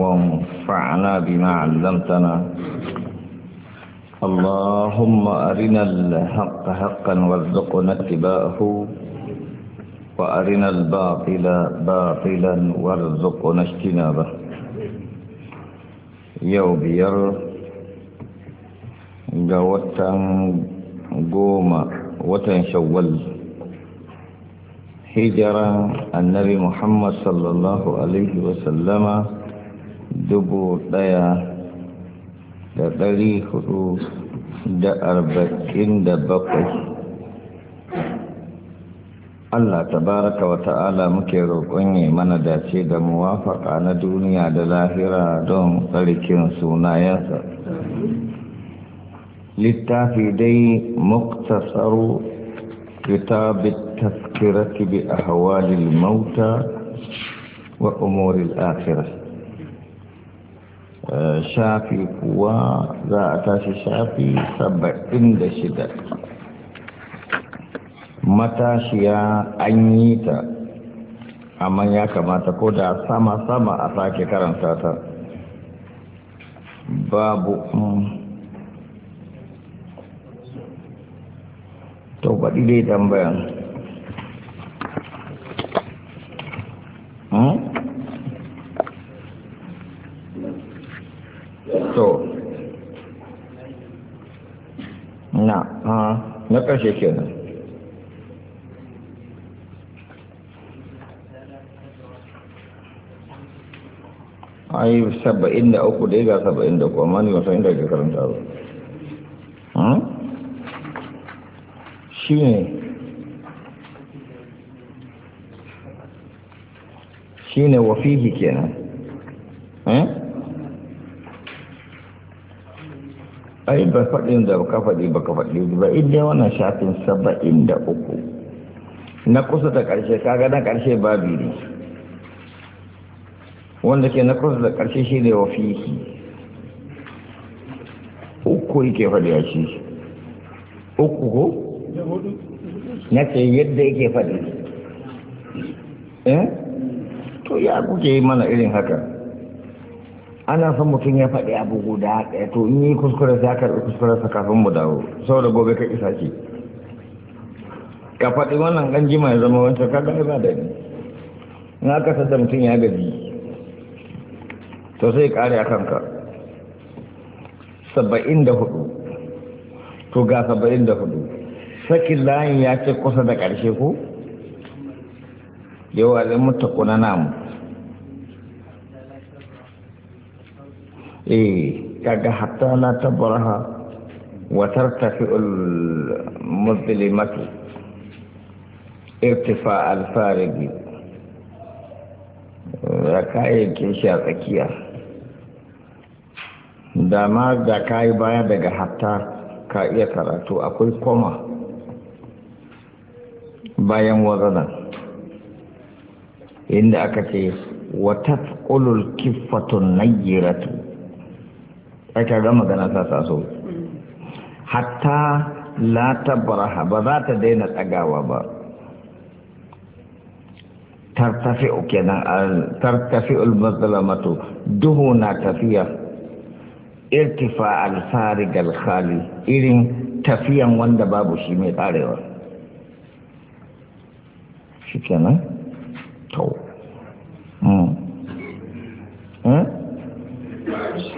وانفعنا بما علمتنا اللهم أرنا الحق حقا وارزقنا اتباعه وأرنا الباطل باطلا وارزقنا اجتنابه يوبير جوتا قوم وتنشول هجرا النبي محمد صلى الله عليه وسلم dubu ɗaya da ɗari hudu da arba'in da bakwai Allah tabaraka wa ta'ala muke roƙon ya mana dace da muwafaka na duniya da lahira don tsarkin sunayensa. Littafi dai muktasaru kitabit taskirati bi ahwalil mauta wa umuril akhirah. Eh, shafi kuwa za a tashi shafi saba'in da shida matashiya an yi ta amma ya kamata ko da sama-sama a sake karanta ta babu mm. to baɗi dai tambayan na ƙarshe kenan ai saba'in da uku da ga saba'in da kuma ne wasu inda ke karanta ba hmm? shi ne shi ne wafihi kenan eh ai ba faɗin da ka faɗi ba ka faɗi ba inda wannan shafin saba'in da uku na kusa da ƙarshe kaga na ƙarshe ba ne wanda ke na kusa da ƙarshe shi ne wa fihi uku yake faɗi a shi uku ko? na ce yadda yake faɗi eh to ya kuke yi mana irin haka ana son mutum ya faɗi abu guda ɗaya to in yi kuskure sai aka kuskure sa kafin mu dawo saboda gobe ka isa ce ka faɗi wannan ɗan jima ya zama wancan ka gani ba da ni in aka sadda mutum ya gaji to sai ƙare a kanka saba'in da hudu to ga saba'in da hudu sakin layin ya ce kusa da ƙarshe ko yawa zai mutakuna namu eh kaga hatta na tabraha wa tartafi al muslimatu irtifa al da kayayyakin shi a tsakiya Dama da kayi baya daga hatta ka iya karatu akwai koma bayan wazanan inda aka ce wata ƙulul kiffatun nayyiratu ai magana ta taso hatta la tabraha ba za ta daina tsagawa ba tartafi kenan tartafi al-mazlamatu duhu na tafiya irtifa al-sarig irin tafiyan wanda babu shi mai karewa shi to hmm.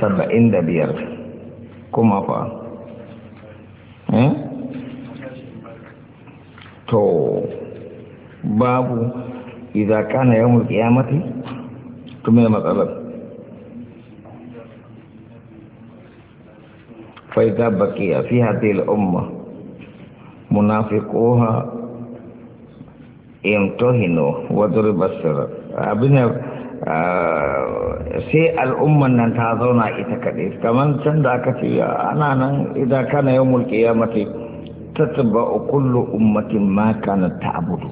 سبعين دبير كم أبا ها تو باب إذا كان يوم القيامة كم مسألة فإذا بكي في هذه الأمة منافقوها يمتهنوا وضرب السر أبنى آه، sai al'umman nan ta zauna ita kaɗai kamar can da aka ce ana nan idan kana yau mulki ya mace ta taba kullu ummatin ma kana ta abudu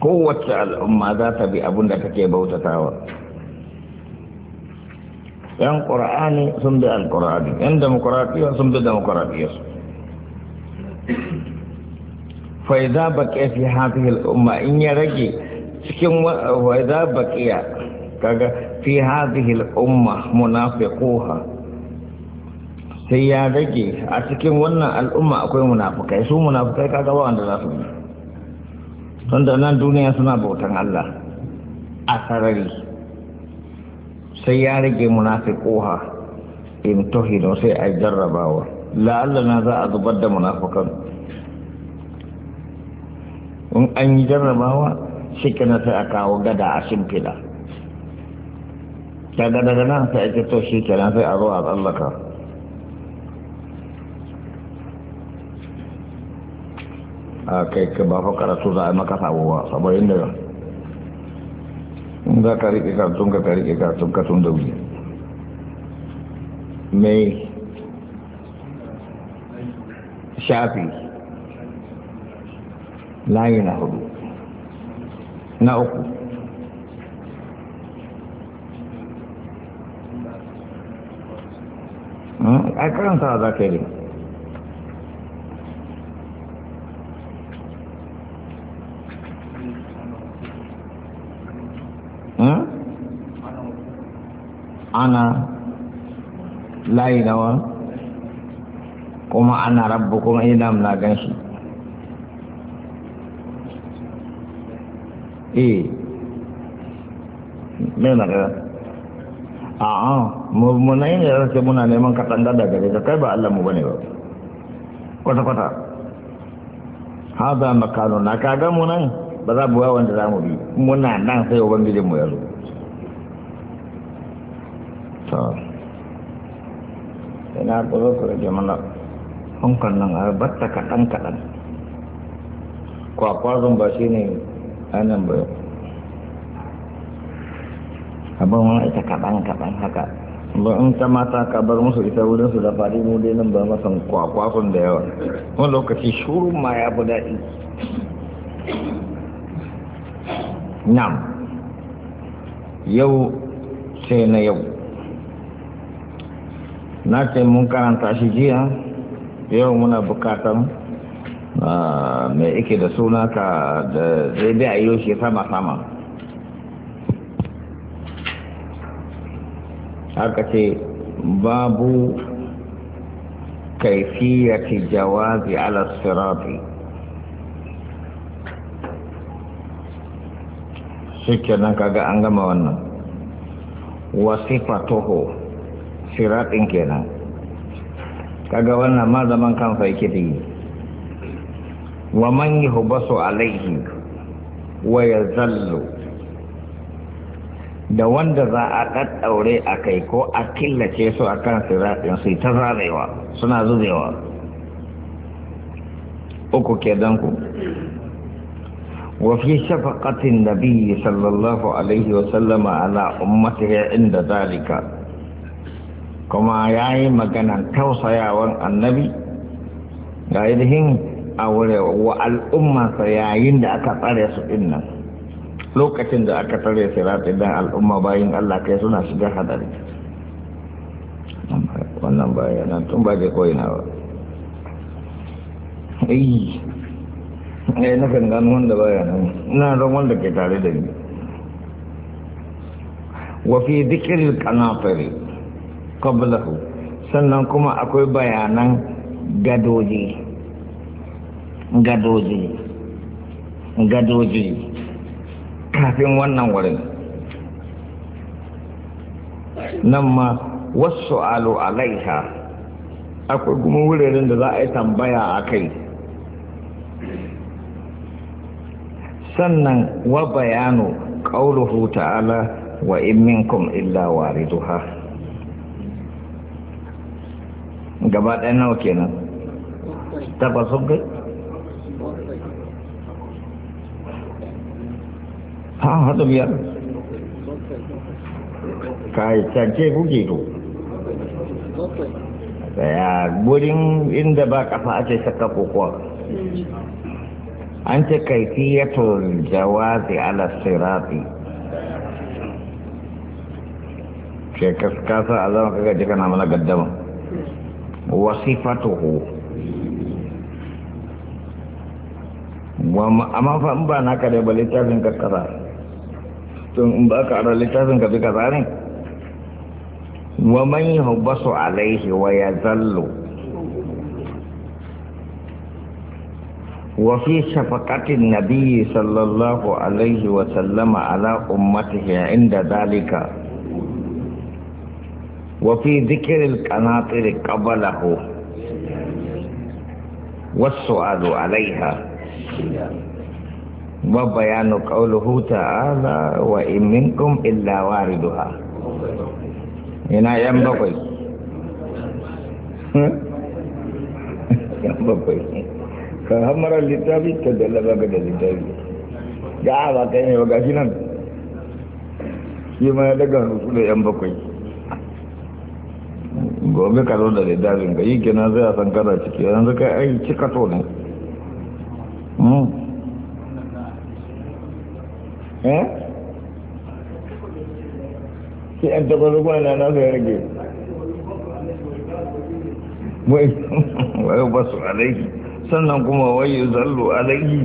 kowace al'umma za ta bi abin da take bautatawa yan ƙura'ani sun bi al-ƙura'ani yan demokuraɗiyya sun bi demokuraɗiyya fa idza baqiya fi hadhihi al-umma in ya rage cikin waza baqiya kaga fi hadhihi al-umma munafiquha sai ya rage a cikin wannan al'umma akwai munafukai su munafukai kaga ba wanda za su yi tunda nan duniya suna bautan Allah a sarari sai ya rage munafiquha in tohino sai a jarrabawa la'alla na za a zubar da munafukan in an yi jarrabawa shi na sai a kawo gada a shimfida daga daga nan sai ake to shi kenan sai a zo a tsallaka a kai ka ba fa karatu za a maka sabuwa saboda inda za ka riƙe kartun ka riƙe kartun ka tun da wuri mai shafi layi na hudu na uku hmm, a karanta za ka yi hmm? ana layi nawa kuma ana rabu kuma ina na gan shi Ee, eh mai na ɗaya a'a mummunai ne rarrace muna neman katanga da gare ka kai ba Allah ah. mu bane ba kwata-kwata haza makano na kaga mu nan ba za mu wanda za mu bi muna nan sai ubangijin mu ya zo to ina tsoro ku rage mana hankan nan a ah, batta kaɗan-kaɗan kwakwazon ba shi ne anan ba abin ma ita kaɗan-kaɗan haka ba in ta mata ka bar musu ita wurin su da fari mu dai nan ba masa kwakwakun da yawa wani lokaci shurun ma ya fi daɗi nam yau sai na yau na ce mun karanta shi jiya yau muna bukatar Ah, mai ike da suna ka da zai bi a shi sama sama haka ce babu kaifiyati jawazi ala sirati shike nan kaga an gama wannan toho siratin kenan kaga wannan ma zaman kan yake da yi wa man yuhbasu alaihi wa yazallu da wanda za a ɗaɗɗaure a kai ko a killace su a kan siraɗin su ta zarewa suna zubewa uku ke ku وفي شفقة النبي صلى الله عليه وسلم على أمته عند ذلك كما يعي مكان توصيا النبي قائدهم A aure wa al'ummarsa yayin da aka tsare su din nan lokacin da aka tsare sirati dan al'umma bayan Allah kai suna shiga hadari wannan nan tun ba je koyi na ba ai eh na kan gano wanda nan ina ran wanda ke tare da ni wa fi dhikril qanafiri qablahu sannan kuma akwai bayanan gadoji gadoji kafin wannan wurin nan ma wasu alu alaiha akwai kuma wuraren da za a yi tambaya a kai sannan wa bayanu ƙauluhu ta'ala wa in minkum illa wariduha gaba ɗaya nawa kenan tabbasun ha haɗa biyar kai cance kuke to ya gurin inda ba kafa ake saka kokowa an ce kaifiyatul jawazi ala ke kaskasa kaga na mana ba da ba littafin kaskasa tun in ba ka ara littafin ka fi tsari wa man yuhbasu alaihi wa yazallu wa fi shafaqatin nabiyyi sallallahu alaihi wa sallama ala ummatihi inda dalika wa fi dhikril qanatir qablahu alaiha عليها wabayanu huta ala wa in minkum illa wariduha ina yan bakwai yan bakwai ka hamara litafi ta dalaba ga da litafi ga ba ka yi ba gashi nan shi ma ya daga rusu da yan bakwai gobe ka zo da litafin ka yi kenan zai a san kada ciki yanzu ka yi cika to ne hmm? Eh? sai an taɓa rukuwa na nasu ya rage wai basu alaiki sannan kuma wai zallu alaiki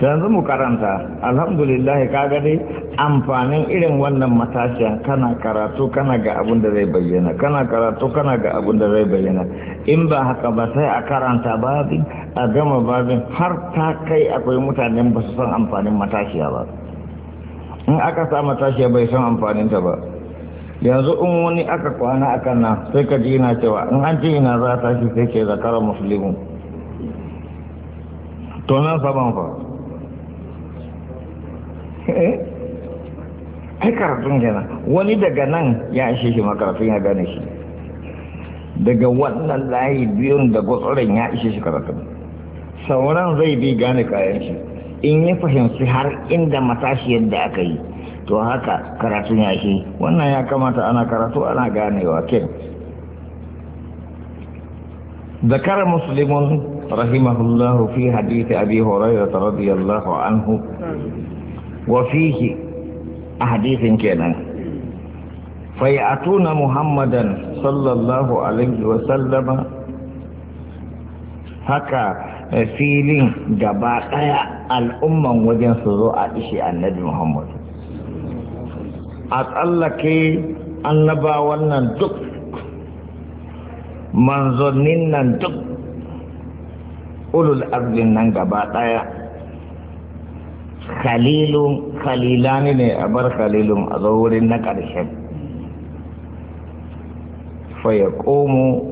yanzu mu karanta alhamdulillah ga dai amfanin irin wannan matashiya kana karatu kana ga abin da zai bayyana kana karatu kana ga abin da zai bayyana in ba haka ba sai a karanta babin a gama babin har ta kai akwai mutanen ba su san amfanin matashiya ba in aka sa matashiya bai san amfanin ta ba yanzu in wani aka kwana a kan nan sai ka ji ina cewa in an ji ina za ta shi sai ke zakarar musulmi to nan saban fa eh? ai karatun kenan wani daga nan ya ishe shi makarafin ya gane shi daga wannan layi biyun da gwatsoron ya ishe shi karatun sauran zai bi gane kayan shi in ya fahimci har inda matashi yadda aka yi to haka karatu ya shi wannan ya kamata ana karatu ana ganewa kin ذكر مسلم رحمه الله في حديث أبي هريرة رضي الله عنه وفيه أحاديث كنا فيأتون محمدا صلى الله عليه وسلم haka filin gaba ɗaya al'umman wajen su zo a ishe annabi Muhammad. A tsallake annaba wannan duk, manzonin nan duk, ulul arzin nan gaba ɗaya. Khalilun khalilani ne a bar khalilun a zo wurin na ƙarshen. Fa ya ƙomo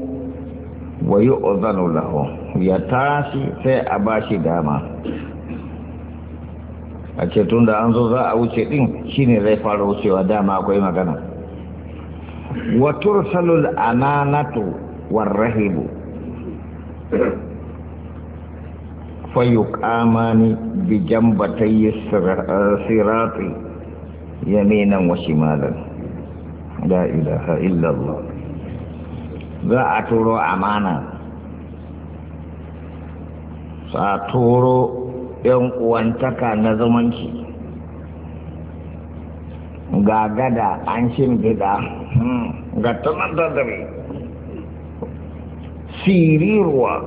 wa yi lahu. ya tashi sai a ba shi dama a ce tun da an zo za a wuce din shine zai fara wucewa dama akwai magana watur salul ananatu warrahibu fayuqamani bi jambatayhi sirati yaminan wa shimalan la ilaha illa za a turo amana sa turo yan uwantaka na zamanci ga gada an gida, hmm, ga tunan da dare siriruwa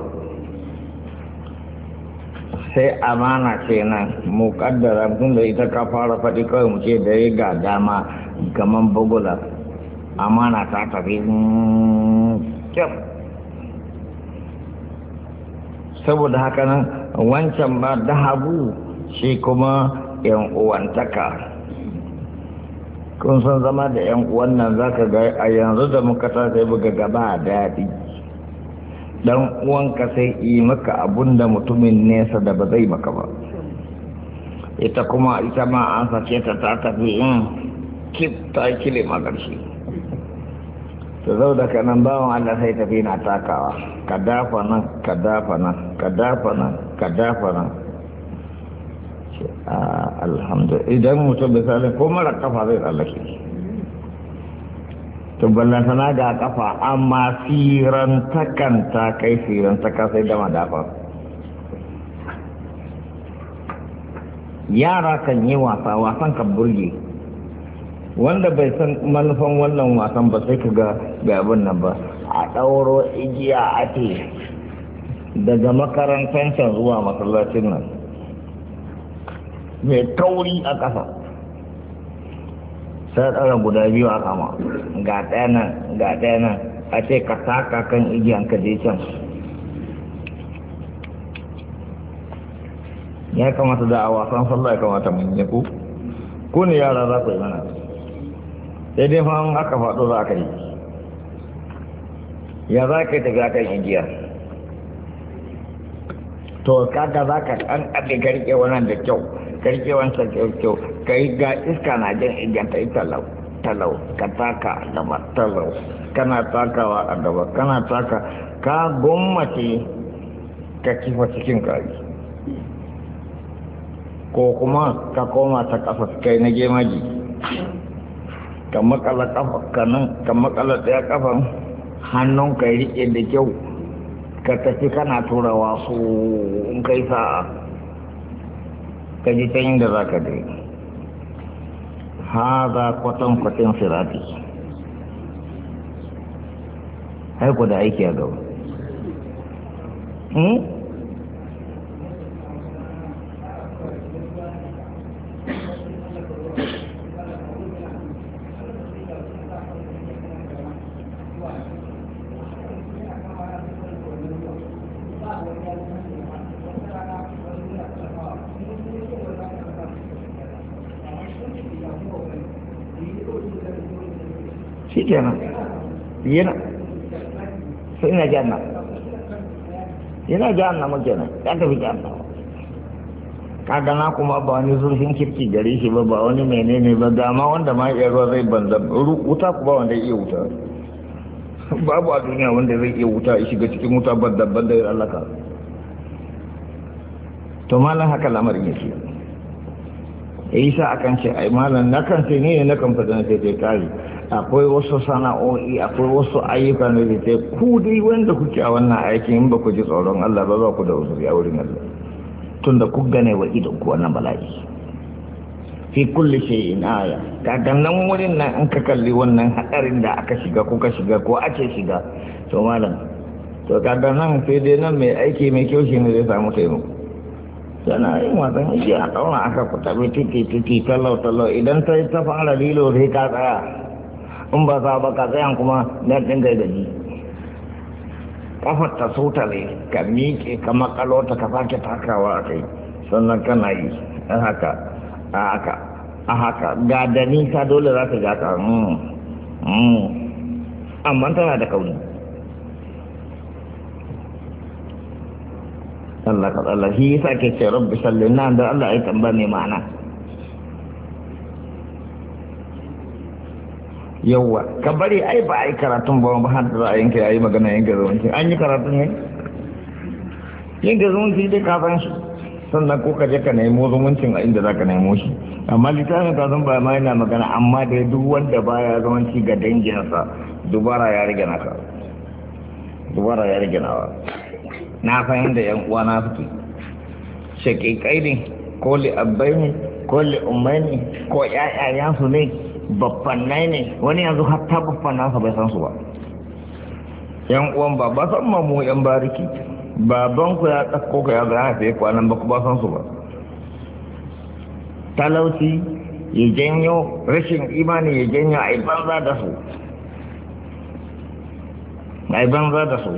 sai amana kenan mu kaddara tun da ita ka fara faɗi kawai mu ce da ya ga dama gaman bugula amana ta tafi hmm, kyau saboda haka nan wancan ba dahabu shi kuma yan uwantaka kun san zama da yan uwan nan zaka ga a yanzu da muka ta sai buga gaba daɗi dan uwanka sai yi maka abun da mutumin nesa da ba zai maka ba ita kuma ita ma an sace ta ta tafi in kip ta kile garshe Ta zau da kanan bawan Allah sai tafi na takawa ka dafa nan ka dafa nan ka dafa nan ka dafa nan alhamdulillah idan mutum da salin ko mara kafa zai tsallake to ballantana ga kafa amma firan takanta kai firan taka sai dama dafa yara kan yi wasa wasan kan burge wanda bai san manufan wannan wasan ba sai ka ga abin nan ba a ɗauro igiya a te daga makarantar can zuwa masallacin nan mai tauri a ƙasa sai ɗaura guda biyu a kama ga ɗaya nan ga ɗaya nan a ce ka taka kan igiyan ka je can ya kamata da a wasan sallah ya kamata mun yi ku ku ne yara za ku yi mana sai dai fa aka faɗo za ka yi ya za ka tafi akan indiya to kada za ka ɗan ɗaɗe garke wannan da kyau garke riƙe wancan kyau kyau ka yi ga iska na jan indiya ta yi talau talau ka taka a gaba talau kana takawa a gaba kana taka ka gwammace ka kifa cikin kari ko kuma ka koma ta kafa kai na gemaji ka makala kafa kanan ka makala ɗaya kafan hannunka ya riƙe da kyau ka tafi kana tura wasu in kai sa'a ka ji ta inda za ka dai ha za kwatan sirati haiku da aiki a gaba hmm? yana sai ina janna yana jana muke nan ya tafi jana kaga na kuma ba wani zurfin kirki gare shi ba ba wani menene ba dama wanda ma iya ruwa zai banza wuta ku ba wanda iya wuta babu a duniya wanda zai iya wuta ya shiga cikin wuta banza da ya allaka to malam haka lamarin yake ya yi sa akan ce ai malam na kan sai ne na kan fada na sai kai kare akwai wasu sana'o'i akwai wasu ayyuka na da ku dai wanda kuke a wannan aikin in ba ku ji tsoron Allah ba ba ku da wasu a wurin Allah tunda ku gane wa idan ku wannan bala'i fi kulli shay'in aya kaga nan wurin nan an ka kalli wannan hadarin da aka shiga ko ka shiga ko ake shiga to malam to kaga nan sai dai nan mai aiki mai kyau shi ne zai samu taimako yana yin wasan shi a tsawon aka fita titi titi talau talau idan ta ta fara lilo sai ka tsaya in ba za ba ka tsayan kuma na ɗin da gaji kafar ta sota ne ka miƙe ka makalota ka sake takawa a kai sannan kana yi a haka a haka a haka ga dani ka dole za ka ga ka mm, mm. amma tana da kauni Allah ka tsalla shi yasa ke ce rabbi salli nan da Allah ya tambaye ma'ana yawwa ka bari ai ba ai karatun ba ba har da yanke yayi magana yanke zumunci an yi karatun ne Yin da zumunci dai ka san shi sannan ko ka je ka nemo zumuncin a inda zaka nemo shi amma littafin ka san ba ma yana magana amma dai duk wanda baya zumunci ga danginsa dubara ya rage naka dubara ya rage nawa na fahimta yan uwa na fito shakikai ne ko li abbai ne ko li ummai ne ko ƴaƴayansu ne baffannai ne wani yanzu hatta baffannansa bai san su ba yan uwan ba ba san mamu yan bariki baban ku ya tsakko ka ya zana sai kwanan ba ku ba san su ba talauci ya janyo rashin imani ya janyo a banza da su a banza da su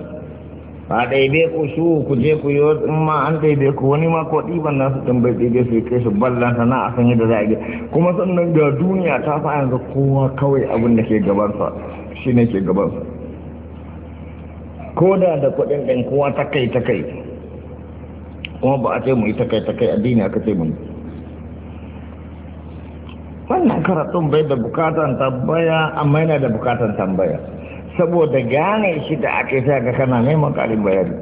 a ɗaibe ku su ku je ku yi in ma an ɗaibe ku wani ma ko ɗiban na su tambayi ɗaibe su kai su ballan sana a san yadda za a yi kuma sannan da duniya ta fa yanzu kowa kawai abin da ke gabansa shi ne ke gabansa ko da da kuɗin ɗin kowa ta kai ta kai kuma ba a ce mu yi ta kai ta kai a addini aka ce mu yi wannan karatun bai da bukatan tambaya amma yana da bukatan tambaya saboda gane shi da aka sa ga kana neman ƙarin bayani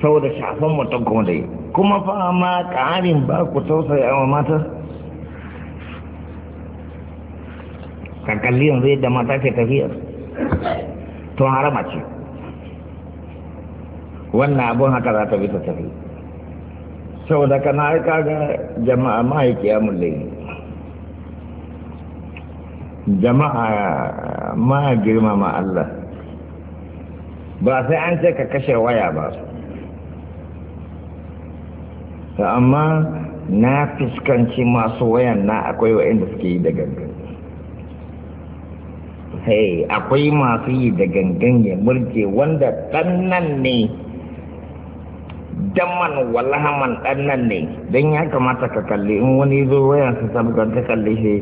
saboda shafan mutum kuma da kuma fa ma ƙarin ba ku tausaya wa mata ka kalli yanzu yadda mata ke tafiya to harama ce wannan abun haka za ta bi ta tafi saboda kana aika ga jama'a ma ya kiyamun jama'a ma girmama Allah ba sai an ce ka kashe waya ba su amma na fuskanci masu wayan na akwai inda suke yi da gangan hey akwai masu yi da gangan ya murje wanda ɗannan ne daman wallahaman ɗannan ne don ya kamata ka kalli in wani zo wayan su sabgar ta kalli shi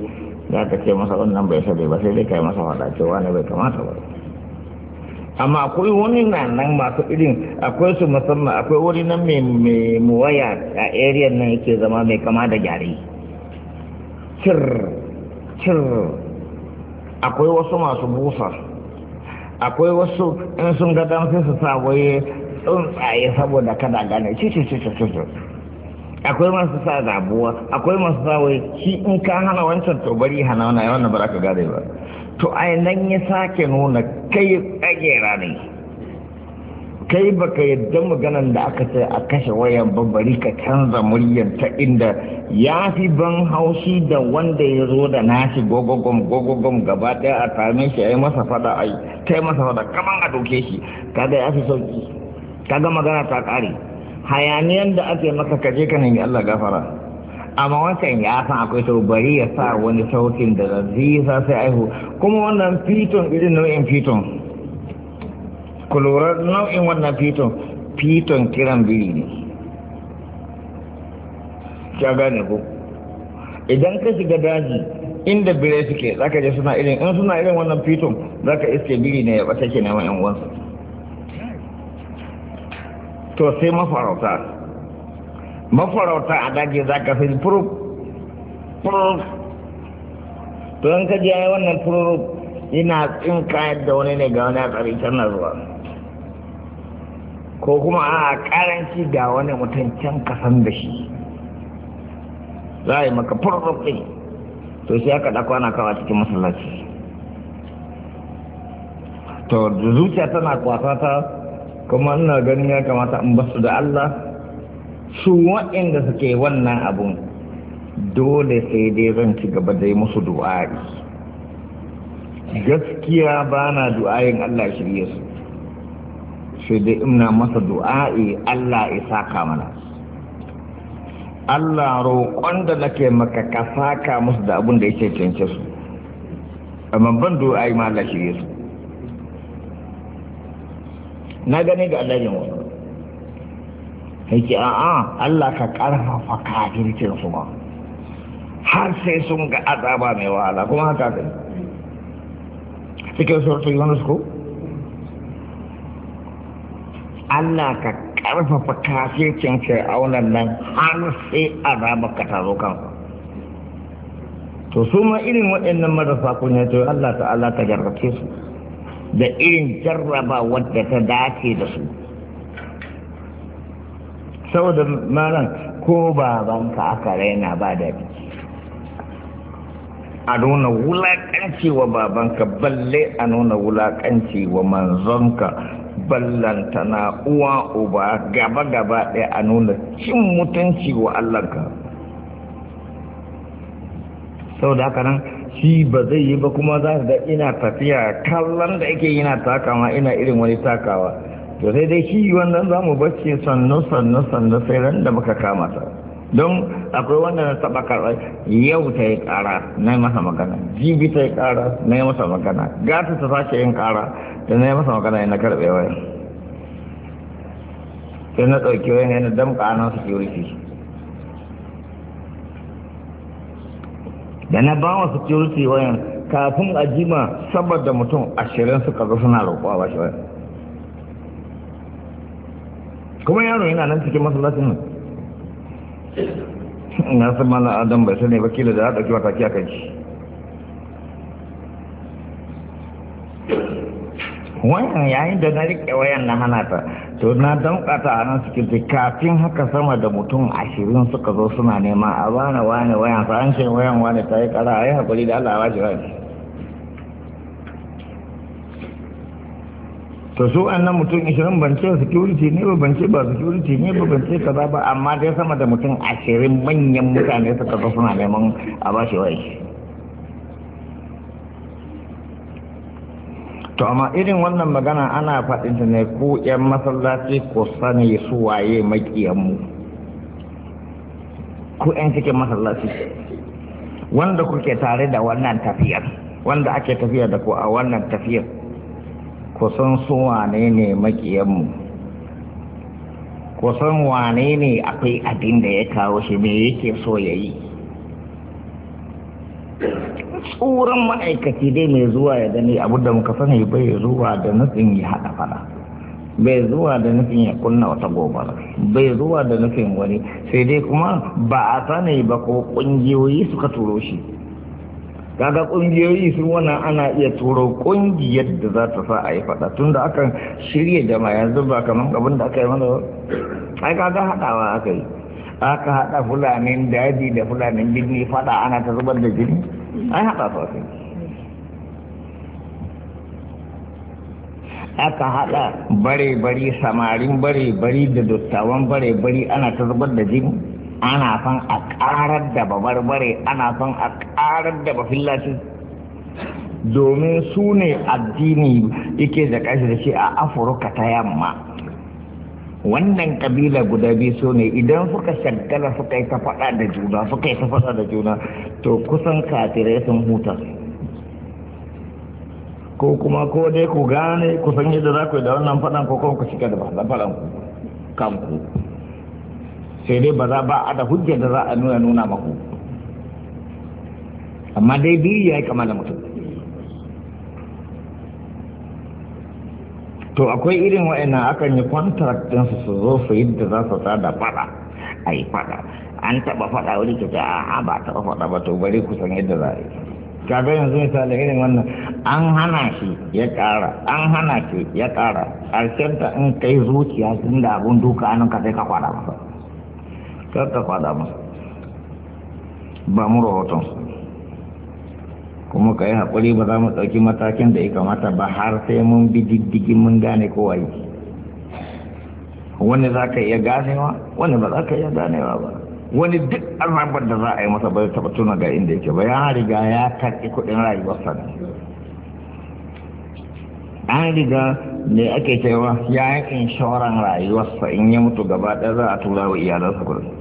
za ka ce masa wannan bai sabe ba sai dai kai masa faɗa cewa ne bai kamata ba amma akwai wani na nan masu irin akwai su musamman akwai wani nan mai muwaya a area nan yake zama mai kama da gyare cir cir akwai wasu masu busa akwai wasu in sun ga dan sai su sa waye tsuntsaye saboda kada gane cici cici cici akwai masu sa zabuwa akwai masu sa wai shi in ka hana wancan to bari hana wannan wannan ba za ka gane ba to ai nan ya sake nuna kai tsagera ne kai baka yadda maganan da aka ce a kashe wayan ba bari ka canza muryar ta inda ya fi ban haushi da wanda ya zo da nashi gogogom gogogom gaba daya a tame shi a yi masa fada a yi ta yi masa fada kaman a doke shi kaga ya fi sauki kaga magana ta kare hayaniyan da ake maka kaje ka nemi Allah gafara amma wancan ya san akwai to bari ya sa wani sautin da zisa sai aihu kuma wannan fiton irin nau'in fiton ku nau'in wannan fiton fiton kiran biri ne ya gane ko idan ka shiga daji inda bire suke zaka je suna irin in suna irin wannan fiton zaka iske biri ne ya bata ke neman yan uwansa to sai mafarauta mafarauta a daji za ka fi furuf furuf to in ka jiya wannan furuf ina tsinka da wani ne ga wani a tsari can na zuwa ko kuma a karanci ga wani mutum can kasan da shi za a yi maka furuf ɗin to sai aka ɗakwa na kawo cikin masallaci to zuciya tana kwasa ta kuma ina ganin ya kamata in basu da Allah su waɗanda suke wannan abun dole sai dai zan ci gaba da musu du'a'i gaskiya ba na du'ayin Allah shirye su sai dai ina masa du'a'i Allah ya saka mana Allah roƙon da nake maka ka saka musu da abun da yake cance su amma ban du'a'i ma Allah shirye su na gani ga annabin wani yake a'a Allah ka karfafa kafirkin su ma har sai sun ga azaba mai wahala kuma haka ne cikin surtu yunus ko Allah ka karfafa kafircin fir'aunan nan har sai azaba ka taro kan to su ma irin waɗannan marasa kunya to Allah ta'ala ta jarrabe su da irin jarraba wadda ta dace da su saboda malam ko babanka aka raina ba da a nuna wulaƙanci wa babanka balle a nuna wulaƙanci wa manzonka ballanta na uwa uba gaba gaba ɗaya a nuna cin mutunci wa allahnka sau da haka nan shi ba zai yi ba kuma za ga ina tafiya kallon da yake yana takawa ina irin wani takawa to sai dai shi wannan za mu bacci sannu sannu sannu sai ran da muka kama ta don akwai wanda na taba karɓar yau ta yi ƙara na yi masa magana jibi ta yi ƙara na yi masa magana gata ta sake yin ƙara da na yi masa magana yana karɓe waya sai na ɗauki wani yana damƙa nan security da na ba wa security wayan kafin a jima saboda mutum ashirin suka zo suna roƙo ba shi wayan kuma yaro yana nan cikin masallacin nan na san mala adam bai sani ba kila da ya ɗauki wata kiya kan wannan yayin da na riƙe wayan na hana ta to na damƙa a nan ce kafin haka sama da mutum ashirin suka zo suna nema a wane wane wayan sa an ce wayan wane ta yi ƙara a yi haƙuri da Allah waje waje to su an nan mutum ashirin ban ce security ne ba ban ce ba security ne ba ban ce kaza ba amma dai sama da mutum ashirin manyan mutane suka zo suna neman a ba shi wayan to amma irin wannan magana ana faɗinta ne ku 'yan masallaci ku sani su waye maƙiyanmu ku 'yan cikin masallaci wanda kuke tare da wannan tafiyar wanda ake tafiya da ku a wannan tafiyar ku san su wane ne maƙiyanmu ku san wane ne akwai abin da ya kawo shi me yake so ya yi tsoron ma'aikaci dai mai zuwa ya gani abu da muka sani bai zuwa da nufin ya haɗa fada bai zuwa da nufin ya kunna wata gobara bai zuwa da nufin wani sai dai kuma ba a sani ba ko ƙungiyoyi suka turo shi kaga ƙungiyoyi sun wana ana iya turo ƙungiyar da za ta sa a yi fada tun da akan shirya jama'a yanzu ba kamar abin da aka yi mana ai kaga haɗawa aka yi aka haɗa fulanin daji da fulanin birni fada ana ta zubar da jini ai haɗa su aka aka haɗa bare-bari samarin bare-bari da dattawan bare-bari ana ta zubar da jini ana son a ƙarar da babar bare ana son a ƙarar da bafillaci domin su ne addini yake da ƙashi da shi a afirka ta yamma wannan kabila guda biyu so ne idan suka shagala suka yi ta faɗa da juna suka yi ta faɗa da juna to kusan kafirai sun huta ko kuma ko dai ku gane kusan yadda za ku yi da wannan faɗan ko kuma ku shiga da faɗan ku kanku sai dai ba za ba a da hujjar da za a nuna nuna maku amma dai biyu ya yi kama da mutum to akwai irin wa'ina akan yi contract din su su zo su yadda za su da fada a yi fada an taba fada wuri ki ta a ba taba fada ba to bari kusan san yadda za a yi kaga yanzu misali irin wannan an hana shi ya kara an hana shi ya kara karshen ta in kai zuciya tun da abun duka nan ka sai ka kwada masa ka kwada masa ba mu rahoton kuma ka yi haƙuri ba za mu ɗauki matakin da ya kamata ba har sai mun bi diddigi mun gane kowa yi wani za ka iya ganewa wani ba za ka iya ganewa ba wani duk azabar da za a yi masa ya taɓa tuna ga inda yake ba ya riga ya karɓi kuɗin rayuwarsa sa an riga ne ake cewa ya yi inshoran rayuwarsa in ya mutu gaba ɗaya za a tura wa iyalansa kuɗin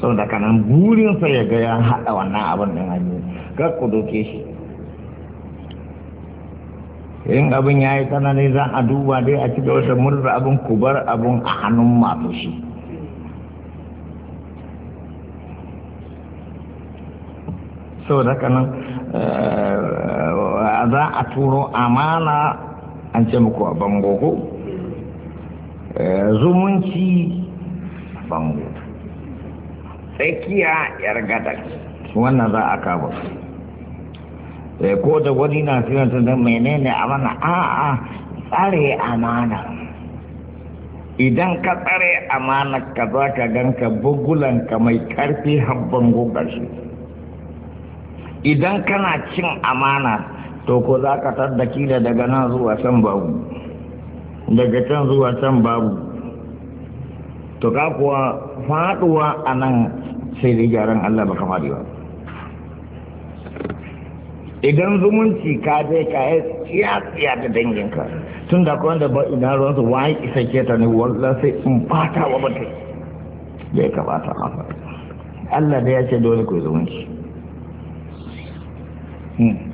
sau da kanan burinsa ya ga ya haɗa wannan abin da hannu kar ku doke shi yin abin ya yi tsanani za a duba dai a ci gaba da murza abin ku bar abin a hannun masu shi sau da kanan eh, za a turo amana an ce muku a bango eh, zumunci bango tsakiya yar gadar wannan za a kawo sai eh, ko da wani na siyan ta da menene a mana a'a tsare amana idan ka tsare amana ka za ka ganka ka mai karfi habban gugar shi idan kana cin amana to ko za ka tattaki da daga nan zuwa can babu daga can zuwa can babu to ka kuwa faduwa a nan sai dai gyaran Allah baka faɗi ba idan zumunci ka je ka yi tsiya da danginka tun da kuwa da ba ina ruwan su wani isa ke ta ne wallah sai in fata wa mutum da ya ta a Allah da ya ce dole ku zumunci hmm.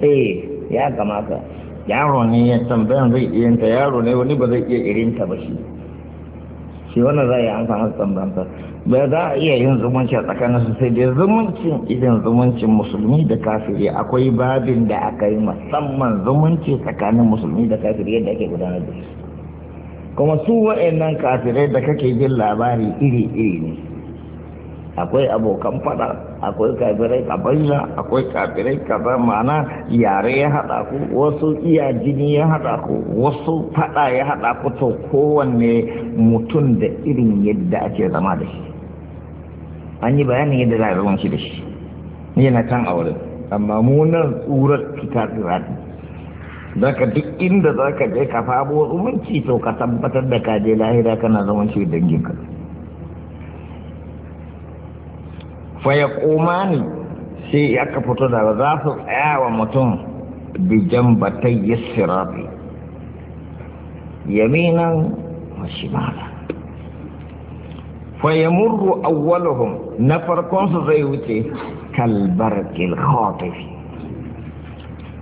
eh ya kamata yaro ne ya tambayan zai iya ta yaro ne wani ba zai iya irinta ba shi shi wannan za a yi amfani da tambayanta ba za a iya yin zumunci a tsakanin su sai dai zumuncin idan zumuncin musulmi da kafiri akwai babin da aka yi musamman zumunci tsakanin musulmi da kafiri yadda ake gudanar da shi kuma su wa'annan kafirai da kake jin labari iri-iri ne akwai abokan fada akwai kafirai ka banza akwai kafirai ba ma'ana yare ya haɗa ku wasu iya jini ya haɗa ku wasu faɗa ya haɗa ku to kowanne mutum da irin yadda ake zama da shi an yi bayanin yadda za a zama shi da shi ni yana can a wurin amma munan tsurar fita tsirati daga duk inda za ka je ka fabo zumunci to ka tabbatar da ka je lahira kana dangin danginka fayaƙomani sai aka fito da za su tsaya wa mutum bijan batai ya sirafi yaminan mashimala fayamurru awwaluhum na farkonsu zai wuce kalbar kilhotifi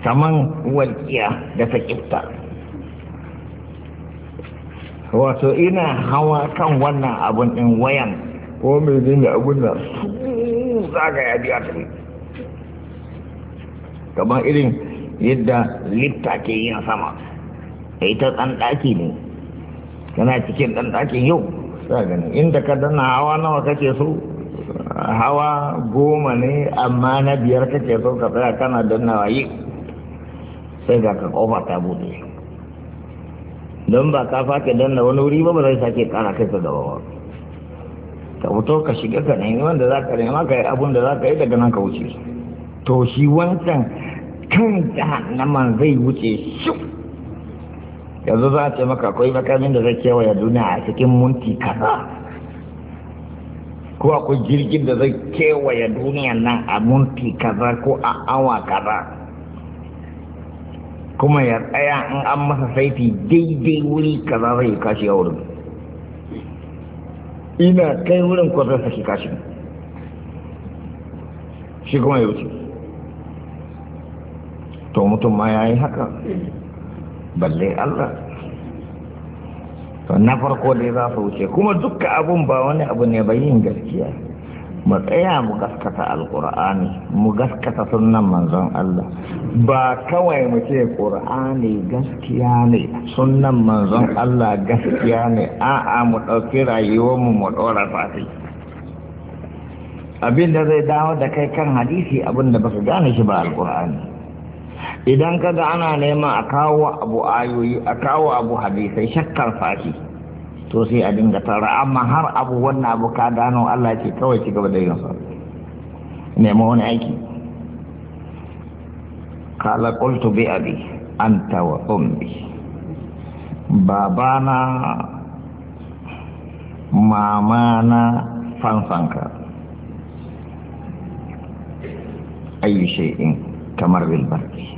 kaman walƙiya da ta ƙifta wato ina hawa kan wannan abun ɗin wayan ko mai abun nan zagaya biya a ne kamar irin yadda litta ke yin sama ita ɗan ɗaki ne kana cikin ɗan ɗakin yau za gani inda ka dana hawa nawa kake so hawa goma ne amma na biyar kake so ka tsaya kana dannawa yi sai ga ka kofa ta buɗe don ba ka fake danna wani wuri ba ba zai sake kara kai ka gaba ba ka fito ka shiga ka nemi wanda za ka nema ka yi abun da za ka yi daga nan ka wuce to shi wancan kan jahannaman zai wuce shi yanzu za a ce maka akwai makamin da zai kewaye duniya a cikin munti kaza ko akwai jirgin da zai kewaye duniya nan a munti kaza ko a awa kaza kuma ya tsaya in an masa saiti daidai wuri kaza zai kashe a wurin ina kai wurin kwafin zai saki kashi shi kuma ya wuce to mutum ma ya yi haka balle Allah na farko dai za su wuce kuma dukkan abun ba wani abu ne ba yin gaskiya mu tsaya mu gaskata alkur'ani mu gaskata sunnan manzon Allah ba kawai mu ce qur'ani gaskiya ne sunnan manzon Allah gaskiya ne a'a mu ɗauki rayuwarmu mu mu ɗora fati abin da zai dawo da kai kan hadisi abin da su gane shi ba alkur'ani idan kaga ana neman a kawo abu ayoyi a kawo abu hadisai shakkar fati to sai a dinga tara amma har abu wannan abu ka gano Allah ce kawai ci gaba da yin sa nemo wani aiki kala qultu bi abi anta wa ummi babana mamana fansanka ayu shay'in kamar bilbarki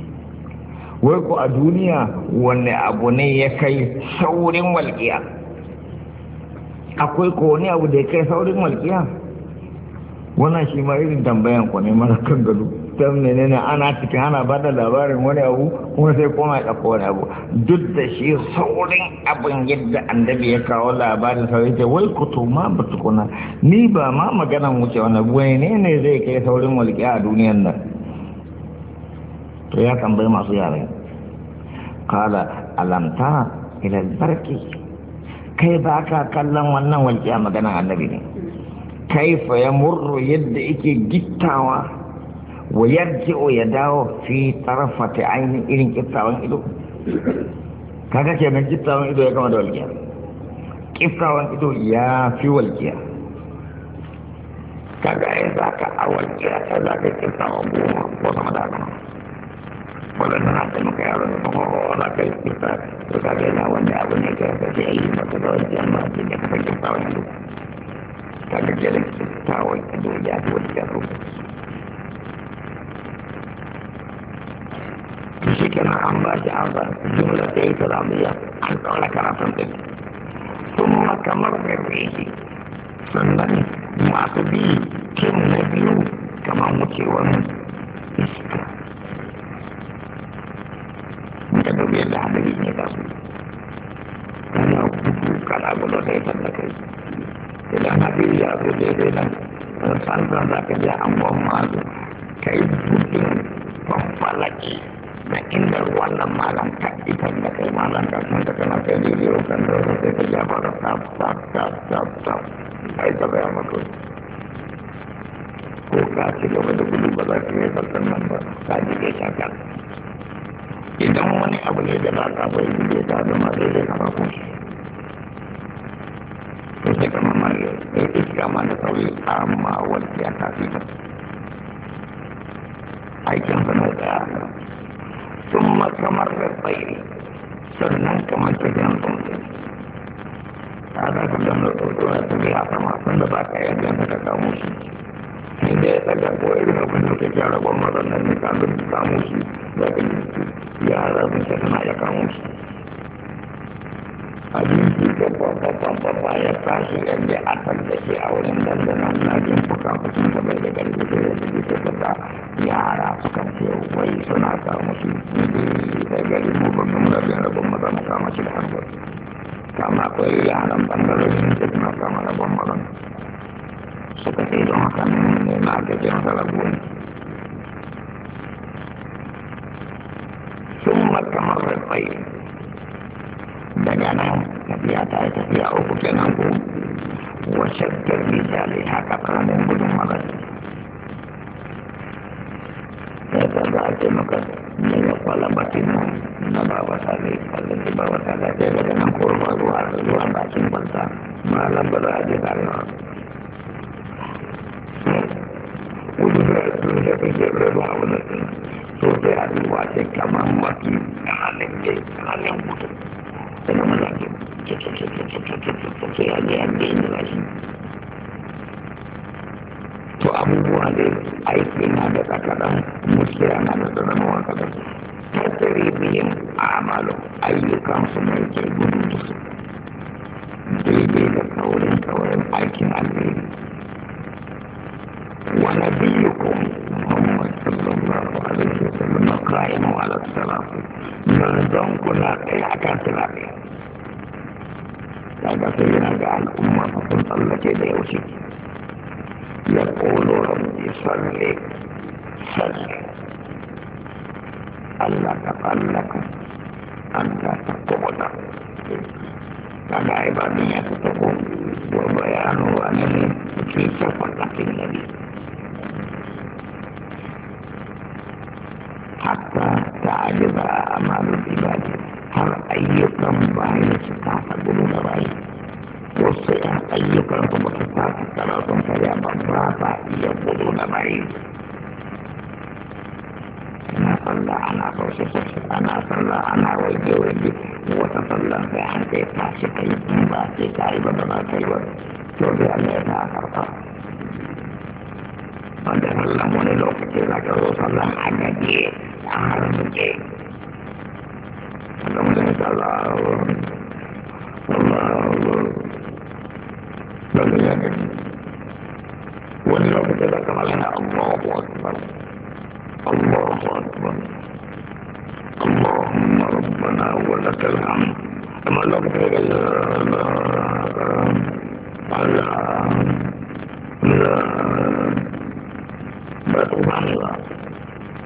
wai ko a duniya wanne abu ne ya kai saurin walƙiya akwai ko wani abu da ya kai saurin walƙiya wannan shi ma irin tambayan ku ne mara kan gado ta menene ana cikin ana ba da labarin wani abu kuma sai koma ya ɗauko wani abu duk da shi saurin abin yadda annabi ya kawo labarin saurin ce wai to ma ba tukuna ni ba ma magana wuce wani wani ne ne zai kai saurin walƙiya a duniyan nan to ya tambayi masu yare kala alamta ila barki kai ba ka kallon wannan walƙiya magana annabi ne kaifa ya murro yadda yake gittawa wa o ya dawo fi ta ainihin irin kiftawan ido kaga kenan kiftawan ido ya kama da walƙiya kiftawan ido ya fi walƙiya kaga ya ka a walƙiya ta ka kiftawan goma ko sama da haka waɗannan na taimaka yaro da kuma wala kai kusa to ka ga yana wani abu ne da ka ke ayi maka da wani jama da ne ka ga tsawon duk ka ga jirin tsawon duk ya ta wani jaro to shi kenan an ba shi an ba jumla ta yi salamiya an tsawon karatun ɗin sun makamar da rege sannan masu biyu kim na biyu kamar wucewar iska sai da hadari ne ba su kana kudu kana gudu sai ta da kai idan hadari ya zo daidai nan san zan za ka je an gwan mazu ka yi gudun kwamfalaki na inda wannan malam ta ikon da kai ta kai idan wani abu ne da ba ka bai da ta zama daidai na bakon shi to sai kama mare ya iska ma da sauri amma wanda ya tafi ta aikin sana da ya sun makamar da tsaye, sannan kamar ta jan tsundu ta za ka gano tsundu na tsundu ya sama sun da ba ka yadda ka samu shi sai da ya tsaga ko irin abin da kake rabon matsalar da kafin ta samu shi da ka yi su yara sun ta tana ya kamo su. abinci da babban ya tashi yadda a tattace a wurin dandana na jin fuka kusan da bai da garbi da ya fi ta fata yara suka ce wai suna samu shi da ya gari mu ba da rabin rabon maza mu kama shi da hankali kama akwai yaran bangarorin da suna kama rabon maza suka ce don haka nan ne magajin rabo ne sun makamar rafai daga nan tafiya ta yi tafiya uku kenan ko wacce da misali haka karamin gudun magana ya ta za a ce maka ne ya kwala bakin na ba wata zai kwallon da ba wata zai daga nan kurba zuwa bakin banza malam lambar za a je da wajen rarrakin da kake rarra a wani so sai a duba ta kamar mafi a halin da a halin mutum daga to aiki na da tsakadan muskira na da tsanan wata da su tattare biyan amalu gudu su daidai saurin saurin ونبيكم محمد صلى الله عليه وسلم قائم على الصلاة نرجون كنا كلاكا كلاكا هذا سيدنا جعل أمة التي بيوشي يقول ربي صلي صلي الله تقال لك أنت تقبل على عبادية تقوم وبيانه أنني في سفر النبي hatta ta ajiba a amalin ibadi har ayyukan bayan su kasa gudu da bayan ko sai a ayyukan su basu kasa tsara sun karya ba ba ta iya gudu da bayan ana sallah ana sosai sosai ana sallah ana waje waje wata sallah sai an kai shi kai in ba sai ka yi ba da ba kai ba to sai Allah ya sa karfa Anda Allah menelok kita terus Allah ada dia anjing. Namanya kalau mau lalu yang ini, wajah kita kemarin Allah buatkan, Allah buatkan, Allah merubahnya wajah dalam malam kejadian alam. Yeah. But one love.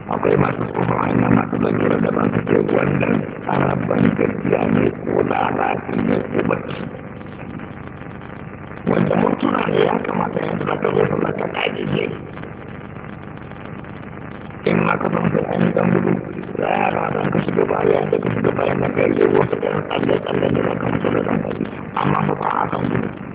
akwai masu tsofa hanya masu bankira da ban suke wannan arabban gaskiya ne ko lalaki ne ko bacci wanda mutuna ne ya kamata yanzu da ka zo su in ma ka san sai an gudu za a rana ka shiga baya da ka shiga bayan na kai lewo su kan tsalle tsalle da ka mutu da kan amma ba a hakan gudu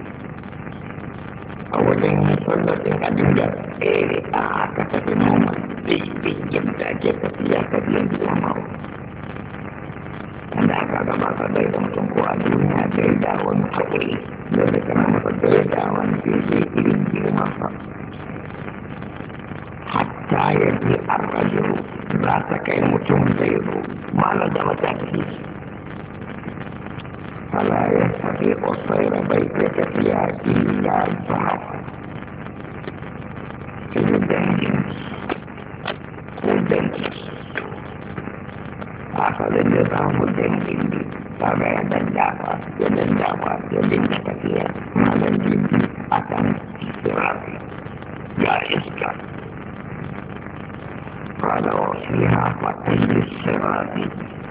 a wajen yin tsallatin a dinga eh a haka tafi noma daidai yadda ake tafiya ta biyan biyan mawa wanda aka gaba ka bai da mutum ko a duniya bai da wani haƙuri dole kana masa bai da wani daidai irin girman sa hatta ya bi arrajuru za ta kai mutum zai zo malar da mataki فلا يستطيع السير بيتك في عدل عن إلى الدنيا والدنيا أعتقد أن طعم طبعا الدعوة يد الدعوة يد التكية معنى الجد أتم استراتي جائز كان قال وفيها فتي الصراط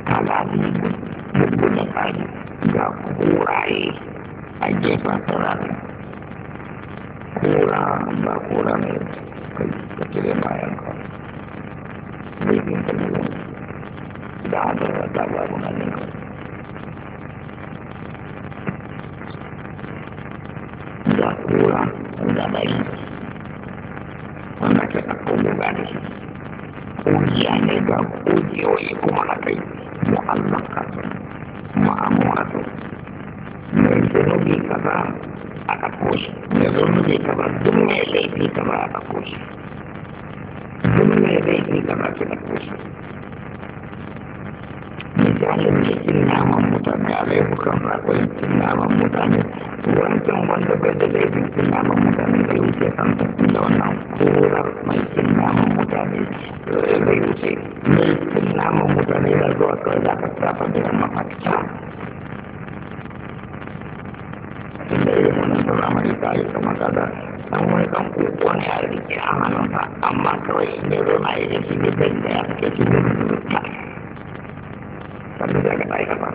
تلعبيب bubbuna tsari ga kuraye a gefen tsirani kura ba kura ne kai ka cire bayan ka zai yin ta nuna da ta ba kuna ne ka ga kura ga bayi wanda ke ɗaukar da shi ƙungiya ne ga ƙungiyoyi kuma na kai mu'allaqatun ma'amuratun mai zunubi kaza a ɗauko mai zunubi kaza duk mai laifi kaza a ɗauko duk mai laifi kaza ki ɗauko misalin da naman mutane a laifukan rakwai kin naman mutane wancan wanda bai da laifin cin naman mutane bai wuce kan tafi da wannan korar mai cin naman mutane bai wuce mai cin ba mutane ya zuwa kawai za ka tafa da yamma fakta inda irin wannan ta yi kamar kada dan wani kan kokon ya rike a hannunsa amma kawai inda zo na yi da shi da bai da ya fi shi da zuwa sannan da ga ma'aikata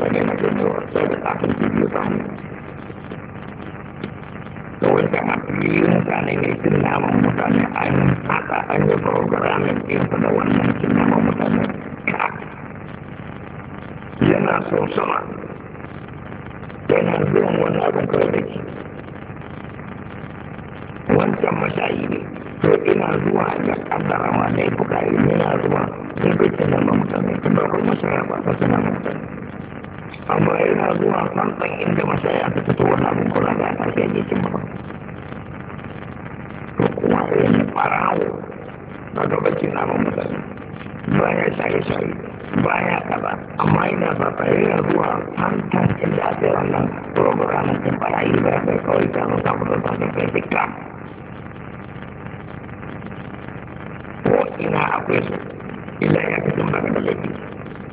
wani na jin da wasu da kafin biyu samun kawai kamar biyu mutane ne cin naman mutane an haka an yi programin ɗinsa da wannan cin naman mutane yana son sama yana wani abin kawai da ke wancan mashayi ne to ina zuwa da kaddara na ne kuka zuwa a bai cin naman mutane tun da kuma masara ba mutane apa yang aku akan pengen sama saya ketuan aku kurang cuma kekuatan parau ada kecil nama banyak saya saya banyak kata amain apa saya aku hantar kejadian dan program tempat ibarat berkoi kalau kamu tentang ketika Oh, ini aku itu. yang ketimbang lagi.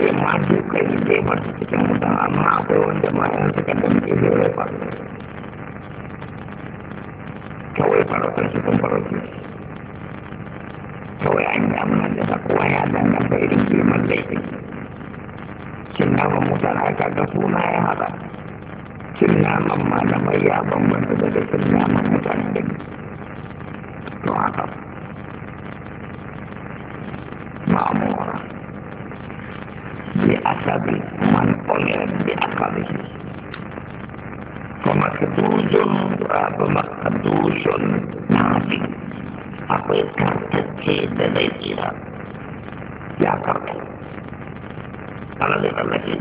eh masu kai dai masu cikin mutum amma akwai wanda ma yan suka damke zai rai faru kawai farautar su kan farautar su kawai an damuna da ta kowa ya danganta irin girman laifin cin naman mutane aka ga suna ya haka. haɗa cin naman malamai ya bambanta daga cin naman mutane da to haka ma'amura بأسد من أمر بأسده فمكدوس فمكدوس نافي أقول كرتكي بذيكرا يا كرتي أنا لتمكي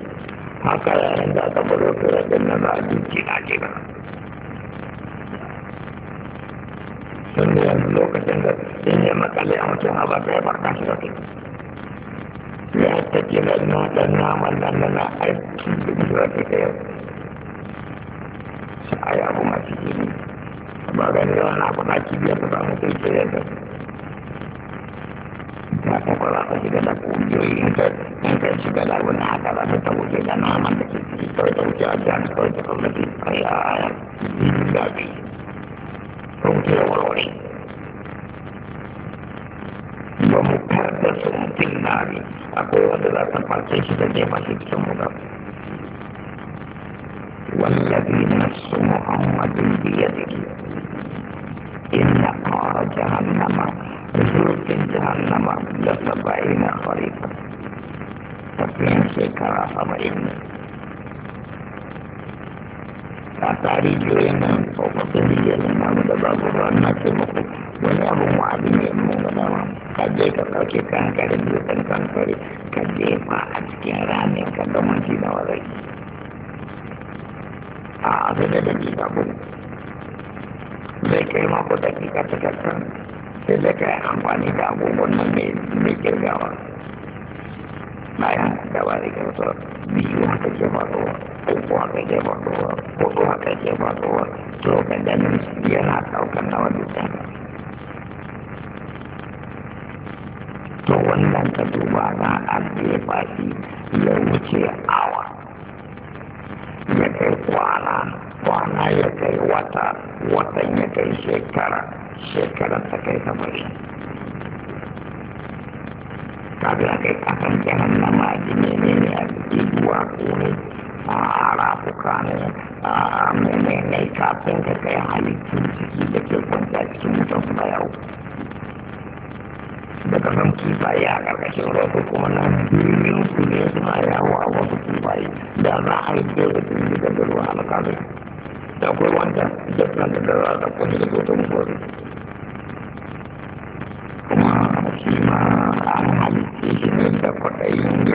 haka yayin da aka baro kira din nan a jinki na gina sun da yanzu lokacin da sun yi a a ba ya tafi da na dan naman nan na na aiki da jira da kai sai abu ma ci ne ba ga ne wani abu na ci biyar da ba mu kai ce yadda ta ta fara ta shiga da kungiyoyi in ta in ta shiga da wani haka za ta ta wuce da naman da ke ciki kawai ta wuce a jihar kawai ta gwamnati a yi a yi da bi ta wuce da warware ba mu karɓar sun na bi. akwai wanda za ta farce shi da jefa shi cikin wuta wallazi nafsu muhammadin biyadihi inna qara jahannama zulfin jahannama da saba'ina kharifa tafiyan shekara saba'in ne a tarihi nan kiri ya nema mu da babu ruwa na taimako wani abin wa abin ne mun ga dama ka je ka ɗauke kan kare biyu kan kan kare ka jefa a cikin ramin ka ga manci na wazai a abin da dake ka bu zai kai mako dakika ta kakkan sai da ka amfani da abubuwan nan mai kirgawa bayan da wani gamsa biyu haka ke faruwa uku haka ke faruwa hudu haka ke faruwa to ka ganin yana ɗaukar na wani tsara to wannan ka duba na ajiye shi ya wuce awa ya kai kwana kwana ya kai wata watan ya kai shekara shekara ta kai ta kamar kafin a na maji menene a ciki duwatsu ne a rafuka ne a menene kafin ka hali halittun ciki da ke kwanta cikin mutum su yau daga nan kifaye a ƙarƙashin rotu kuma a wasu da za a da daga ruwa alƙalin da da a da kuma shi ma ne da kwaɗayin ne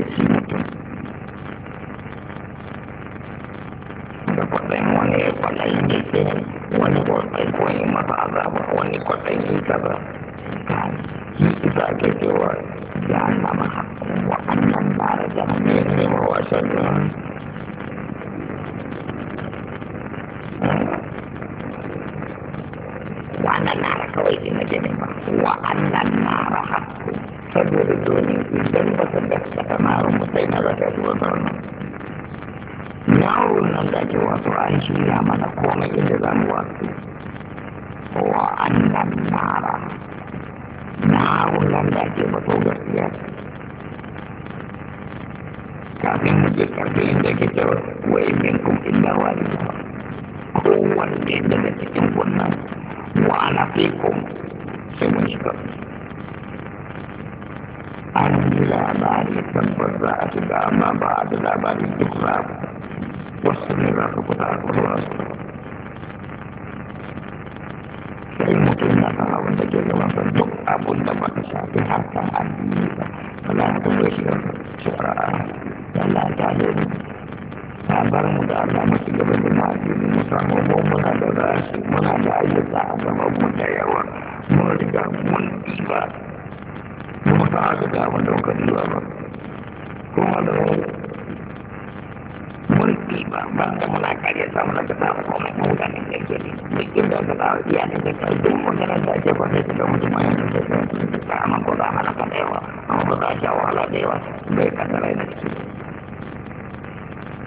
ne wannan na da kawai ina ba wa annan na raha saboda domin idan ba ka da saka maru mutai na zaka zuwa zarna na wurin wasu an shi ya mana komai inda za wasu wa annan na na wurin ba kau gaskiya kafin mu je karfe inda ke ta wa'in min kun inda wani kowanne daga cikin gwamnati وأنا فيكم سمجد أنا بلا باري تنبضاء تدعى ما بعد لا باري تقرب والسنة تقطع الرأس sai mutum na kama da ke gaban sa duk abun da ba ta shafi harkar addini ba wala mutum ya shiga shara a lalata sabar mu da Allah mu gaba da ma'ajini mu samu mu muna da rasu muna da ayyuka a gaban mu da yawa mun riga mun ba mu ta aka da mu don kan zuwa ba kuma da mun ba ba da muna kare samu na ta samu kuma mu da ne ne ke mu inda da ya ne da kai duk mun da da ke ba ne da mu ma da ta ta amma ko da mana kan yawa amma ba da wahala da yawa bai kadara ne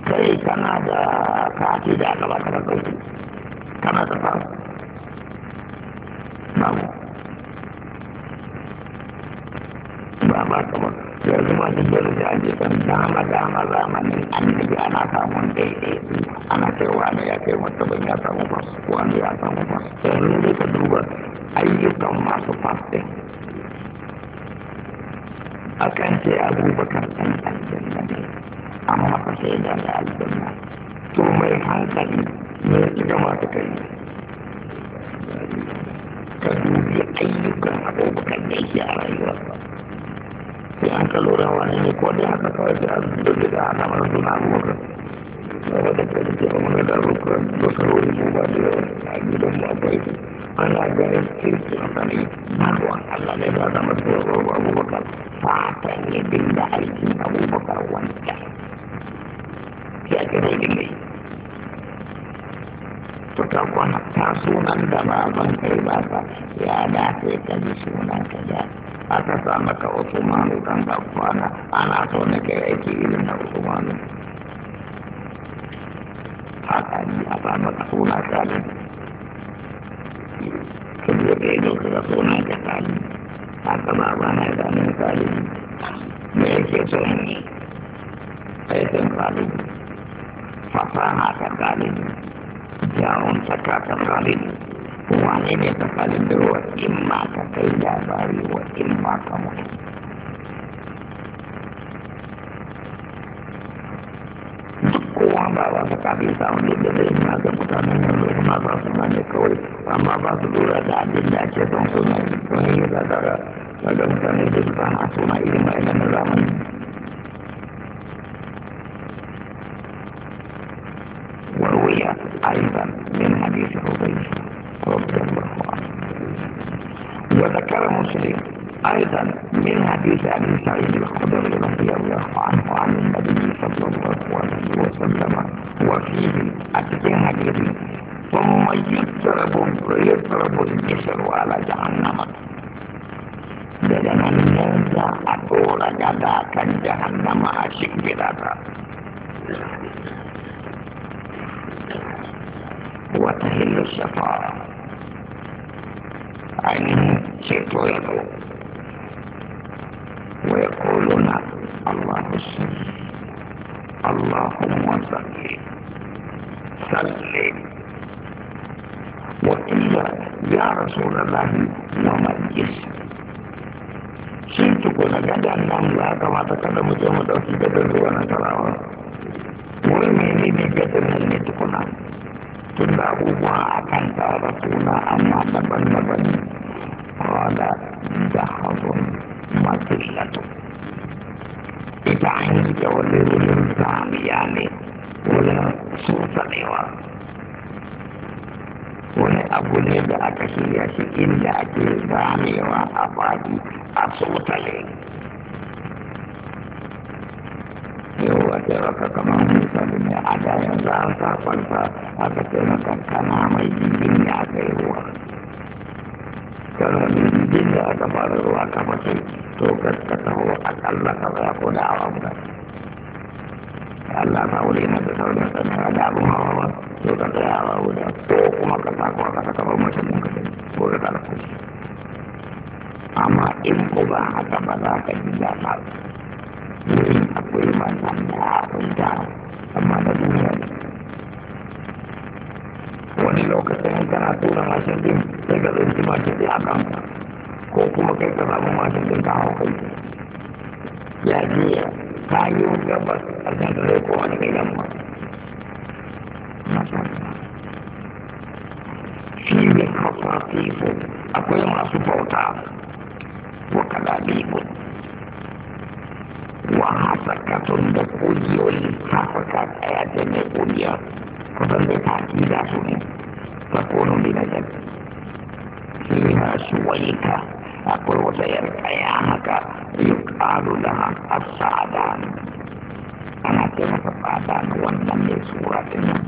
kai kana da kati da aka baka da kana da fara babu ba ba kamar da ake dama dama zamanin ana samun daidai ana kai wani ya kai mutumin ya samu wani ya samu ka duba ayyukan masu ce abubakar ɗan amma ka sai da na aljanna to mai hankali ne ya gama ta kai ka dubi ayyukan abubuwan da yake a rayuwarsa sai an ka lura wani ne ko da haka kawai da arziki da alamar suna abubuwan saboda karfe a wani darukan da sarori mu ba da yawa a gidan mu akwai ana ganin kirki a sani barwan allah ne ba zama tsoron abubakar fatan ya dinga abubakar wancan ya kiro dingai to ta kwana ta sunan da ba ban kai ba ba ya dace ka ji sunan ka da aka sa maka Usmanu dan da kwana ana so na kai aiki irin na Usmanu haka ni a ba maka sunan ka ne kun yi da ido ka sunan ka ta ne haka ba na ka ne me yake son ne aikin fasaha tsakanin yawon tsaka tsakanin wane ne tsakanin da wa in ma ka kai labari wa in ma ka mutu kowa ba ba su kafin samun na ga mutanen yanzu ba su kawai amma ba su da abin da ake son suna yi suna yi da daga daga mutane da su suna irin wa'annan zamani أيضا من حديث حبيب رضي الله عنه وذكر مسلم أيضا من حديث أبي سعيد الخدري رضي الله عنه عن النبي صلى الله عليه وسلم وفيه أتي حديث ثم يضرب يضرب الجسر على جهنم dengan menyanggah أقول raga جهنم أشك asyik وتهل الشفاعة عنه شئت ويقول ويقولون الله صل اللهم صل صل وإلا يا رسول الله ومن يسر sun tukuna nan dannan ya kamata kada mu mu dauki gadon ruwa na tarawa wurin mai ne gadon nan ne tukuna tun da abubuwa a kan tara suna amma daban-daban kala da hazon masu shato ita an yi da wani wurin samiya ne wurin sosanewa wani abu ne da aka shirya shi inda ake zamewa a fadi a sotale yau a taimaka kamar misali a da yanzu an sa kwalfa aka ce taimaka. kana mai jirgin da aka yi ruwa kana mai jirgin da aka fara ruwa ka mace to ka taho akalla ka zaya ko da awa guda Allah ta wuri na da sauran sanar da abin hawa ba to ka tsaya awa guda ko kuma ka sa kuwa ka saka ba mace mun ka ko da ka amma in ko ba haka ba za ka ji da ma akwai manyan da abin da amma na duniya ne wani lokacin kana tura mashin din daga zanci mashin din a kanka ko kuma kai ka samu mashin din ka hau kai ya jiya ta yi gabas a kan da zai kowa daga yamma shi ne kafafi akwai masu bauta wa kalabi wa hafakatun da ƙungiyoyi hafaka ɗaya da mai ƙungiya kusan da ta ƙida su ne ta kone bi na jan shi su wani ta akwai wata yar ɗaya haka yi ƙalu da asada ana ce masa na wannan mai sura ɗin nan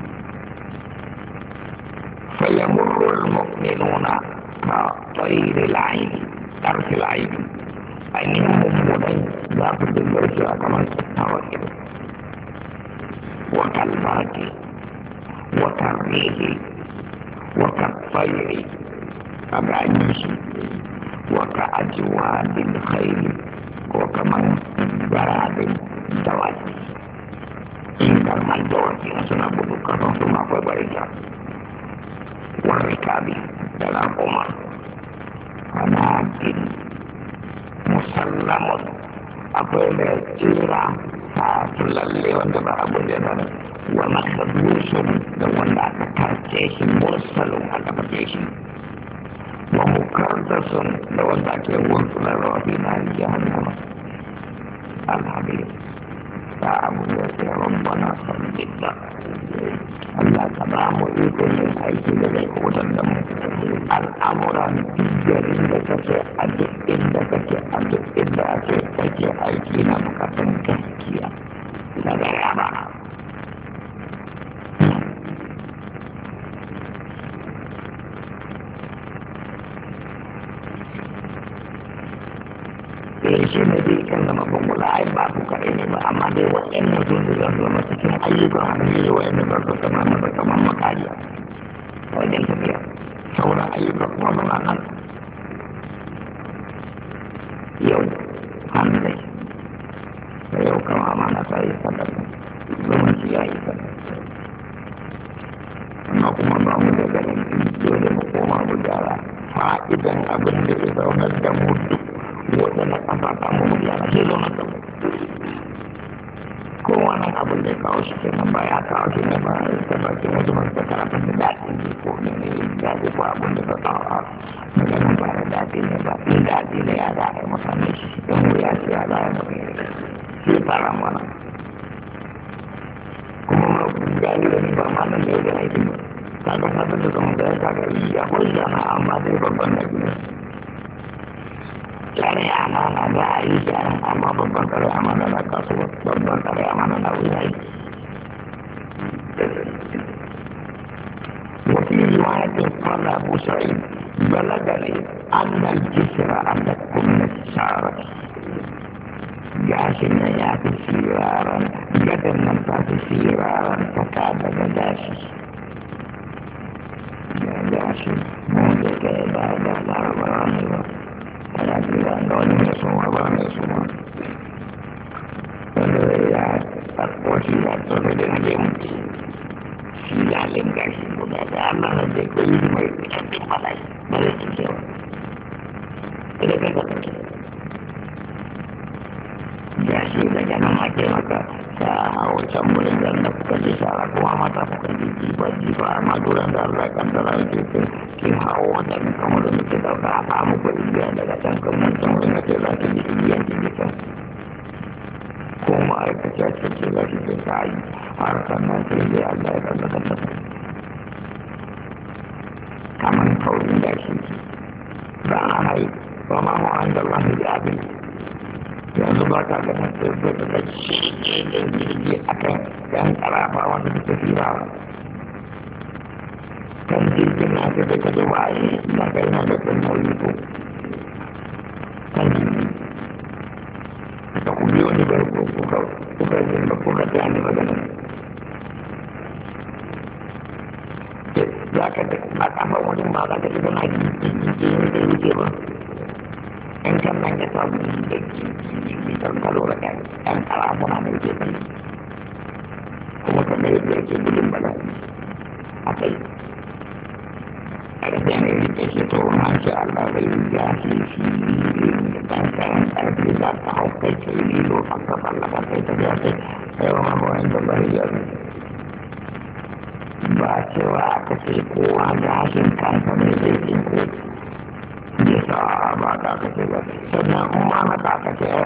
fayamurru al-mu'minuna ta tsayiri la'ini ƙarfi la'ini ainihin mummunai za ku dinga rikewa kamar kyakkyawar ido watan baki watan rege watan fayiri a gani shi wata ajiwa bin khairi ko kamar barabin dawaki in kalmar dawaki suna gudu kasan su makwai barita wani kabi da raƙuma ana gini musallamun akwai da tsira ta tulalle wanda ba abu da nan wa makabushin da wanda aka tarke shi mursalin aka fage shi wa mukardasun da wanda ake wurtsular rafi na jihannama alhamdulillah mu yake rabbana sallibba Allah ka ba mu iko ne aiki da mai hudun da mu al'amura biyar inda kake a duk inda kake a duk inda ake kake aiki na bukatun gaskiya na gaya ba eh shi ne dai kan zama bangula ai ba ku kaɗai ne ba amma dai wa waɗannan sun da zan zama cikin ayyukan hannu da waɗannan ba da kama na ba kamar makariya wajen tafiya sauran ayyukan kuma muna nan yau aka ce kowa gashin kansa ne zai tsinko ya sa ba ta kace ba sannan kuma ana ka kace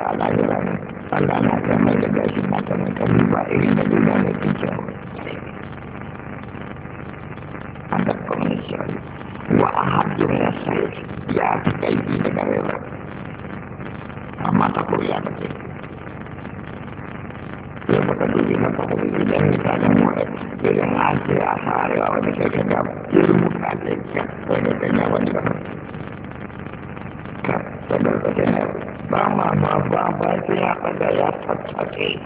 Okay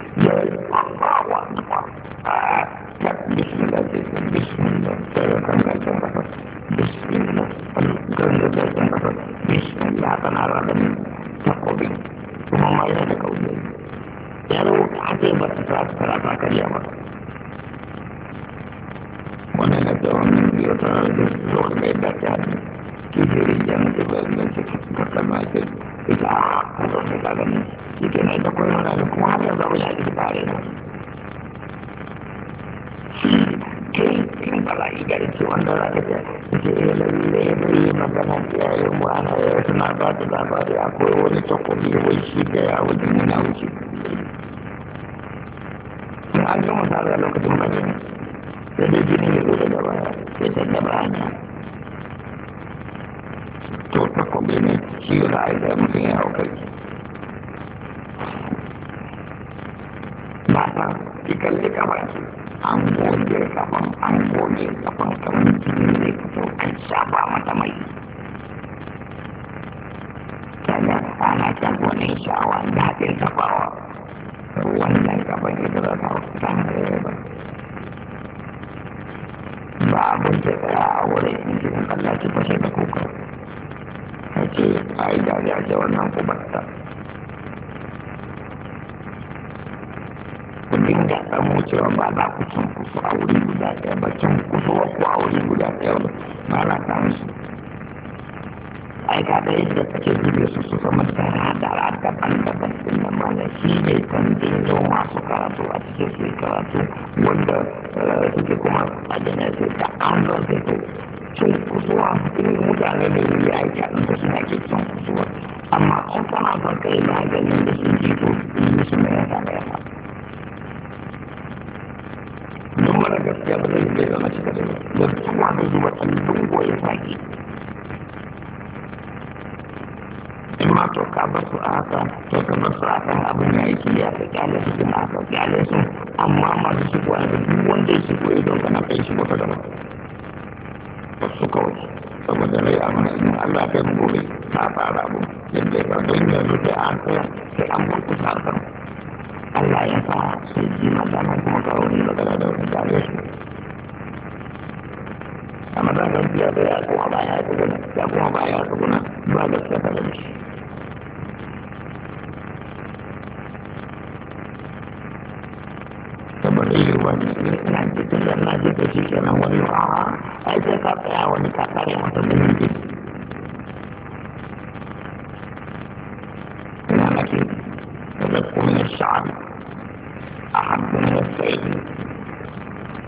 kun ce tsaya a wurin injinin Allah ki fashe da kuka ya ce a yi dariya ce wannan kubarta ku dinga ɗan wucewa ba za ku can kusa a wuri guda ɗaya ba can kusa wa ku a wuri guda ɗaya ba na ɗan su ai ka da yadda kake jibe su su zama tara da daban daban da nan mana shi ne kan dingo masu karatu a cikin su karatu wanda eh, suke kuma a jana su da an da su to sun kusuwa in mutane da yi ya yi kaɗan da suna ke son kusuwa amma an kana son kai na ganin da sun ji to yi su mai yasa da yasa. Don mara gaskiya ba zai bai zama cikin da mutuwa da zuwa ɗan dungo ya sake. in ma to ka ba su a haka to ka ba su a kan abin ya yi ya ka kyale su kuma ka kyale su amma masu shigo a da duk wanda ya shigo ya don kana kai shigo ta gaba ba su kawai saboda rai a mana in Allah ta gobe ta fara abu yadda ya don ya zo da an tsaya sai an mutu sarkar Allah ya sa sai ji magana kuma ka wani magana da wani kyale su a maganar biya da ya kuma baya ya kuma baya ya kuma ba da ta da shi saboda yiwuwa na jikin da na jikin shi kenan wani a aiki ka tsaya wani ka tsare masa zumunci ina nake daga kuma sha'abi a hannun tsaye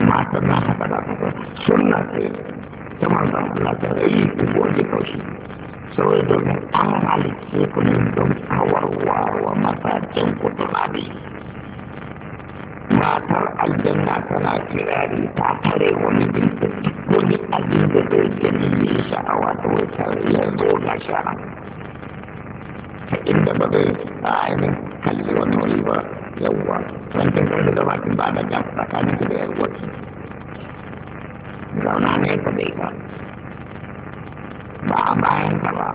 matan na haka da kuka sun tsaye kamar da Allah ta rayu ku goje kaushi saboda domin an halitce ku ne don kawarwa wa masajen ku tunabi matar aljanna tana kirari ta tare wani dinkin wani abin da zai gani ya yi sha'awa ta wata yanzu ga shara ta inda ba zai a ainihin kalli wani wuri ba yawwa wancan kan da bakin ba da gaba tsakanin da yar wata zauna ne ka bai ka ba a bayan ka ba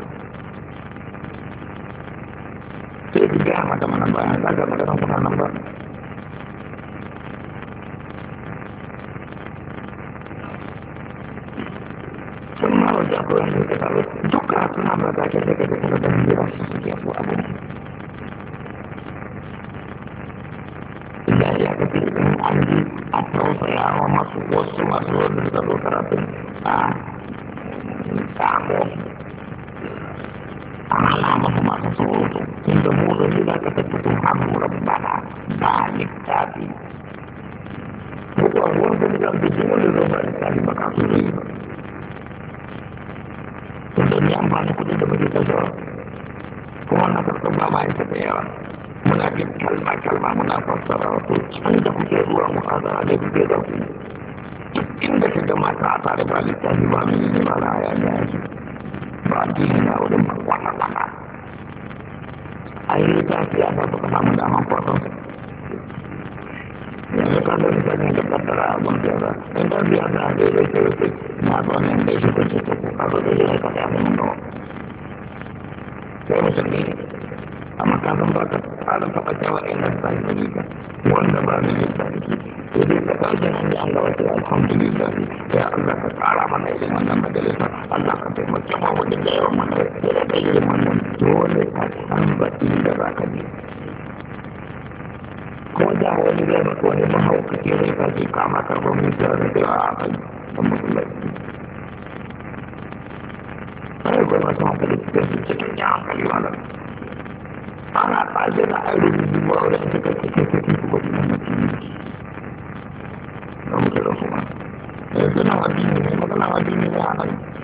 sai ku gaya mata mana bayan ka ga magana kuna nan ba semua ako ang nagkatawid. Duka ako na magkakit na kaya kaya ng hirap sa sakya po ako. Dahil ako saya ako masukos semua masuod ng sabot natin sa samo. Ang alaman ko masasuod. Hindi mo rin nila kataputong hamurang bala. Balik tadi. Bukan-bukan dengan bikin oleh rumah yang tadi makasih. tunda ni amfani kuɗi da muke kashewa kuma na farkon ba ma yanke da yawa muna bin kalma kalma muna fassara wasu cikin da kuke zuwa mu a zara da kuke da ku inda ka ga mata a tare ba littafi ba mai ne ba na hayaniya yake ba addini na wurin ba kwana kwana a yi littafi ya ba su kama mu daman kwarfansa yanzu ka da mutane da kaddara abin da ba in ka biya na da ya ke rufe na da shi da da da da da da da kuma da wani zai wani mahauka zai kaji kama karɓar mutuwa da yawa a kai don masallaci ai ba masu hankali da su cikin ya hankali wala ana ɓaje na ainihin zuwa wadda ta kake kake kake kuma na mutu da kuma yanzu na wajen ne magana wajen ne a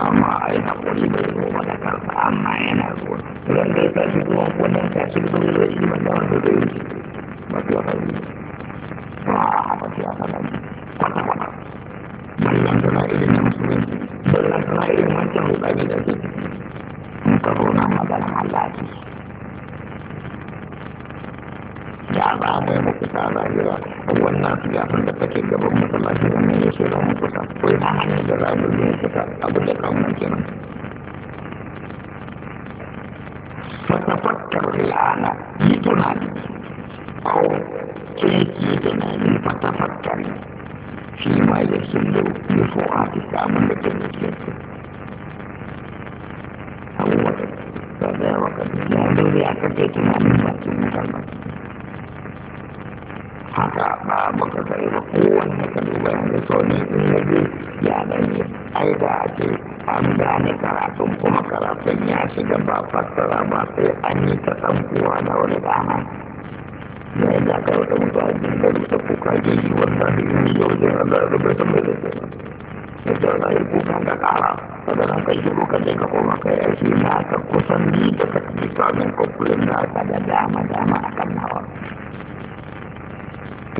amma a yi haƙuri da yi goma amma yana zuwa ran da ya tashi zuwa wannan tashi zuwa zuwa yi wanda wanda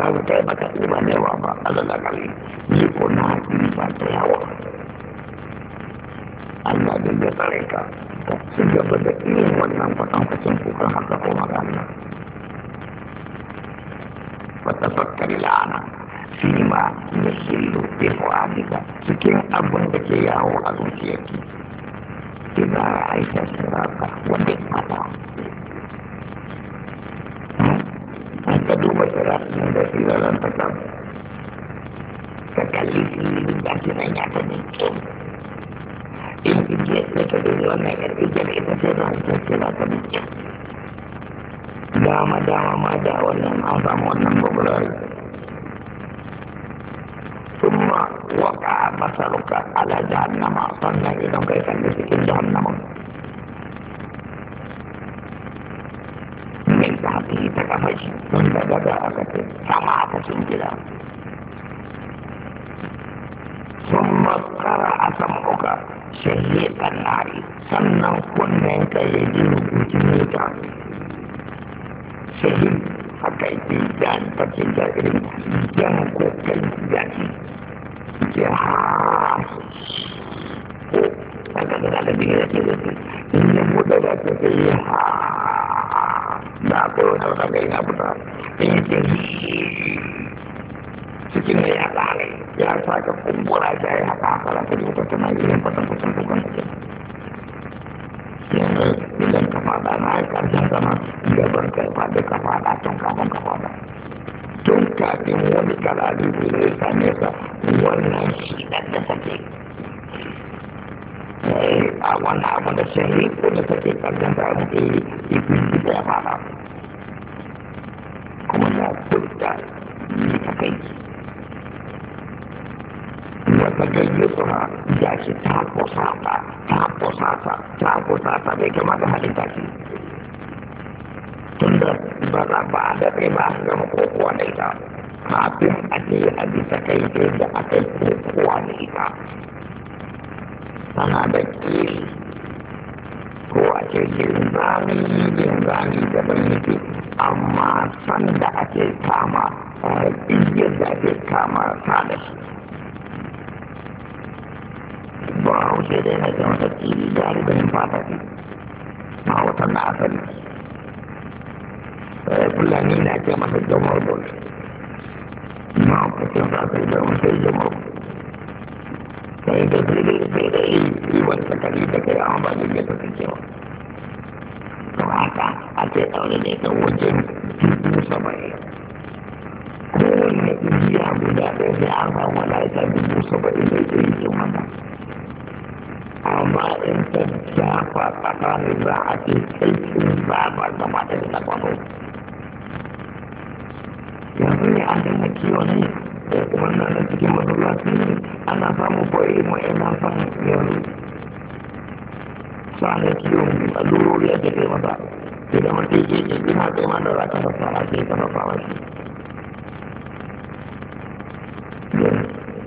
selalu saya baca terima dewa ya, Pak adalah kali Yukuna Iba Tehawa Anda juga mereka Sehingga berdeknya dama dama ma da wannan an samu wannan gwagwarari summa waka masaruka ala jahannama sannan idan kai kan da cikin jahannama mai zafi ta kafa sun da daga aka ce sama aka cin gida Sun kara a samuka shayyar nari sannan kunnen kai ya ji rubutu mai zafi cikin akai bidan bakin da irin bidan ko kai yaki ya ko daga daga da biyu da ke da ke in da ta ke yi ha da ko na wata gai na buta ko yi ke cikin da ya tsare ya sa ka kumbura ta yi haka haka da ta yi wata tana yi yin fatan kusan kusan kusan yanzu idan ka fada na yi karshen sama gaban kai fada ka fada tun kafin ka fada tun kafin wani karari zai same ka wannan shi da kake a wannan abu da sun yi ko da take karshen da abu da yi ikin gida ya fada kuma na kuta ni a kai wata gaggaisawa ya ce ta kusata ta kusata ta kusata bai kama da halitta ce tun ba za ba da ɗaya ba gama kokowa da ita kafin a ce a bisa kai sai da aka yi kokowa da ita tana da kiri ko a ce girin zami girin zami da ban yake amma sanda ake kama a ƙingiyar da ake kama sa da shi ba hausa da yana da masa kiri da rubanin fata ce ma watan na asali eh, fulani na ke masa jamar bol ma kusan sa sai da masa jamar sai da sai da sai da yi wata kari da kai an ba da ta cewa to haka a ce ɗaure ne ta wajen dubu saba'in kowane iya guda ɗaya sai an samu lafiya dubu saba'in da ke yi wannan amma in ta jafa tsakanin za a ce aikin babar da matar da kwano yanzu ne an da kiwo ne ko kuma na da cikin masallaci ne ana samun boye mu ina son yanzu sani kiwon allurori a jirgin mata sai da mace ke ke gina kai ma da za ka rasa rafi ka rasa rafi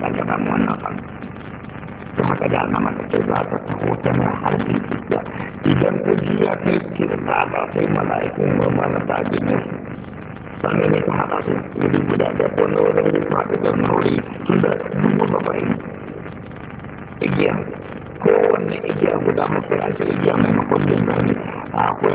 daga samu wannan kan to haka da na mata sai za ta taho tana harbi ita idan ta ji ya kai kirma ba sai mala'ikun ba mana ba jinin sannan ne ta haɗa su wuri guda da wani wani wuri ma da zan wuri su da dubu babarai igiya kowanne igiya guda mafi ake igiya mai makullin da ne akwai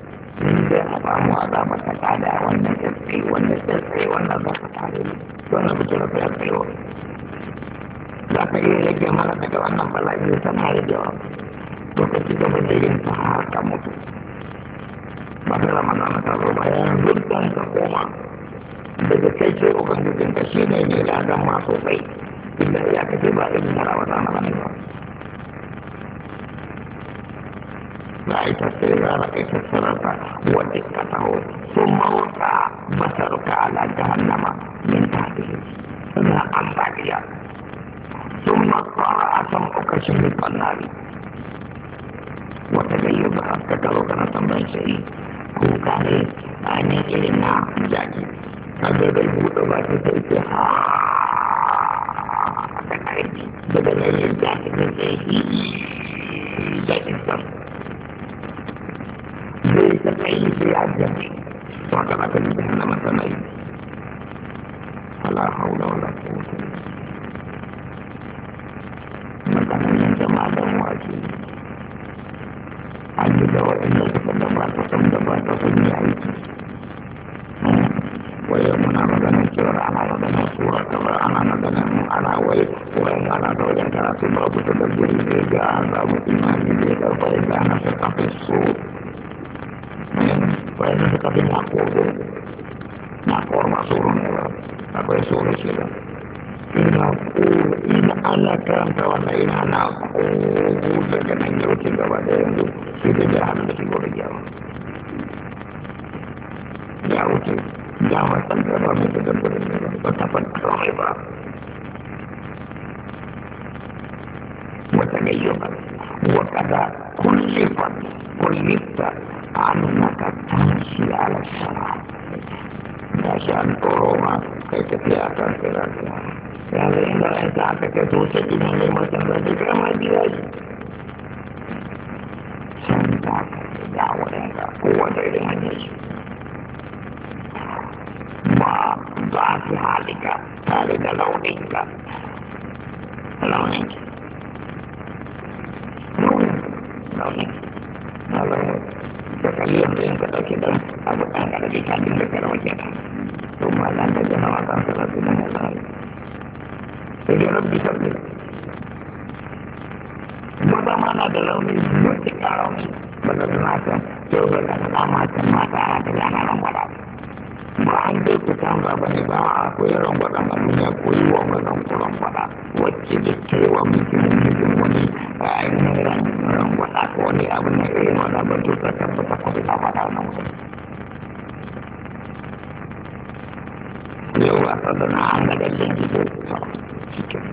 sai dai a a wannan tsirtsi wannan tsirtsi wannan ba ka iya rage mana daga wannan ka da yin ta ka ba shi ne ma sosai ya kace ba irin mara wata na ba da haifar rana kai ta sarrafa wanda ka taho sun mawuta basar ka ala min ta ce suna ambaliya sun mawuta a san ƙarshen nufan nari wata gayyar ba a ka kana tambayin shari ko ka ne a irin na jaki ka gaba yi ba ta ta ita ha da kai daga nan yin jaki ne yi sai ka tsaye sai aljanna to haka za ka ji jahannama tana yi ala haula wala quwwata maganin jama'a dan wake an yi da waɗanda suka gabata sun gabata sun yi aiki waya muna maganin kirar ana maganin tsura kamar ana maganin ana wai wayan ana da karatu babu ta da guri da ya ga an samu imani da ya karfa ya gana ta so Bueno, se casi me acuerdo. La forma solo nueva. La persona cielo. Ina ko ina ana karanta wannan ina ana ko daga nan yau ci gaba da yanzu sai da jihar da shigo da gyawa. Ya wuce dama tsantsara mai da dambarin da ba ta fantara mai ba. Wata mai yau ba. Wata da kullifan kullifta annaka tamshi ala sarat gashi an tsoro ma kai tafiya kan tsirar yanzu inda ta aka kai tuce gidan mai mutum da duk rama biya yi can ta da wurin ka kowace irin hanyar ba ba a halika tare da launin ka launin launin launin da kaliyar da yanka ɗauke da abu ɗan ƙarfi kafin da karawa ke nan to ma zan ta jana wata ta zafi nan ya zai sai dai rabbi sabbi a na da rauni mutuƙa rauni ba da tunatan yau da zama mata mata a ta yana nan wadatar ba an dai ku canza ba ne ba a koyi rangwaɗan abin ya koyi wa mazan ku rangwaɗa wacce da cewa mutum mutum wani a ainihin rangwaɗa ko wani abin na irin wani ba to ta tabbata ku ta faɗa nan ku. Yau ba ta zana an ga dalilin gido ta cikin.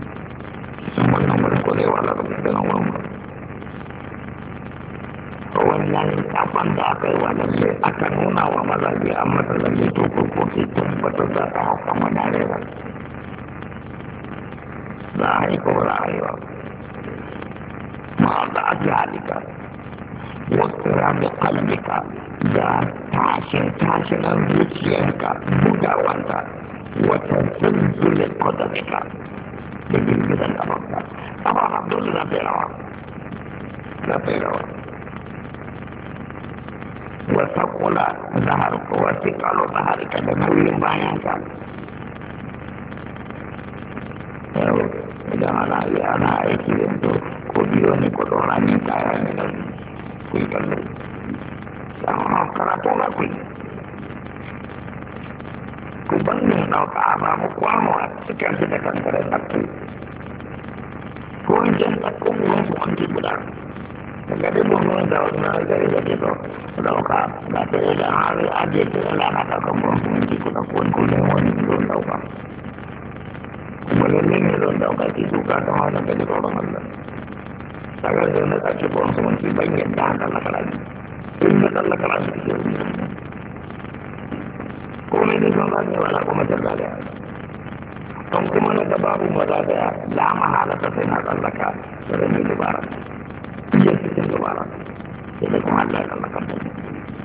Sun wannan wani kwarewa da ta zana wani wannan kafan da aka yi wannan akan aka wa mazaje an matsalaje to kurkuki tabbatar da ta haka madare ba za a yi ko za a yi ba da ake halika wakira da kalbika da tashin tashin zuciyarka bugawanta wata kodamika da na wasa kula zahar wata kalo zahar ta da nauyin bayan ka yau idan ana yi ana aiki yanzu ko biyo ne ko dora ne kaya ne na kun kallo yawon karatu na kun ku ban ne na ta ba mu kwano a cikin su da kankarar ko in jan takon wurin su an ji gudanar jadi bumi daunnya jadi jadi tu dauka tapi dah hari aja tu lah nak aku mungkin kita nak pun kuning wanita tu dauka boleh ni tu dauka kita kan jadi semua banyak dah ini kau kau macam baru lama sering dia kita luar jadi kemana kalau kamu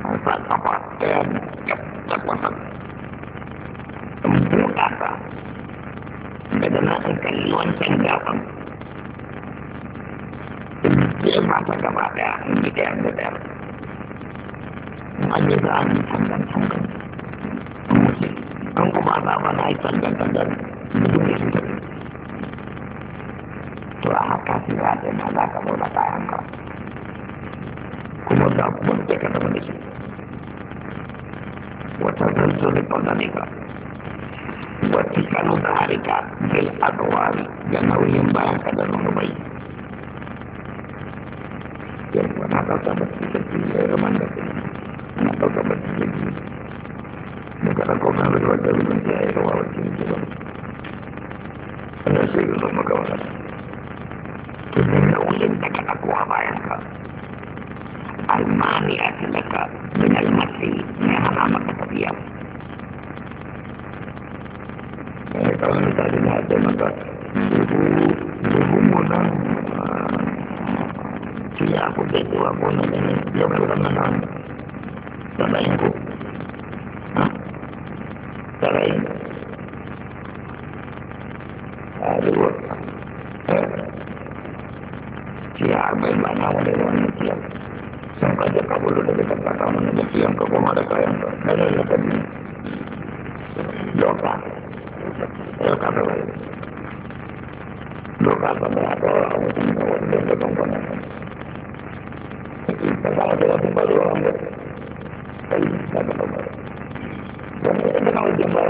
angkat apa dan cepat tempur kata bagaimana akan luar tanggapan dia mata kepada detail detail mengajarkan sangkan-sangkan musik Engkau mana-mana itu sangkan-sangkan Begitu-begitu to haka shi ba da ma za ka zo da kayan ka kuma za kuma da ka zama da shi wata zanzuri ɓangarika wata kanu da harika bil adwari da nauyin bayan ka da zunubai yamma na ɗauka ba su da su yi raman da su na ɗauka ba su da su daga ɗauka ba su da wajen zunubai ya yi rawa wajen zunubai ana sai da zama ga للعلوم التي تقوى بايعك المانعة لك من المسي من أمامك تبيع kalau tadi ada maka ibu ibu muda tafiya arba'in ba ma wani da wannan tafiya sun kaje ka gudu daga tabbata mana da tafiyan ka koma da kayan ka na lalata biyu doka doka da wani doka ba ma a kawai a mutum da wani da ta bambana ta ba da wata ba da wani da ta yi ta da bambana wanda ya gana wajen ba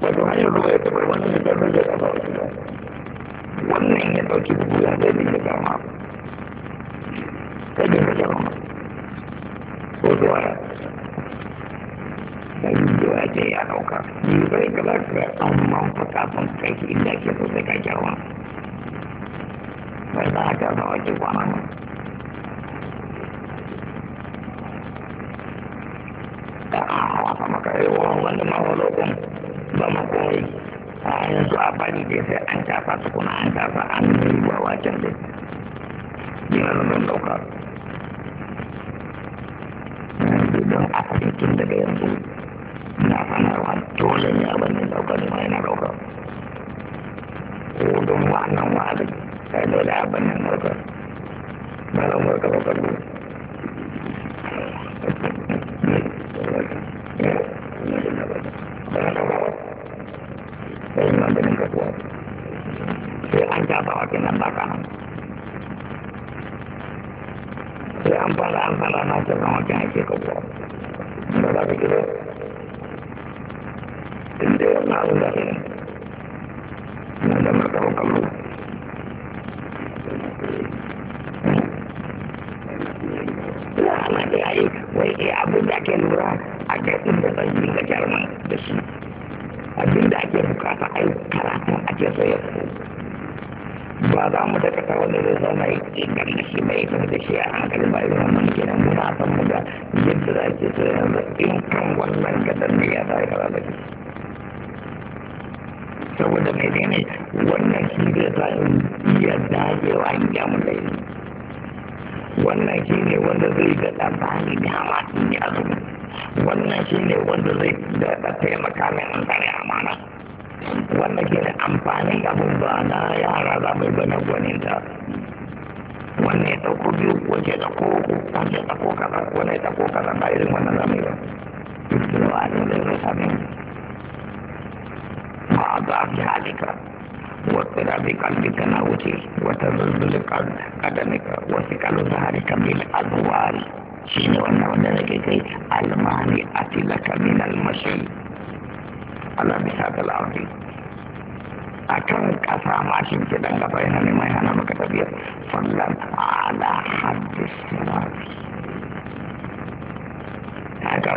wajen hanyar ruwa ya taɓa wani da ta rage ba wannan ya dauki bugu ya zai bin da dama ta bin dama ko da waya da yi da waya ce ya dauka yi zai gaba da amma fakafin kai inda ke so sai ka kyawa bai za a ta zama ke kwana ne da a wasa maka yi wa wanda ma wa ba ma kowai a yanzu a bari dai sai an shafa tukuna an shafa an yi ba waken dai yana zan dauka yanzu don a cikin daga yanzu na sanarwa dole ne abin da dauka ne ma yana dauka ko don wannan wa'azin sai dole abin nan dauka ba zan dauka ba kallo Thank sai maganin kasuwa sai an gaba wa kenan ba ka nan an fara an fara na ta zama kan ake kasuwa ba za ka kira tun da yawan abin da ya ana da yayi wai iya abin da ke lura a abin da ake bukata a yi karatu ake so ya fi ba za mu daga ta wani da zama ya ke gari shi mai kuma da shi a hankali ba yi wannan kenan mu na san mu da yadda za ke so yanzu in kan wannan gadar ne ya zai kara da shi saboda mai ne wannan shi da zai iya dagewa in ya mu da yi wannan shi ne wanda zai daɗa bani dama in yi azumi wannan shi ne wanda zai daɗa taimaka min an tsare amana wannan shi ne amfanin abin ba na yara za mai bane gwanin ta wannan ya ɗauko biyu wace da ko uku wace da ko kaza wannan ya ɗauko kaza ba irin wannan za mu yi ba duk da wa'azin da zai sami ba a ga fi halika wata rabe kalbi tana wuce wata zuzzuli kadanika wasu kalu zahari kamil azuwar shi ne wannan wanda ke kai almani a tila kamil almashi ala bisa ta lafi a kan kasa mashi ke dangaba yana neman yana maka tafiya sannan ala hadis a ga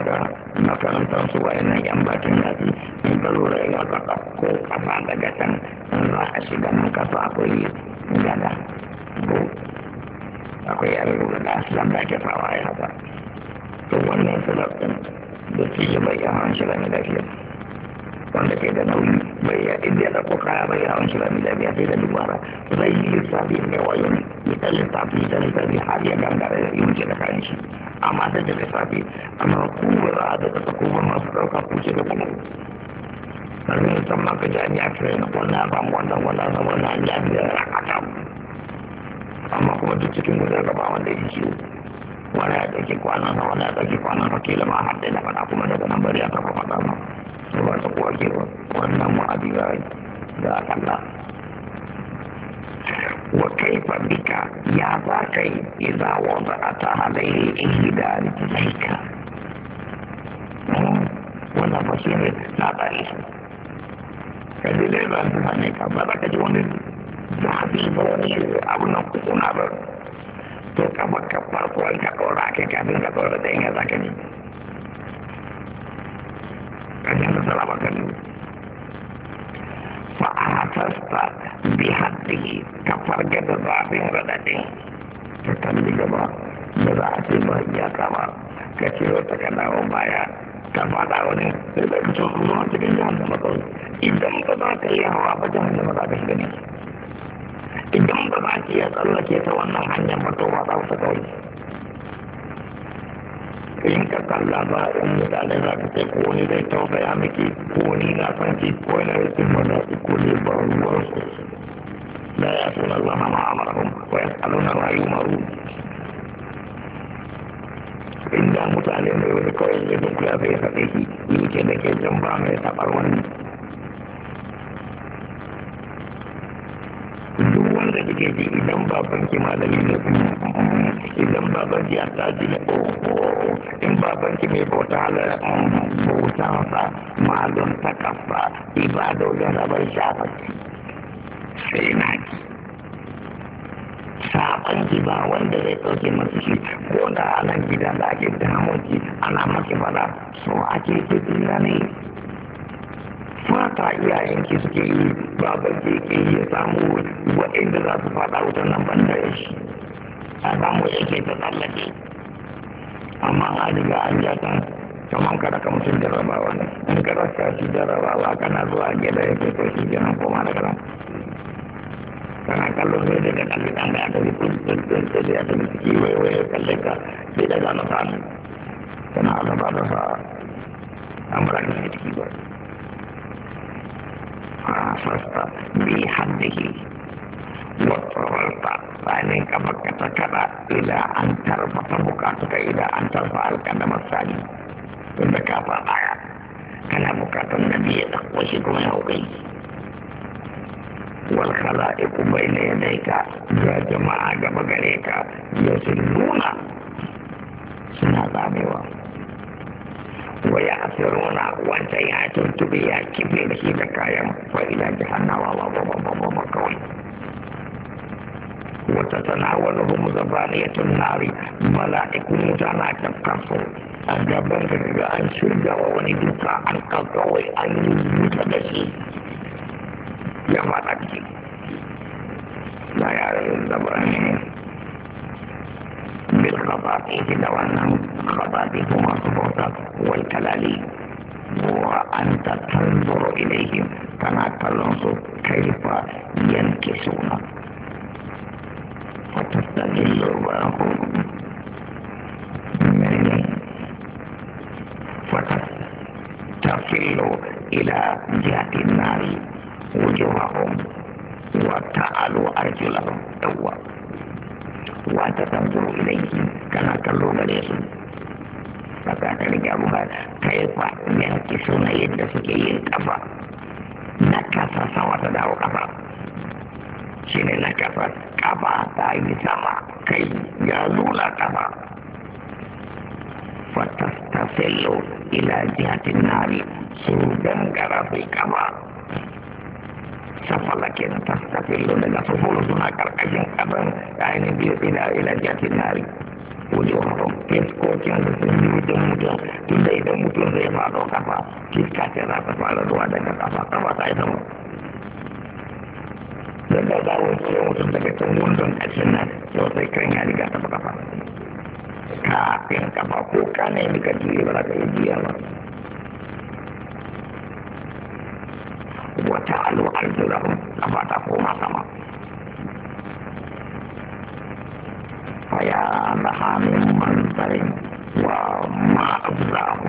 makarantar su wayannan yan bakin yaƙi in ka lura ya kafa ko kafa daga can in za a shiga nan kafa akwai gada ko akwai yare lura da asilan da ake fawa ya haka to wannan sulaf ɗin da ci gaba ya hanshi da shi. wanda ke da nauyi bai ya inda da ko kaya bai yawon shi bai da biya sai da dubara zai yi lissafi mai wayon ya ta lissafi ta lissafi har ya gangara ya yi da kayan shi amma da da lissafi amma kuma za a da kasa kuma masu ɗauka kuce da kuma sannan ya san maka jami'a ta yi na kwanna ba mu wannan wannan zama na jami'a a ta amma kuma duk cikin gudan gaba wanda ya ciwo wani ya ɗauki kwana na wani ya ɗauki kwana na kila ma har da na faɗa kuma daga nan bari ya kafa faɗa ma ba ta kwaje ba wannan ma'adi za a yi za a kalla wa kaifa bika ya ba kai idza wada'ata alayhi ihda rijlayka wannan ba shi ne labari sai dai dai ba su ne ka ba ka ji wani zafi ba wani abu nan kuna ba to ka farko ka ɗora ka kafin ka ɗora da yin ya zaka ne kaji aka tsara ba kan fa a hatasta bi haddihi ka farga da zafin raɗaɗin kalli gaba da za ba iyaka ba ka ciro ta ka dawo baya ka fada wani sai da ka so kuma a cikin jahannama kawai idan ba za ka yi ba idan ba za ki wannan hanyar ba to ba a ka in ka kalla in mutane za ka ce ko wani zai tausaya miki ko wani na san ki ko wani ya ce mana ko ne ba ruwan su la ya suna lama ma amarahum wa ya tsaluna ma yi maru inda mutane mai wani kawai zai dunkula zai faɗe ki yi ke da ke jan ba mai taɓar wani duk wanda kike ji idan baban ki malami ne mm, mm, mm, idan baban ki attaji ne ko oh, oh, in baban ki mai bauta la bauta ba malon ta kafa ibado da rabar shafa sai na ki saban ki ba wanda zai ɗauke masu shi ko da anan gida da ake damun ki ana maki fada so ake tafi na ne fata iyayenki suke yi babar ke ke ya samu waɗanda za su fada wutan nan ban da shi a samu yake ta tsallake amma an riga an ja ta kamar kada ka mutum jarabawa ne in ka rasa shi jarabawa kana zuwa gida ya kai ko shi kenan koma da kana kana kallon sai daga kallon kan da ya tafi kuntun da ya tafi ciki waiwaye kallon ka sai daga na sa'ani kana azaba da sa'a an bura ne ciki ba fasasta bi haddihi wa tawalta bayan ka bakata kada ila an tarfata bukatuka ila an tarfa alkadama sani tunda ka faɗa kana bukatar nabi ya ɗauko shi kuma ya hukai ya jama'a gaba ka ya nuna suna zamewa wa ya asiruna wancan ya tuntube ya kife da shi da kayan fa'ila jahannawa ba ba ba ba ba kawai wata tanawar rumu zabaniyatun nari mala'ikun wuta na tafkan su an gaban riga an shirya wa wani duka an kakkawai an yi wuta da shi ya maɗaɗi na yaren zabaniyatun لو انهم خطاطيف مصبوطة والكلالي وأنت تنظر إليهم كما تنظر كيف ينكسون وتستدل من فتصل إلى جهة النار وجوههم وتعالوا أرجلهم أول wata tanzuru ilaihi kana kallo gare su baka ta riga buga kai kwa yanki suna yadda suke yin kafa na kasa sama ta dawo kafa shi ne na kasa kafa ta yi sama kai ya zula kafa ta fatastafello ila jihatin nari su gangara sai kafa safala kenan ta tafillo daga sufulu suna karkashin kaban ainihin biyu ila ila jatin nari wujuhahum fiskokin da sun yi wujen mutum tunda idan mutum zai faɗo kafa fiska ce za ta fara zuwa daga kafa kafa ta yi sama daga zawon ce mutum daga can wundon ƙarshen nan yau sai kan ya riga ta kafa kafin kafa ko ka nemi ka juye ba za ka yi ba wata alu arzulakum kafa ta koma sama faya na hannun manzarin wa ma'azahu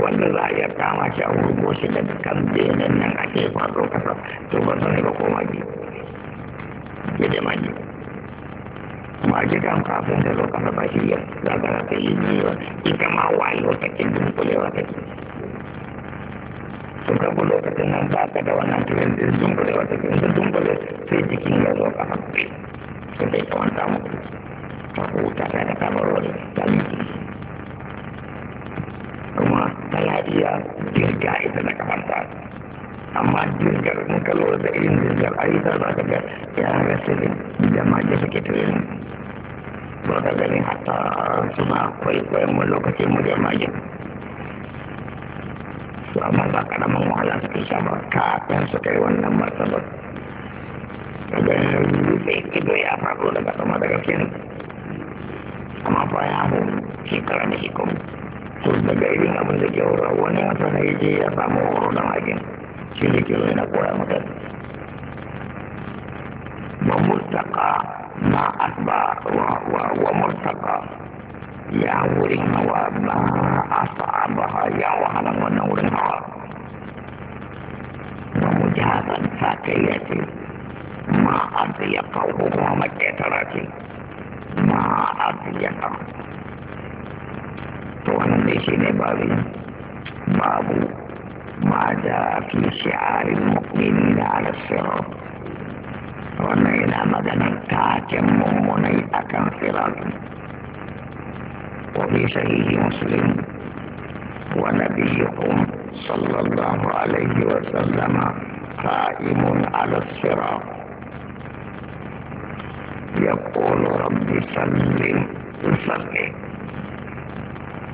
wanda za a iya kama shi a wurgo shi daga kan benin nan a ke faɗo kasa, to ba yi ba ko magi gide magi magi kan kafin da zo kasa ba shi ya zagara ta yi biyu ita ma wayo ta kin dunkulewa ta ke suka bi lokacin nan ba ka da wannan turin da dumbule wata kin da dumbule sai jikin ya zo ka haɓe sai dai ka wanta mutu ka huta sai da kamar wani taliki kuma tana iya jirga ita da kamanta amma jirgar in ka lura da irin jirgar ayyuka za ka ga yara sirrin da ke suke turin ba ka ganin hatta suna kwaikwayon mu lokacin mu da maje su amma ba karamin wahala suke sha ba kafin su kai wannan martabar daga rufe ido ya faɗo daga sama daga kenan amma baya mu shekara da shekaru to daga irin abin da ke horo wani wata na yake ya samu horo don hakin shi ne ke yana koya maka wa murtaka ma asba wa murtaka ya wurin hawa ba a sa'abaha ya wahalar wannan wurin hawa ba mu ji ma a ya kawo ma a ya kawo to wannan dai shi ne babu babu ma da fi shi'arin mu'mini na alasirar wannan yana maganar taken akan sirari وفي صحيح مسلم ونبيكم صلى الله عليه وسلم قائم على الصراط يقول رب سلم يصلي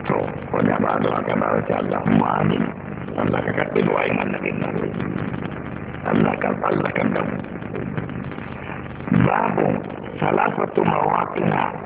تو وده بعد وقت اللهم آمين الله كتب وعيما النبي النبي أنك كتب الله كتب باب ثلاثة مواطنات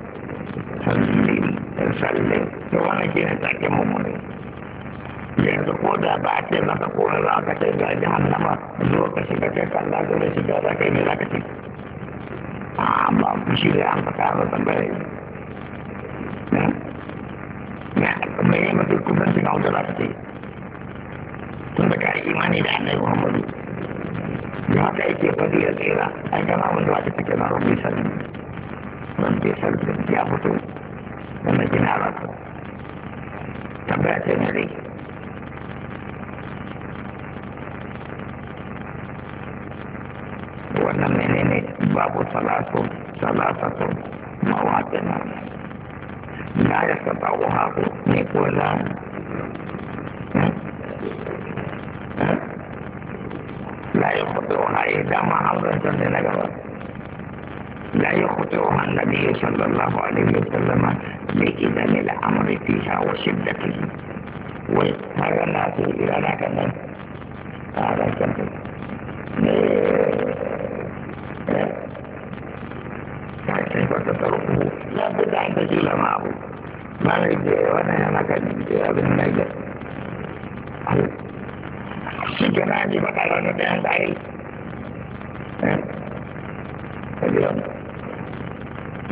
salli salli da wani ke da take mummuni yanzu ko da ba a ce maka kone za ka ce ga jihannama zuwa ka shiga kai sallah zuwa shiga za ka yi ne za ka ce amma shi da an fata ba tambaye na kuma yi kuma su na wuta za ka ce tun da ka imani da annai muhammadu da haka yake fadi da tsira a gama wanda wata take na rubi sallah wanda ya sarki ya fito da majina ba ku tambaya ce na dai wannan menene babu salatu salatatu mawaƙina na ya saba wa haku ne لا يخطئها النبي صلى الله عليه وسلم لإذن الأمر فيها وشدته وهذا الناس إلى هكذا هذا الشمس كيف تتركه لابد أن تجيل معه ما يجي وأنا ما كان ابن نجد السجن عندي مقالة بأن العيل أه؟ اليوم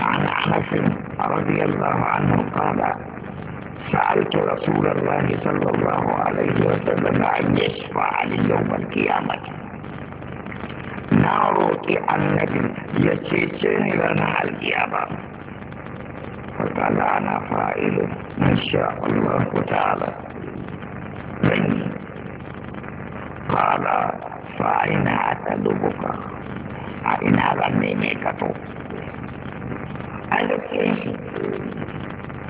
عن انس رضي الله عنه قال سالت رسول الله صلى الله عليه وسلم ان يشفع لي يوم القيامه ناروتي انك يشفع لنا القيامه فقال انا فائل ما شاء الله تعالى من قال فاين اتلبك اين غنيمتك musulunci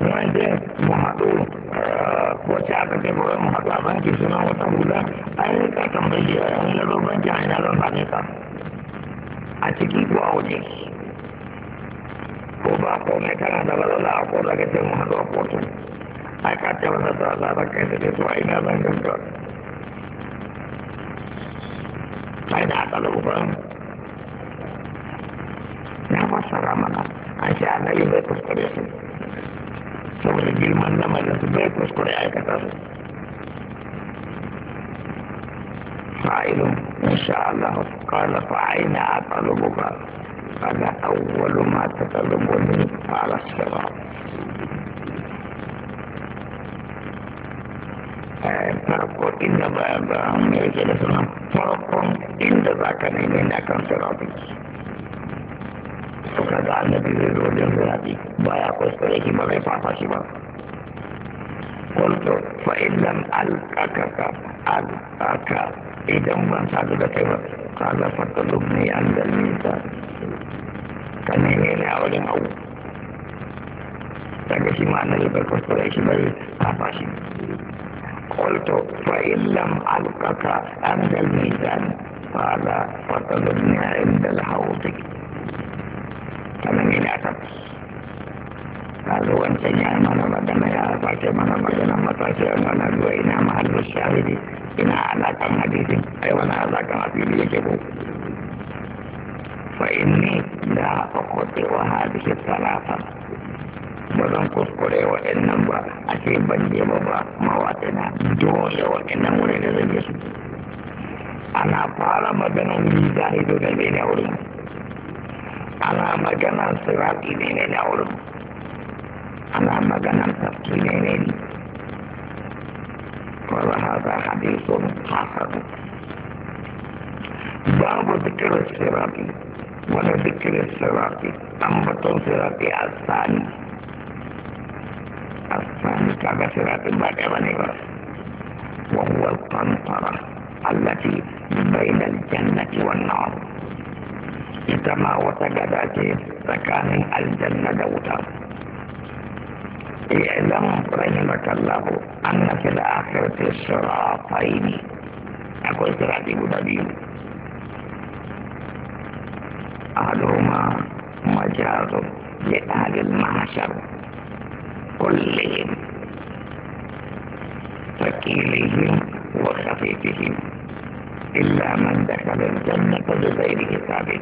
wanda mu haɗu wacce eh, a a an shi annabi bai kuskure su saboda girman na mai su bai kuskure aikata su fa'ilun insha Allah qala fa aina atlubuka ana awwalu ma tatalubuni ala sirat farko inda ba ba mai ke da suna farkon inda za ka nemi na kan sirati to kaga annabi zai zo wajen zaɓi ba ya kuskure shi ba zai fafa shi ba kulto fa idan alƙaƙaƙa alƙaƙa idan ban sadu da kai ba kaga fata dubni an da nisa ka neme ne a wajen Ta daga shi ma annabi bai kuskure shi bai fafa shi fa'illan قلت فإن لم ألقك عند الميزان قال فطلبني عند الحوض kamar ne da kan kaga wancan ya mana magana ya face mana magana matashi ya mana ruwa ina mahallu shahidi ina alaƙan hadisin ai wani alaƙan asiri yake ko فإني لا أخطئ هذه الثلاثة بدون كفر وإنما با أشي بنجي بابا مواتنا دول وإنما ولد رجل أنا فعلا مدنون لي زاهد الذين أولين على مجنى صراط دين العلو على مجنى تقصيل دين وهذا حديث حسن باب ذكر الصراط ولذكر الصراط أمة الصراط الثاني الثاني كان صراط بعد ونبر وهو القنطرة التي بين الجنة والنار اجتمع وسجد في سكان الجنة دوتر اعلم رحمك الله أن في الآخرة صراطين أقول صراطي بدبيل أحدهما مجاز لأهل المعشر كلهم ثقيلهم وخفيفهم إلا من دخل الجنة بغير حسابه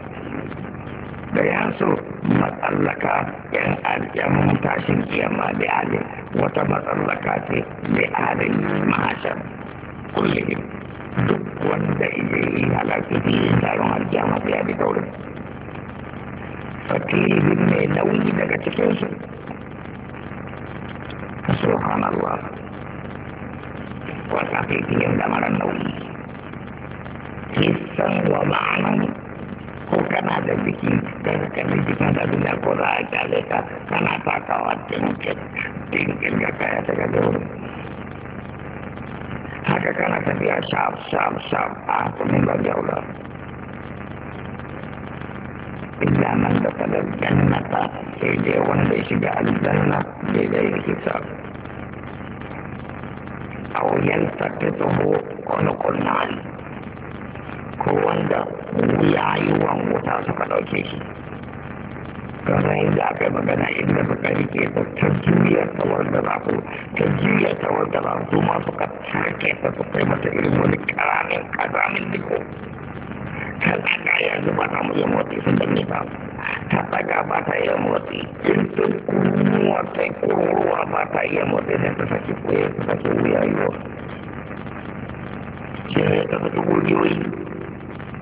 da ya so matsallaka yan alƙyamun tashin kiyama da alim wata matsallaka ce da alim mahashar kullum duk wanda ije yi halarci filin taron alƙyama ta yabi taurin fatilin mai nauyi daga cikinsu subhanallah wata fitilin da mara nauyi kisan wa ma'anan ko kana da jiki daga kalli jikin da duniya ko za a kyale ka kana takawa tinkin ga kaya daga gaurin haka kana tafiya shaf shaf shaf a kunin ba jaula illa man da kadar jannata sai dai wanda ya shiga aljanna daidai yake sa a wuyan tattata ko ko wanda wuyayuwan wuta suka ɗauke shi kamar yadda aka yi magana inda suka rike ta ta juya da za su ta juya tawar da za su ma suka ta su kai mata irin wani karamin kazamin diko ta daga yanzu ba ta muyin wata sun da ne ta daga ba ta yi motsi in ta kuruwa ta yi kuruwa ba ta yi motsi sai ta sake koyar ta sake yi.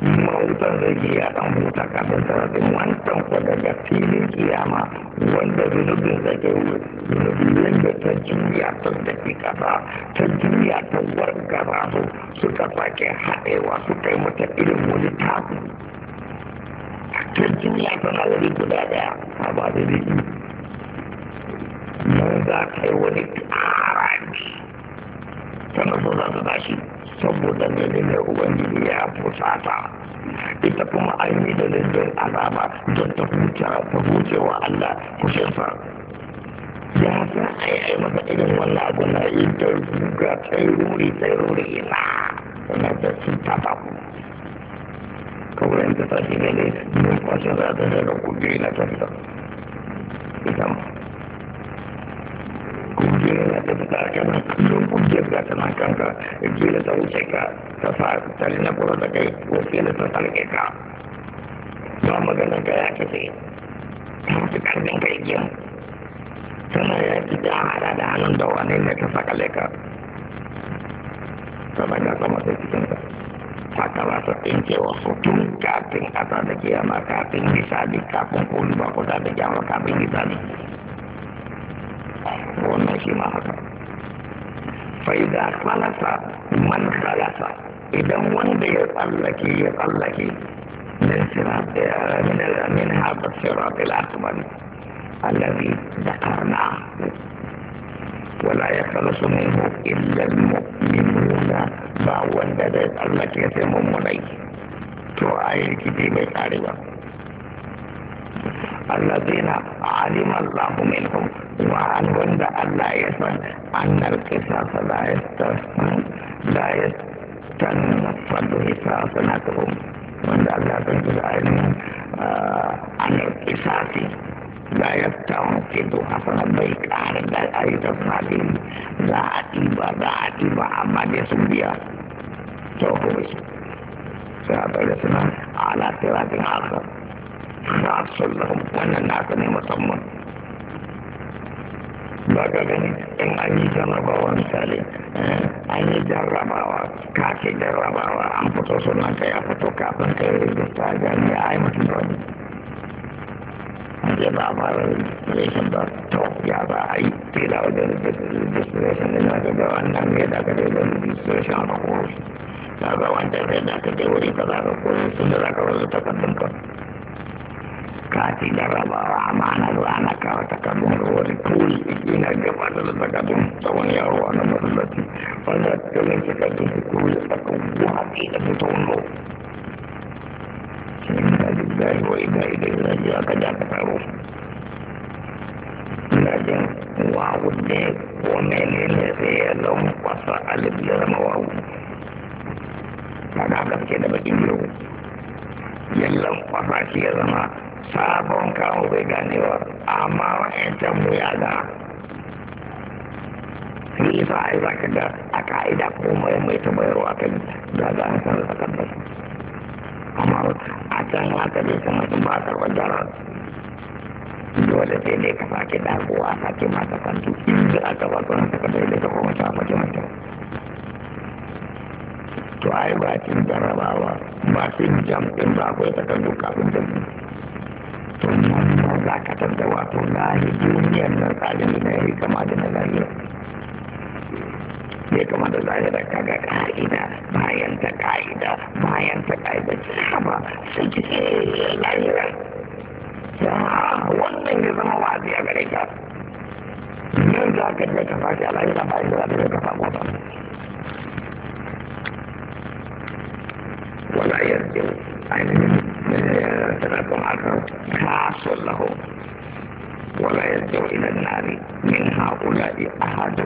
mautan zai ya dan huta kafin sarrafin wancan ko daga filin kiyama wanda zunubin da ke zunubin da ta juya ta tafi kasa ta juya ta wargara su suka sake haɗewa su kai mata irin wani taku ta juya ta na wuri guda daya a ba da riki mun za ta yi wani ƙara ne sannan so za su tashi saboda ne da mai ubangiji ya fusata ita kuma an yi da don azaba don ta huce wa Allah kushinsa ya za a yi a yi masa irin wannan abu na ita ga tsayururi tsayururi na wannan da su ta baku kawai yanzu ta shi ne ne mun kwashe za ta daga kudi na tafiya kungiyar za ta fita a kana kullum kungiyar ta kanka ta wuce ka ta sa ta rina kura da kai ko kila ta sarke ka ba maganin ka ya tafi ta fi karfin kai jiya tana ya ci da hada da hannun da wani ne ta saka leka ta daga sama ta cikin ta haka ta tsinke wasu tun kafin kasa da kiyama kafin misali kafin kulu ba kusa da kiyama kafin misali wannan shi ma haka fai da man kalasa idan wanda ya tsallake ya tsallake don sira daya rami da rami na haɓar sira da latuman alabi da karna wala ya tsala su ne mu illan mu ba wanda da ya tsallake sai mummunai to a yi rikiti mai karewa allazina alima allah minhum wa anwanda allah yasan annal qisas la yastasman la yastanfadu hisasanatuhum wanda allah zan juga ilmin annal qisasi la yastamkidu hasanat bai kare da ayyukan salim za a tiba za a tiba amma dai sun biya to kuma shi sai a bayyana suna ala sirajin hakan khasun lahum wannan naka ne musamman ba ka gani in an yi jarrabawa misali an yi jarrabawa kafin jarrabawa an fito ya fito kafin yi rijista gani a yi mutum wani ba ba to ya a yi tela wajen registration ne na wannan da kowai na ga wanda ya da ka da wuri ka za ka koyi sun da za ka wani takardun ka kati da rabawa amana rana ka wata kadun wani turi ina gaba da da kadun da wani yaro a na masallaci wanda kalin ta kadun kuri a kan wafi da fito wando inna lillahi wa inna ilaihi raji'un aka ja ka taro ina jin wawu ne ko menene sai ya zama kwasa alif ya zama wawu kaga haka da bakin yau yallan kwasa shi ya zama sabon kawo bai ganewa amma wa'yancan mu ya ga shi isa a yi ka da a ka'ida ko mai mai ta bayarwa kan da za a san da kan basu amma a can haka dai kuma sun ba ka dole sai dai ka sake dagowa sake mata kantu inda a ba ka wata kadai da ta kuma ta mace mace to ai ba cin jarabawa ba cin jam'in ba akwai takardu kafin jam'in sannan ma za ka tarda wato lahi duniyar nan tsari na yi kama da na lahira ya kama da lahira kaga ka'ida bayan ta ka'ida bayan ta ka'ida ce haba sai ki ce lahira ya wannan ya zama wazi a gare ka nan za ka je ka sashi a lahira bayan da za ka samu ba wala yarjin ainihin ثلاث عشر حاصل له ولا يرجع إلى النار من هؤلاء أحد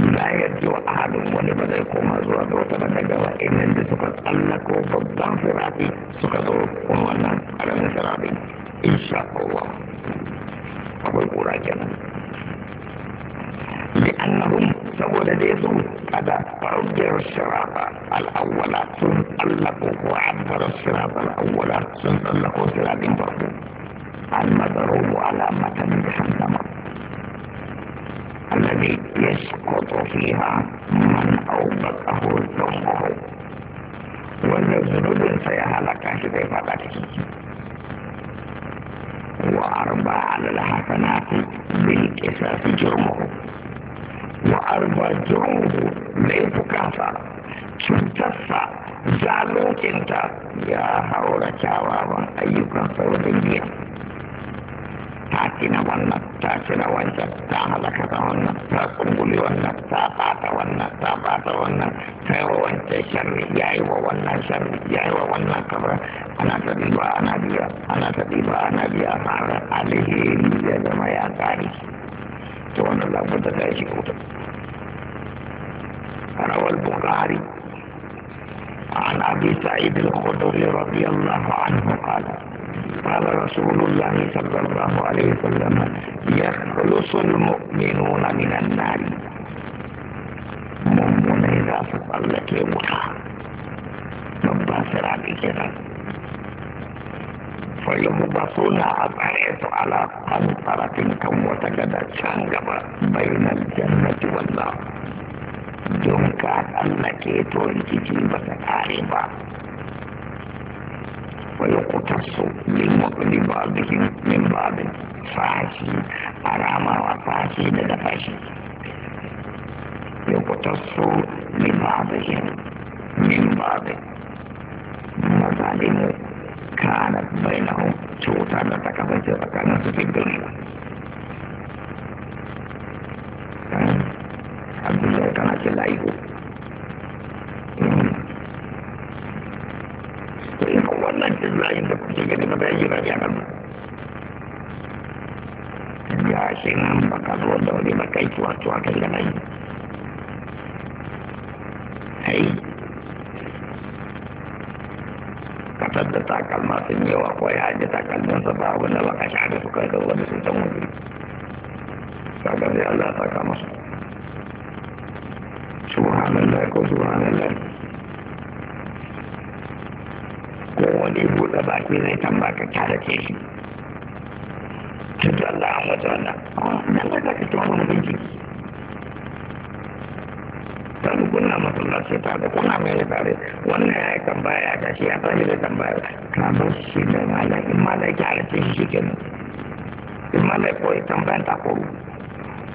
لا يدعو أحد ولماذا يقوم أزواج وتبدأ وإن سقط لك فضا فراتي سقطوا وهو على الانفراد إن شاء الله أبو القرى لأنهم سولدتهم قد رجعوا الشراب الأول ثم ألقوه وعبر الشراب الأول ثم ألقوا صراط برضو على علامة جهنم الذي يسقط فيها من أوبقه ذنبه والذنوب سيهلك في فتاته وأربع على الحسنات بالكساس جرمه وأربعتموه ليفكافا cutarsa zalocinta ya haura kyawawan ayyukan saurin biya ta kina wannan ta tina wancan ta halaka ta wannan ta tsunguli wannan ta bata wannan ta bata wannan ta yi wa wancan sharri ya yi wa wannan sharri ya yi wa wannan kabra ana ta diba ana biya ana ta diba ana biya a alheri ya zama ya tsari to wannan labar da ya روى البخاري عن ابي سعيد الخدري رضي الله عنه قال قال رسول الله صلى الله عليه وسلم يخلص المؤمنون من النار مؤمن اذا فصلت يوحى نبى سرعه كده falimu ba na a tsare su ala an tsarafin kan wata gada can gaba bai na jannati wanda don ka tsallake to rikici ba ta tare ba wani kutar su limmatsuli ba bikin min ba da sashi a ramawa sashi daga sashi ya kuta so min ba da min ba da mazalimu kanat bainahum cuta da ta kasance tsakanin su cikin ina ba yi ka zo da wani a kasar da takalma sun yi wa ko ya ajiye takalmin sa ba wani ba kasha da suka da wani sun san wani kaga sai Allah ta kama su subhanallah ko subhanallah ko wani buɗe baki zai tambaka tare ke shi tun da Allah an wata wannan a nan da ka ci wani bincike lalu kuna masallaci tare kuna mai tare wannan ya yi tambaya ga shi ya tafi da tambaya na ba shi da malaki malaki a cikin shi kenan in ko ya tambayan ta ko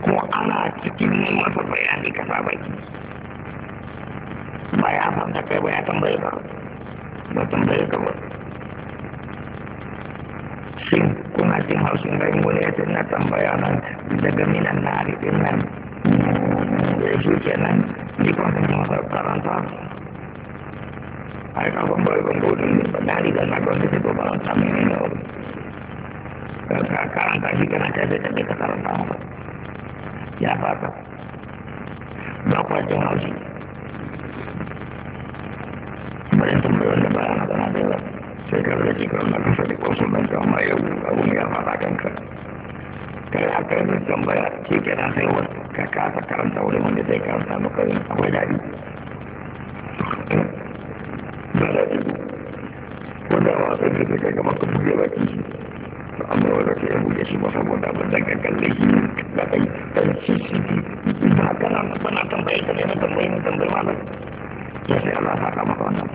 ko ana cikin masa bayani ka sa baki ba ya san ta kai ba ya tambaye ba ba tambaye ka ba kuna cin haushin garin wani ya ce na tambaya nan daga minan na arifin nan ya diperkenalkan Mereka kumpul-kumpul ini pedali dan agung di situ balas kami minum. Sekarang tadi kan ada di sekarang Siapa tuh? Bapak Jengawi. Berantem dengan lebaran atau nanti lah. Saya mereka sedih konsumen sama ya, aku nggak mengatakan kan. kai aka yi min tambaya ke kenan sai wani ka kasa karanta wurin wanda zai karanta maka yin akwai daɗi ba daɗi wanda a wasan da zai kai kamar ka buge baki to amma wanda ke buge shi ba saboda ba zan ka kalle shi da kai dan shi shi ba kana ba na tambaye ka ne na tambaya na tambaye malam ya sai Allah ya kama maka wannan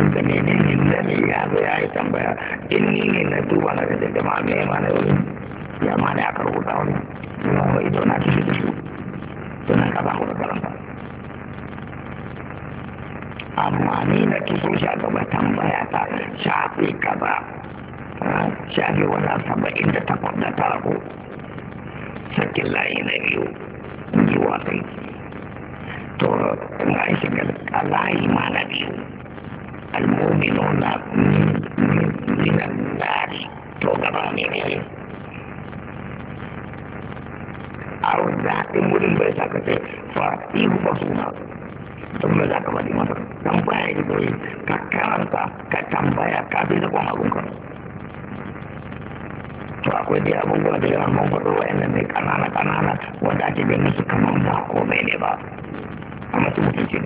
tun da menene ne ni na ya kiso gaba tambaya ta shafi kaza shafi da takwas layi na biyu in wasai to biyu المؤمنون من النار توقفاني منهم أو ذات مدن بيساكت فإنفسنا ثم ذاك ما دي مدن تنبايا كتوي كتارتا كتنبايا كابين كما كنكم to akwai dai abubuwa da yawan mun faɗo wa'annan mai ƙanana ƙanana wanda ake ganin su kamar ba komai ne ba ne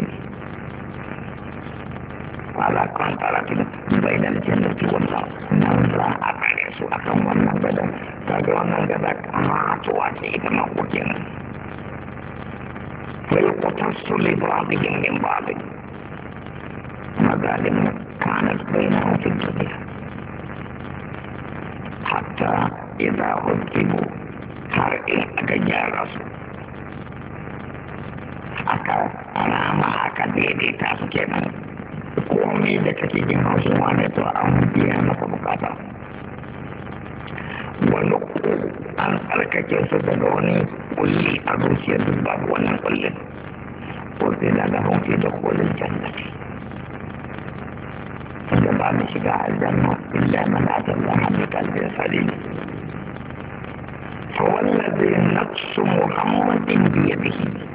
ala kwantaratin bai da aljannati wannan nan za a kare su akan wannan gadon kaga wannan gada kama tuwa ce ita ma kuke nan sai kuta su libra yin ba. babin magalin kanar bai na hukun duniya hatta idan hukimu har in aka gyara su aka rama aka daidaita su kenan komai da kake jin haushin wane to an biya maka bukata ko an tsarkake su daga wani kulli a zuciyar duk babu wannan kullin وبلا لهم في دخول الجنة فجمع مشجع الجنة إلا من أتى الله بقلب سليم هو الذي نفس محمد بيده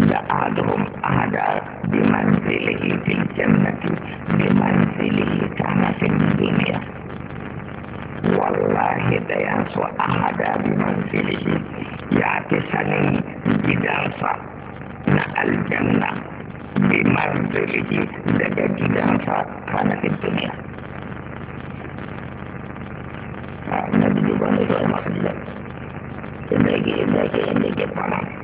لأحدهم أحد بمنزله في الجنة بمنزله كان في الدنيا والله لا ينسو أحد بمنزله يعتسني جدانسا نا الجنة بمنزله ده جدانسا كان في الدنيا نبدو بني رحمة الله إنك إنك إنك بني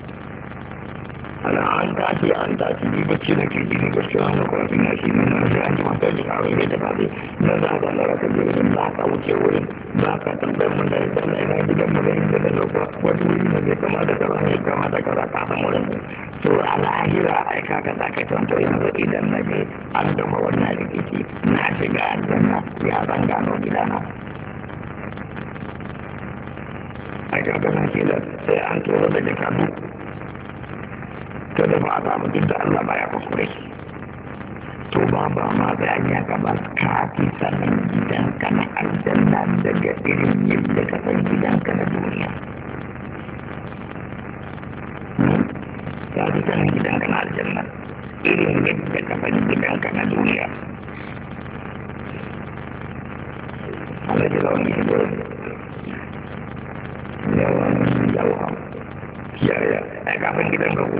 ana an tashi an tashi ni bacci na kirki ne gaskiya na kwafi na shi ne na shi an ji mata ji kawai ne da kawai na za ka na raka jirgin za ka wuce wurin za ka tambayar mun da ya tsalla ina gidan mu da inda da lokwa wani wuri na zai kama da kaza ne kama da kaza ka san wurin to a lahira ai ka ka za tanto yanzu idan na je an gama wannan rikici na shiga aljanna ya zan gano gidana a gaba na ke da sai an tura da jakadu to da ba ba mutum da Allah baya kuskure to ba ba ma da hanya ka ba ka fi sanin gidanka na aljanna daga irin yadda ka san gidanka na duniya hmm. ka fi sanin gidanka na aljanna irin yadda ka san gidanka na duniya Allah ya zama mai gurin yawan yawan yaya a kafin gidan gago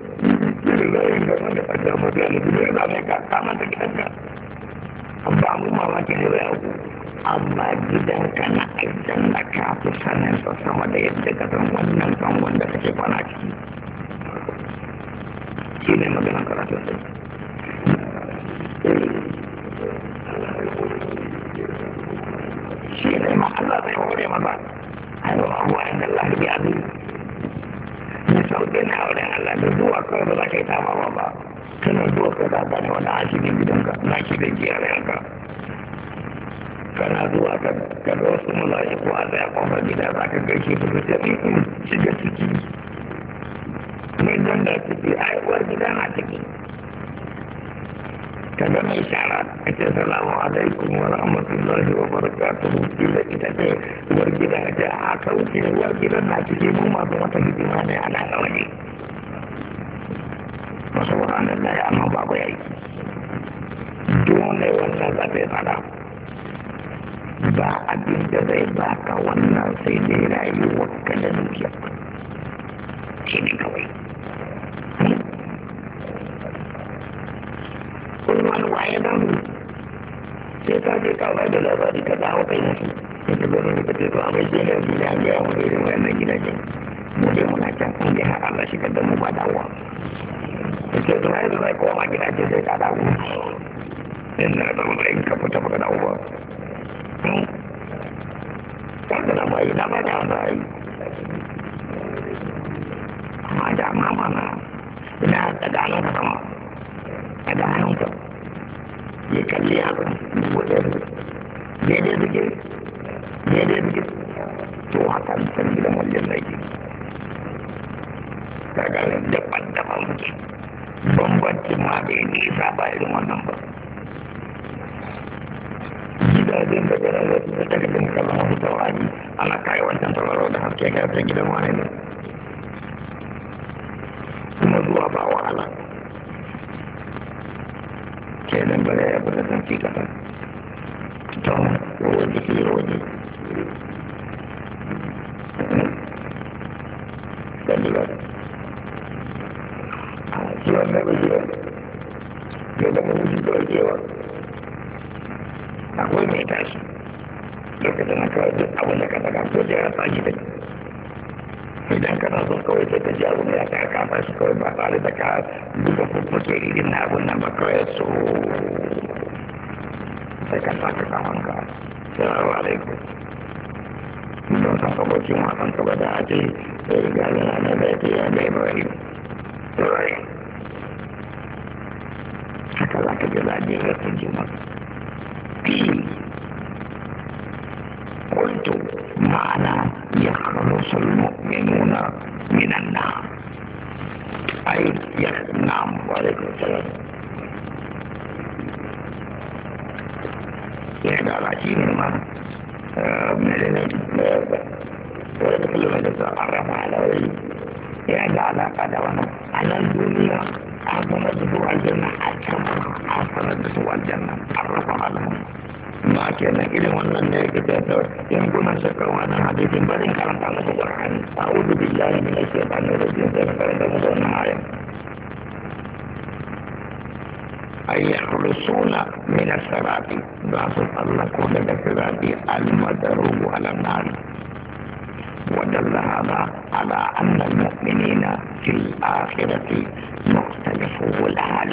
lain karena ada pada mereka lebih dari ada kata mata kita kan abang mama kini aku amma gidan kana idan da ka fi sanin sa sama da yadda ka san wannan kan wanda kake kwana ciki shi ne maganar karatun sa shi ne ma'ana da kore maza ayo abuwa inda lahi bi abin sauke na Allah da zuwa kawai ba za ka yi tamawa ba tana zuwa ka za ne wani akidan gidanka na akidan yanka kana zuwa ka kada wasu mulashi ko a zaya kofar gida za ka gaishe su da shiga ciki mai don da ciki a yi uwar gida na ciki kada mai shara a ce salamu alaikum wa rahmatullahi wa barakatuhu kila ita ce uwar gida ce a haka wuce uwar gida na cike mu masu wata hidima ne ana da wani masu wa'anan na ya amma babu yayi dole wannan za ta yi fada ba abin da zai ka wannan sai dai rayuwar ka da dukiyar shi ne kawai waye sai ka je ka da labari ka dawo kai mutu sai ka gaba da kace to a mai gina gida an gaya irin wannan gidajen mu dai muna can an gaya Allah shi kadda mu ba dawowa sai to ai zai koma gidaje sai ka dawo inna da mu ka fita baka dawo ba na mai na mai da mai ma da ma ma na da da na da ma da hannunka ya kalli abin dubu ɗaya ne daidai suke daidai suke to haka san gidan wajen da ke kaga daban-daban suke bambancin ma bai nisa ba irin wannan ba gidajen da gara da su daga jin kallon wasu taurari ana kai wancan tauraro da haske ga gidan wani ne kuma zuwa ba wahala kenan ba ya bada sarki kaɗan don wani fiye wani ɗanɗiga a kiwon ba kiwon da da mun ji da kewa akwai mai tashi lokacin aka wajen abin da ka faɗa ko da ya fashi idan kana so kawai sai ka ji abu ya ka kafa shi kawai ba tare da ka duba kuke irin na abun nan ba kawai so sai ka saka kafan ka salamu alaikum don san abokin wasan ka ba da ake ga da na da yake ya bai bari bari haka za ka ji lajiyar ta jima قلت معنى يخلص المؤمنون من النار أي نعم وعليكم السلام إحدى العشرين من ويدخل آه، من آه، تتعرف على يعني على قدرنا على الدنيا أعظم سوى الجنة أكبر أعظم سوى الجنة عرفها لهم ba ke nan irin wannan ne ga dadar yankunan shakar wannan hadisin barin karanta musu ƙwarhan a wudu billahi min shaitanir rajim da na karanta musu wannan ayan ay yakhlusuna min as-sirati ba su tsallako daga sirati al-madarubu ala nar ودل هذا على أن المؤمنين في الآخرة مختلفو الحال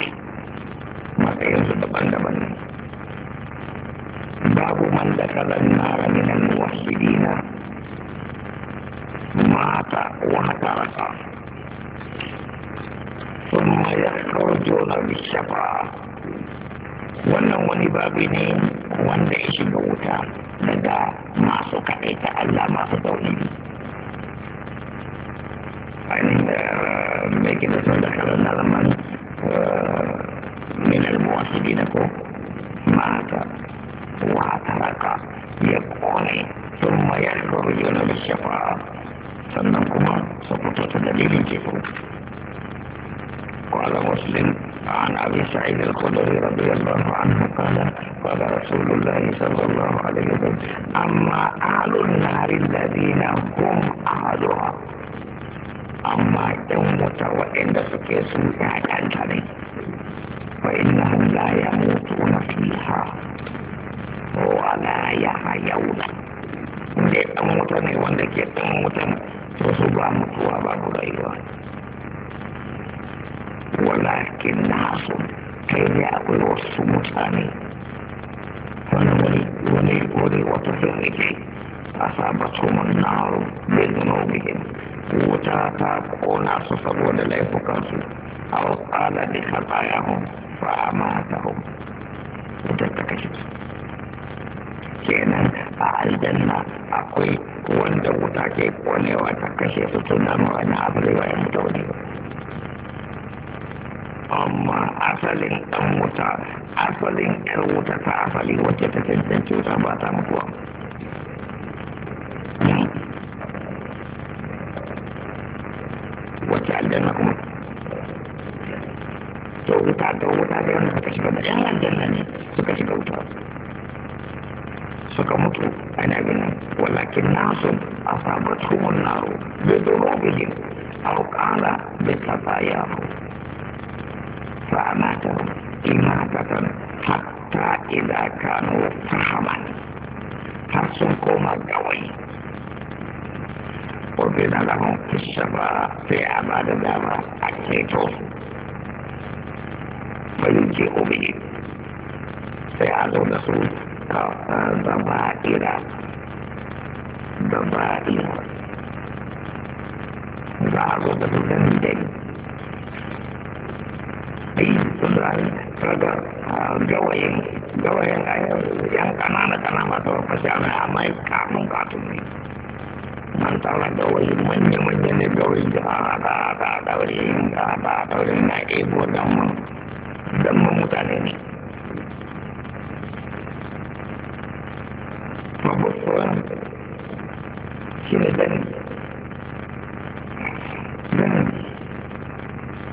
ما تيزد بند بند باب من دخل النار من الموحدين مات واعترف ثم يخرجون بالشفاعة wannan wani babu ne wanda ya shiga wuta daga masu kaɗaita Allah masu tauhidi mai gina sun da karar na zaman minar ko ma'aka واعترق يبقوني ثم الى الشفاء سننكما سقطت دليل الجفو قال مسلم عن أبي سعيد الخدري رضي الله عنه قال قال رسول الله صلى الله عليه وسلم أما أهل النار الذين هم أهلها أما يموت وإن سكيسوا يعني فإنهم لا يموتون فيها wala ya hayauna inda ɗan wuta ne wanda ke ɗan wutan to su ba mutuwa ba buraiwa walakin nasu kai ne akwai wasu mutane wani wani wani wani wata firrifi a sabatu man naru bai zuno bihin wuta ta kona su saboda laifukansu a wakala da fa a ta hun wutar ta kashe su kenan a aljanna akwai wanda wuta ke konewa ta kashe su suna wani abu da bayan mutu wani amma asalin ɗan wuta asalin ƴar wuta ta asali wacce ta cancanci wuta ba ta mutuwa wacce aljanna kuma to wuta ta wuta da wanda suka shiga da yan aljanna ne suka shiga wuta suka mutu ana ganin walakin nasu bai naru bi dhunubihim aw qala bi khatayahum fa amatahum imatatan hatta idza kanu fahaman har sun koma gawai وبين لهم في السماء في أمان الله أكيدهم فيجيء بهم فيعلو نصره ضمائر ضمائر بعض الذنبين أي إبراهيم رجع manya-manya ne na ibu dan mabukuran shi ne dani dani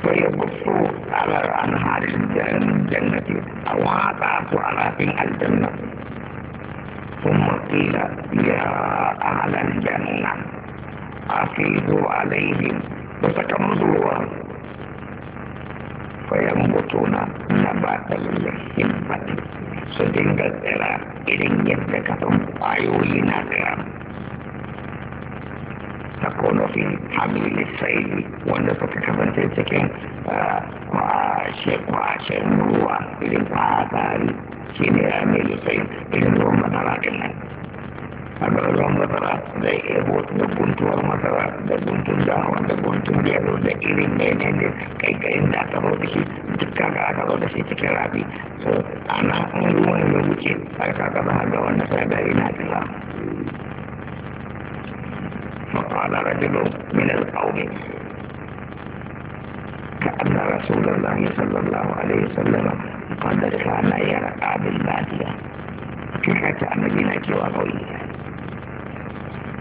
waya buku alar an harin jarin jannati a wata su alafin aljanna ثم قيل يا أهل الجنة أفيدوا عليهم وتكملوها فينبتون نبات الحبة su dinga tsira irin yadda kafin ƙwayoyi na tsira ta kono fi hamili saili wanda suka kasance eh, cikin kwashen ruwa irin kwasari shi ne hamili saili irin ruwan madara din nan ruwan masara da ebo da guntuwar masara da guntun dawa da guntun gero da irin ne ne kai da aka zo da shi da aka zo da shi cikin rafi so ana ruwan ya wuce a kaka ba ga wanda da ina فقال رجل من القوم كأن رسول الله صلى الله عليه وسلم قد كان يرقى بالبادية كيف كان مدينة وقوية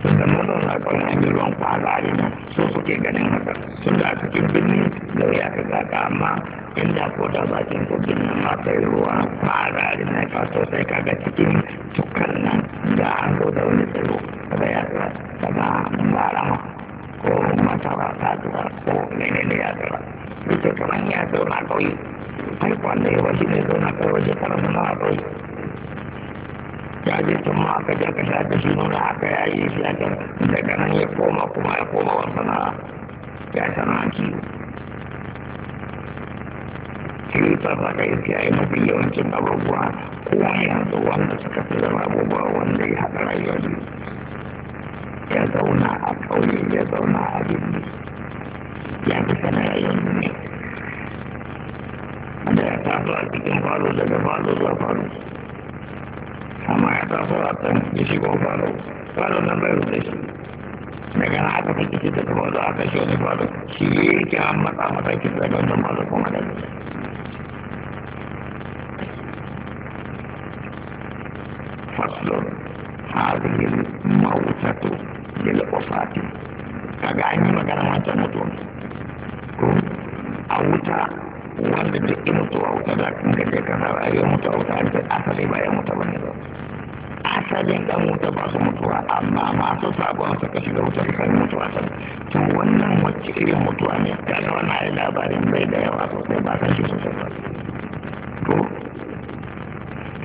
don tun da mun zauna tsaunin ruwan kwara ne su suke ganin haka tun da cikin birni da ya ka ma amma inda ko da bakin ko birnin ma kai ruwa kwara ne ka so sai ka ga cikin tukan nan da an zo da wani tsaro da ya ka daga marama ko masara ta zuwa ko ne ne ya zuwa duk da kamar ya zauna kauye har yi ya wasu ne zauna kai waje karamin na kauye ya je tun ma aka je aka shafi shi nuna haka ya yi shi aka daga nan ya koma kuma ya koma wa sana'a ya sana'a kiwo shi ta saka yake ya yi mafi yawancin abubuwa kuma yanzu wanda suka fi zama abubuwa wanda ya haɗa rayuwar ya zauna a ƙauye ya zauna a birni ya fi sana rayuwar ne wanda ya taso a cikin falo daga falo zuwa falo sama ya taso ratan ya shigo falo falo nan bai rufe shi daga na aka fi kisi da kuma da aka shi wani falo shi ya yi kira mata mata kisa da don masu kuma da faslon hazin mawutato bil ofati kaga an yi magana wancan mutum ko a wuta wanda duk ya mutu a wuta da kan gaje kana rayuwar mutu a wuta an asali ba ya mutu bane ba asalin dan wuta ba su mutuwa amma masu sabon suka shiga wutar sai mutuwa sun to wannan wacce irin mutuwa ne kaga wannan labarin bai da yawa sosai ba san shi sosai ba to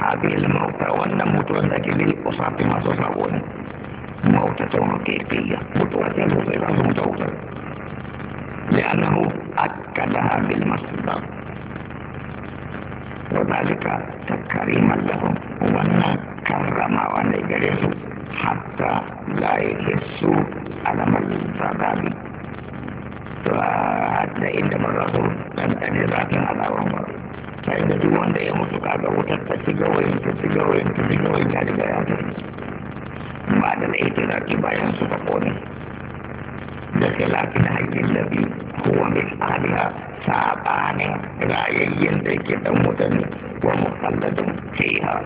hadil mauta wannan mutuwar da ke lil usafi masu sabo ne mauta ta wani kefiya mutuwa ce sosai ba su mutuwa wutar لأنه أكدها بالمصدر وذلك تكريما لهم هو الناس karramawa ne gare su hatta la yake su alamar zagabi to hatta inda ba za su ɗanɗane zafin alawan ba sai da duk wanda ya mutu kaga wutar ta shiga wayin ta shiga wayin ta shiga wayin ta riga ya tafi ba da na ita zaki bayan su ta kone da khilafin haƙƙin da biyu ko min aliya saɓanin rayayyen da ke ɗan mutane wa mukalladin fiha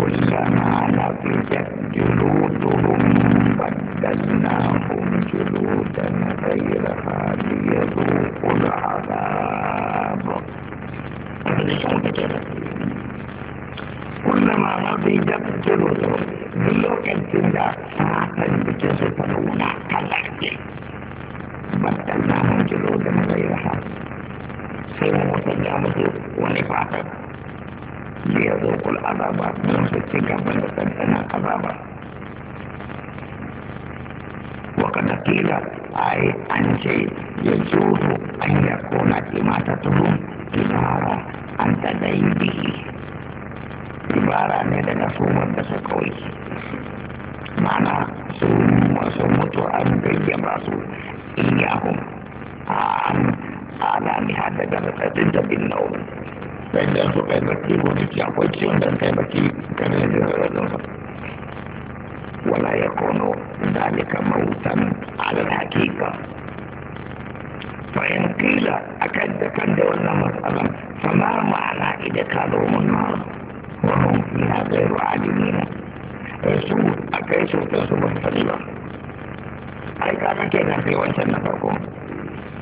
كلما نضجت جلودهم بدلناهم جلودا غيرها ليذوقوا العذاب كلما نضجت جلودهم بالوقت لا ساعة بتسفرون كالحجر بدلناهم جلودا غيرها سيروا وتجاوزوا ونفاقا da ya zo kula azaba don su ce gaban da azaba waka na kila a yi an ce ya ce wuto an ya kona ce mata ta zo dubara an ta da yi bihi dubara daga sumar da su mana sun masu mutu an bayyana su iyakun a an ala ni hada daga tsaddin da bin na'urin prendendo bene il primo di fianco e c'è un bel tema chi prende la rosa quella è con un danno che mi usa alla ragica tranquilla a casa che andò la masala sono armata e le calomano ma non mi ha vero ali mia e su a che su te su non saliva hai cara che ne arriva in cena per con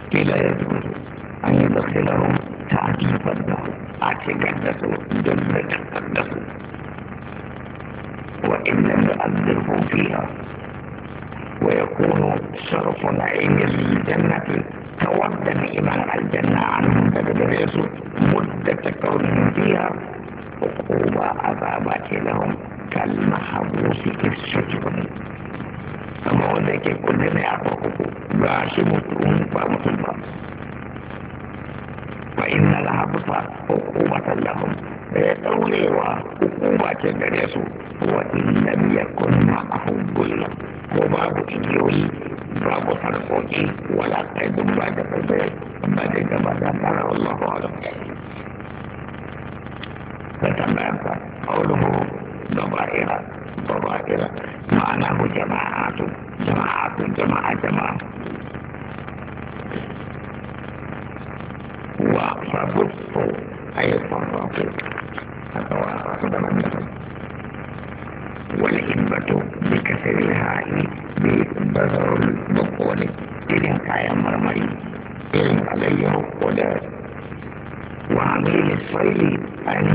chi la è giusto a mio dottore non sa chi fa il أعتقد جنة القدس وإن لم يؤذره فيها ويكون شرف نعيم الجنة تودن إمام الجنة عنهم تدريس مدة كونهم فيها عقوبة عذابات لهم كالمحبوس في السجن أما هو ذلك كل ما يعطوه باش مطعون فمطلبات فإن الحبس عقوبة لهم قولي وعقوبة جريس وإن لم يكن معهم ظلم وباب إجيوي باب صرفوجي ولا قيد بعد قدر بعد كما الله أعلم فتمام قوله ضمائر ضمائر معناه جماعات جماعات جماعة جماعة wa farfur a yi farfafin a tsawa su da mata wani himmatu bai kasari ra'ayi bai bazarun bakwani irin kayan marmari irin alayyar kwada wa mai tsari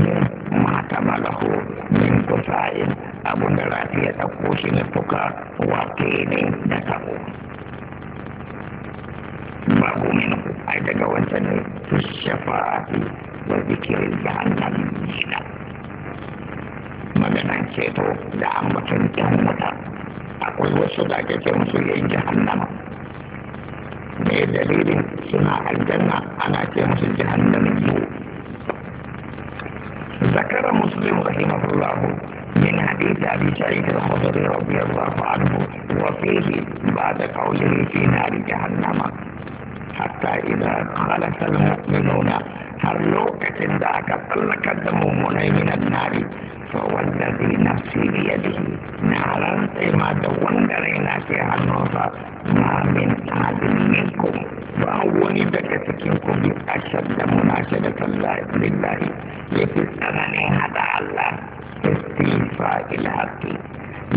ne mata malaho min kusa yin abun da rafi ya ɗauko shi na tuka wa kenan da kabo. babu minu ai daga wancan ne fi shafa'ati wa zikirin da annabi jina maganan ceto da ambaton yan wuta akwai wasu da ake ce musu yan jahannama me dalilin suna aljanna ana ce musu jahannamin yiwu ذكر مسلم رحمه من حديث ابي سعيد الخدري رضي الله عنه وفيه بعد قوله في نار جهنم hatta idan khalatal mu'minuna har lokacin da aka tsallakar da mummunai minan nari fa wanda wallazi nafsi biyadihi na rantse ma da wanda rai na ke hannunsa ma min adin minkum ba wani daga cikin ku bi ashad da shi da lillahi ya fi tsananin hada Allah istifa il haqqi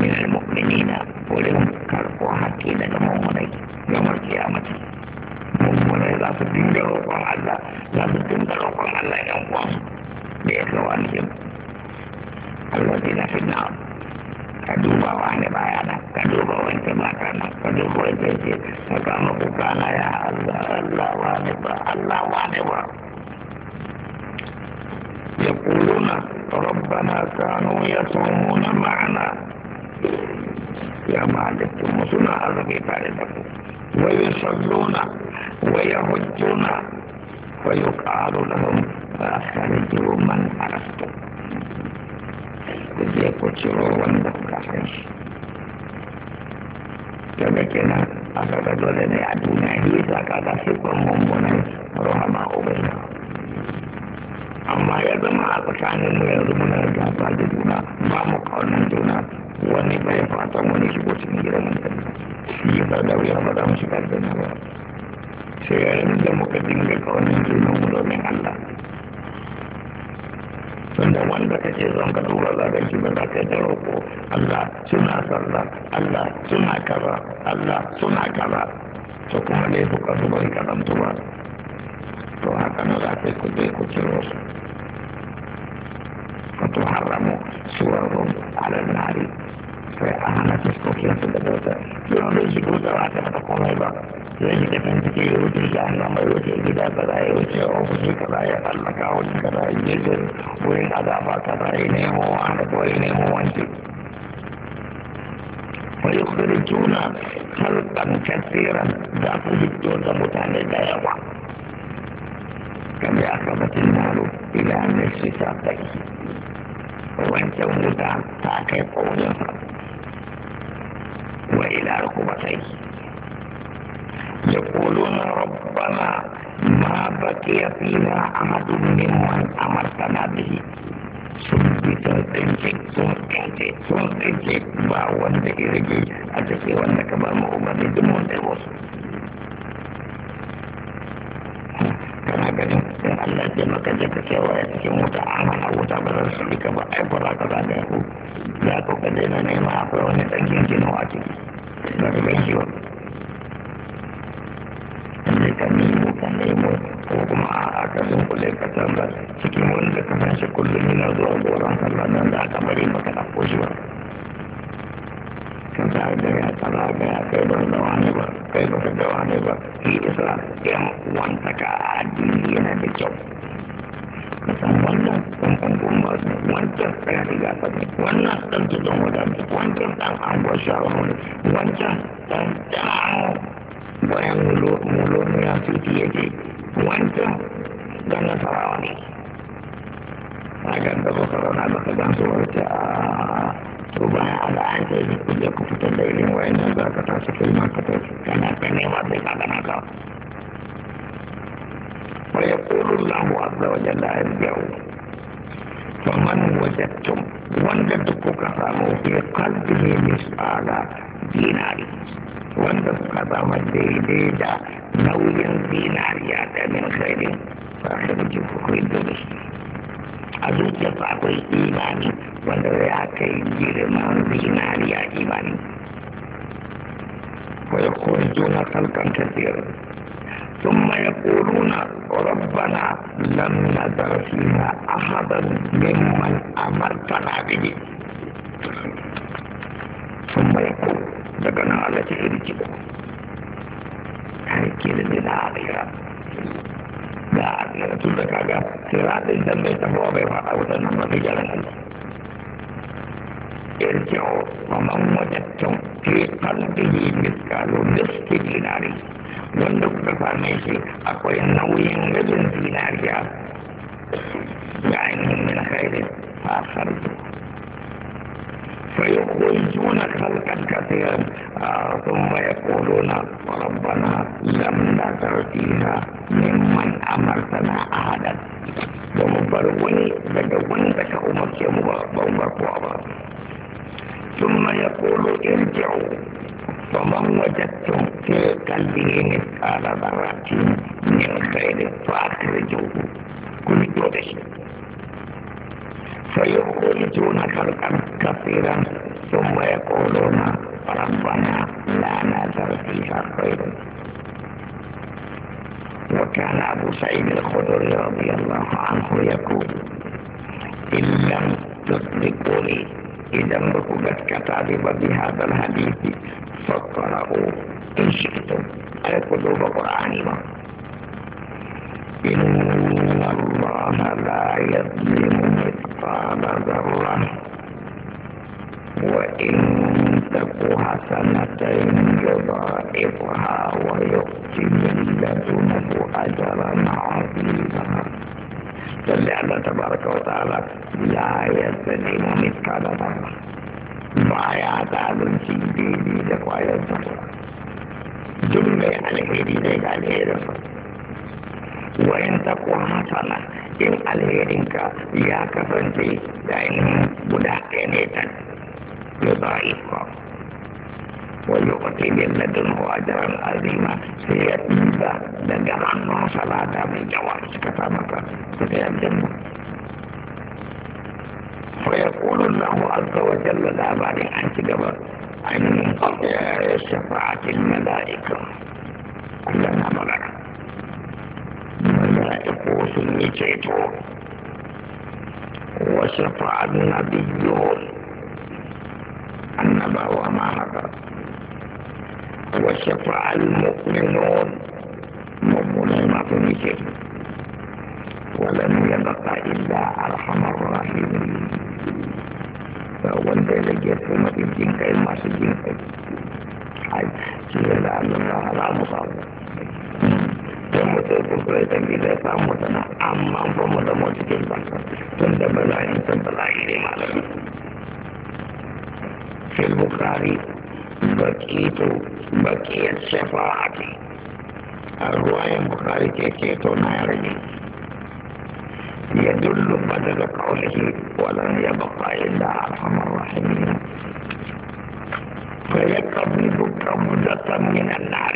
min al-mu'minina wurin karɓo haƙƙi daga mummunai yawar kiyamati mummunai za su dinga roƙon Allah za su dinga roƙon Allah yan uwan da ya kawo alhim Allah dina fi na ka duba wani baya na ka duba wancan mata na ka duba wancan ce ka kama kuka na ya Allah Allah wani ba Allah wani ba يقولون ربنا كانوا يصومون معنا يا مالك مسنا أرمي بارد ويصلون ويردون ويقال لهم أخرجوا من أردتم zai kuciro wanda kuka san shi daga kenan a gaba dole ne a duniya yi ta kaga shi ban mummunan rahama ubaina amma ya zama a tsakanin mu yanzu muna gaba da juna ba mu kaunan juna gidan mutane shi ba da wuya ba ba sai yayin da muka dinga kaunin junan mu domin Allah tunda wanda kake zan ka tura za ka ji ba za ka da roƙo Allah suna sallah Allah suna kaza Allah suna kaza to kuma dai ka zuba ka dan tura to haka na za ka ku dai ku ciro su wato haramu suwarun sai a hana da bauta yau ko ba وإن كفنتك يوتي جهنم يوتي كذا كذا يوتي أوفي كذا يقل كاول كذا يجد وإن أضعف كذا إليه وعنك وانتك ويخرجون خلقا كثيرا ذاك الدكتور متعني دايما كم أقربت المال إلى نصف ساقيه وأنت مدعم تعقب قولها وإلى ركبتيه يقولون ربنا ما بقي فينا أحد ممن أمرتنا به sun fi sun tsince sun tsince sun ba wanda ya a tafi wanda ka ba mu umarni duk wasu kana ganin in Allah ya maka je ka cewa ya cikin wuta amana wuta ba zan sabi ka ba ai ba za ka zaga ya ku za ka ka daina nema akwai wani ɗan gingino a ciki ba ka gan shi sai ka nemo ka nemo ko kuma a ka sun kule ka canza cikin wanda ka san shi kullum yana zuwa goron sallah nan da aka bari maka na ko shi ba kan sa da ya tsara da ya kai ba da wani ba kai ba da wani ba shi isa yan wanta ka addini yana da kyau kasan wannan ɗanɗanɗan masu wancan ɗaya riga ta ne wannan ɗan tudun wadanda wancan ɗan an gwasha wani wancan ɗan ɗan bayan mulon ya fiti ya je wancan don nasarawa ne a kan da suka zauna ba ka gan su warce a to bayan ala an ce ne ku je ku fitar da irin wayannan za ka tashi kai ma ka tashi kana ta nema sai ka gana ka wa yaqulu Allahu azza wa jalla yarji'u faman wajadtum wanda duk kuka samu fi qalbihi mis'ala dinari wanda suka zama daidai da nauyin zinariya da min khairin sahib jifukai dole a zuciyarsa akwai imani wanda ya kai girman zinariya imani Sun خلقا كثيرا ثم يقولون ربنا لم نذر فيها احدا ممن امرتنا Sun ثم يقول daga nan Allah ce iri ki kai da dina alira da alira tun da kaga sai za a ɗin dan bai bai faɗa mafi Allah ارجعوا ومن وجدتم في قلبه مثقال نصف دينار والنقطة فماشي أقوى النوي من دينار يعني من خير فأخرجوا فيخرجون خلقا آه ثم يقولون ربنا لم نذر فينا ممن امرتنا احدا ومبروني بدون بك امك ومبروني ثم يقول ارجعوا فمن وجدتم في قلبه مثقال ذرة من خير فاخرجوه كل دونه فيخرجون فرقا كثيرا ثم يقولون ربنا لا نزل فيها خير وكان أبو سعيد الخدري رضي الله عنه يقول إن لم تدركوني إذا ركبت كتابة بهذا الحديث فقرأوا إن شئتم قلوب قرآنما إن الله لا يظلم sana berlari. Wa ingin terpuasa nadain yoba ibha wa yukti min ladunahu ajaran azimah. Dan di Allah Tabaraka wa Ta'ala, ya ayat dan imam ikhada Allah. Maya ta'adun si bibi jaku ayat sahur. Jumlah yang alih ini dan alih ini sahur. Wa yang takwa masalah. in alherinka ya kasance da ainihin guda ɗaya ne ta ya ba ikon wani kwace bin ladin wajen azima sai ya ɗiba daga hannun salata mai yawa suka samaka suka yabda mu فيقول الله عز وجل لا بعد أن تدبر عن شفاعة الملائكة كلنا ملائكة الملائكة في الميتون وشفع النبيون النبى وما حضر وشفع المؤمنون مظلمة مثل ولم يبق إلا أرحم الراحمين فأولد في ثم ما في سجين حيث سيئنا أن الله لا مصاب sai mu ce kuskure ta gida zai samu tana amma ba mu da mu cikin ba tun da bala'in ta bala'i ne malami fil bukari bakitu bakiyar shafa'ati a ruwayan bukari ke keto na yarge يدل بدل قوله ولن يبقى إلا أرحم الراحمين فيقبض قبضة من النار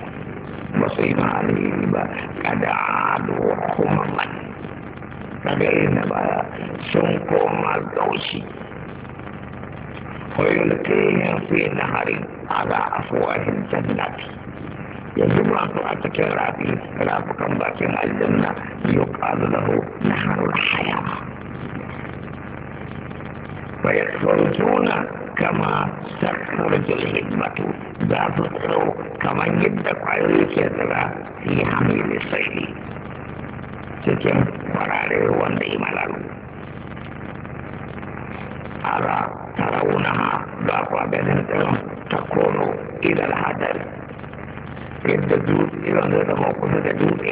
ba su yi ma'ani ba kada ado kuma man daga yin baya sun koma gaushi ويلقيهم في نهر على أفواههم جنات يجب أن تكون رابي رابكم باكين الجنة يقال له نهر الحياة ويخرجون كما تخرج الهدمة ذات القلوب كما يدق عليه كذا في حميل الصيد cikin farare wanda yi malalu ala tarawunaha ba kwa ganin ɗin ta kono idan hadar yadda dutse idan zai zama kusa da dutse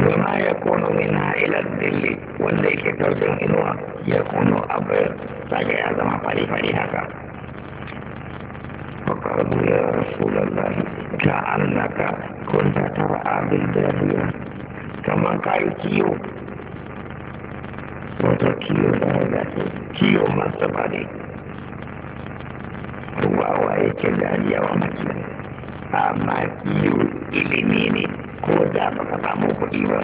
بما يكون منها إلى الذل والذي ترجم إنوى يكون أبيض فجاء زمع فري فري هكا فقالوا يا رسول الله كأنك كنت ترعى بالبادية كما قال كيو وتكيو لا كيو ما سبالي هو هو يكلم يوم كيو أما كيو إلي ميني ko da ba ka samu kuɗi ba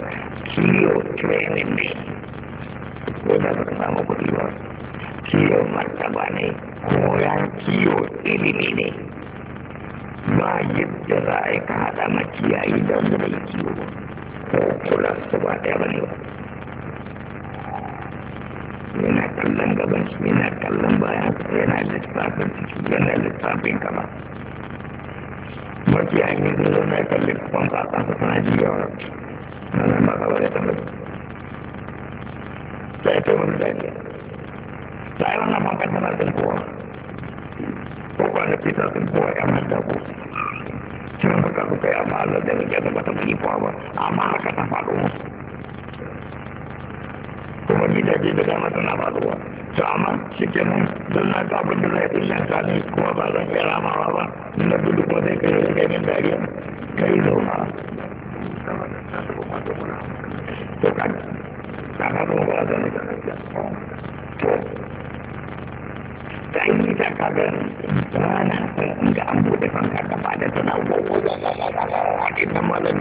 kiyo training ne ko da ba ka samu kuɗi ba kiyo martaba ne koyan kiyo ilimi ne ba yadda za a yi ka haɗa makiyayi da wanda bai kiyo ko kula su ba ɗaya ba ne ba yana kallon gaban shi yana kallon bayan yana littafin ciki yana littafin kama ಮೊದಲು ಹಂಗೆ ಕಿಲೋಮೀಟರ್ ಇಟ್ಕೊಂಡು ಸಾಕಾಗಿ ಅವನು ನನ್ನ ಮಗವರೇ ತಂದು ಸಾಯ್ತು ಬಂದಿದ್ದಾನೆ ಸಾಯವನ್ನ ಮಾತಾಡ್ತಾನೆ ತಿಳ್ಕೋ ಒಬ್ಬನ ಪಿತ ತಿಳ್ಕೋ ಎಮ್ಮದ್ದಾಗು ಶಿವಮೊಗ್ಗಕ್ಕೆ ಅಮ್ಮ ಅಲ್ಲದೆ ಜಗಪತ ಮಗಿಪಾವ ಆ ಮಾರಕಟ ಮಾಡುವ ತುಂಬ ನಿಜ ಜೀವಿತ ಮಾತನಾಡುವ sama shikenan don na ga abin da zai fi shanka kuma ba zan iya ba na gudu ko kai da kai yi noma to kana to ta yi ta ka rana inda an bude fanka da tana wannan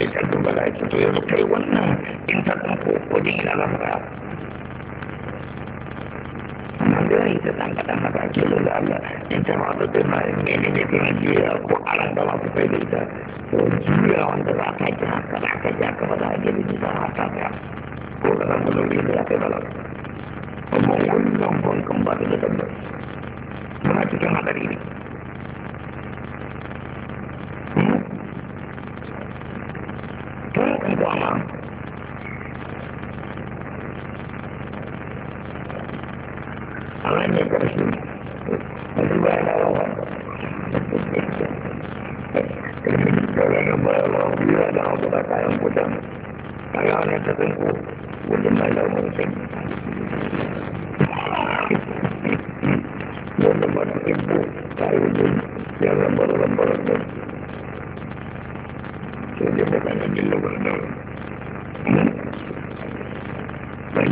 in ta mandiri tentang kata-kata kaki Allah yang sama ini jadi dia aku alam dalam sepeda kita dia untuk apa jahat jahat kepada diri kita apa ya aku kata belum ini apa dalam nombong kembali ke tempat mengajukan materi ini amma ne ƙarfi wani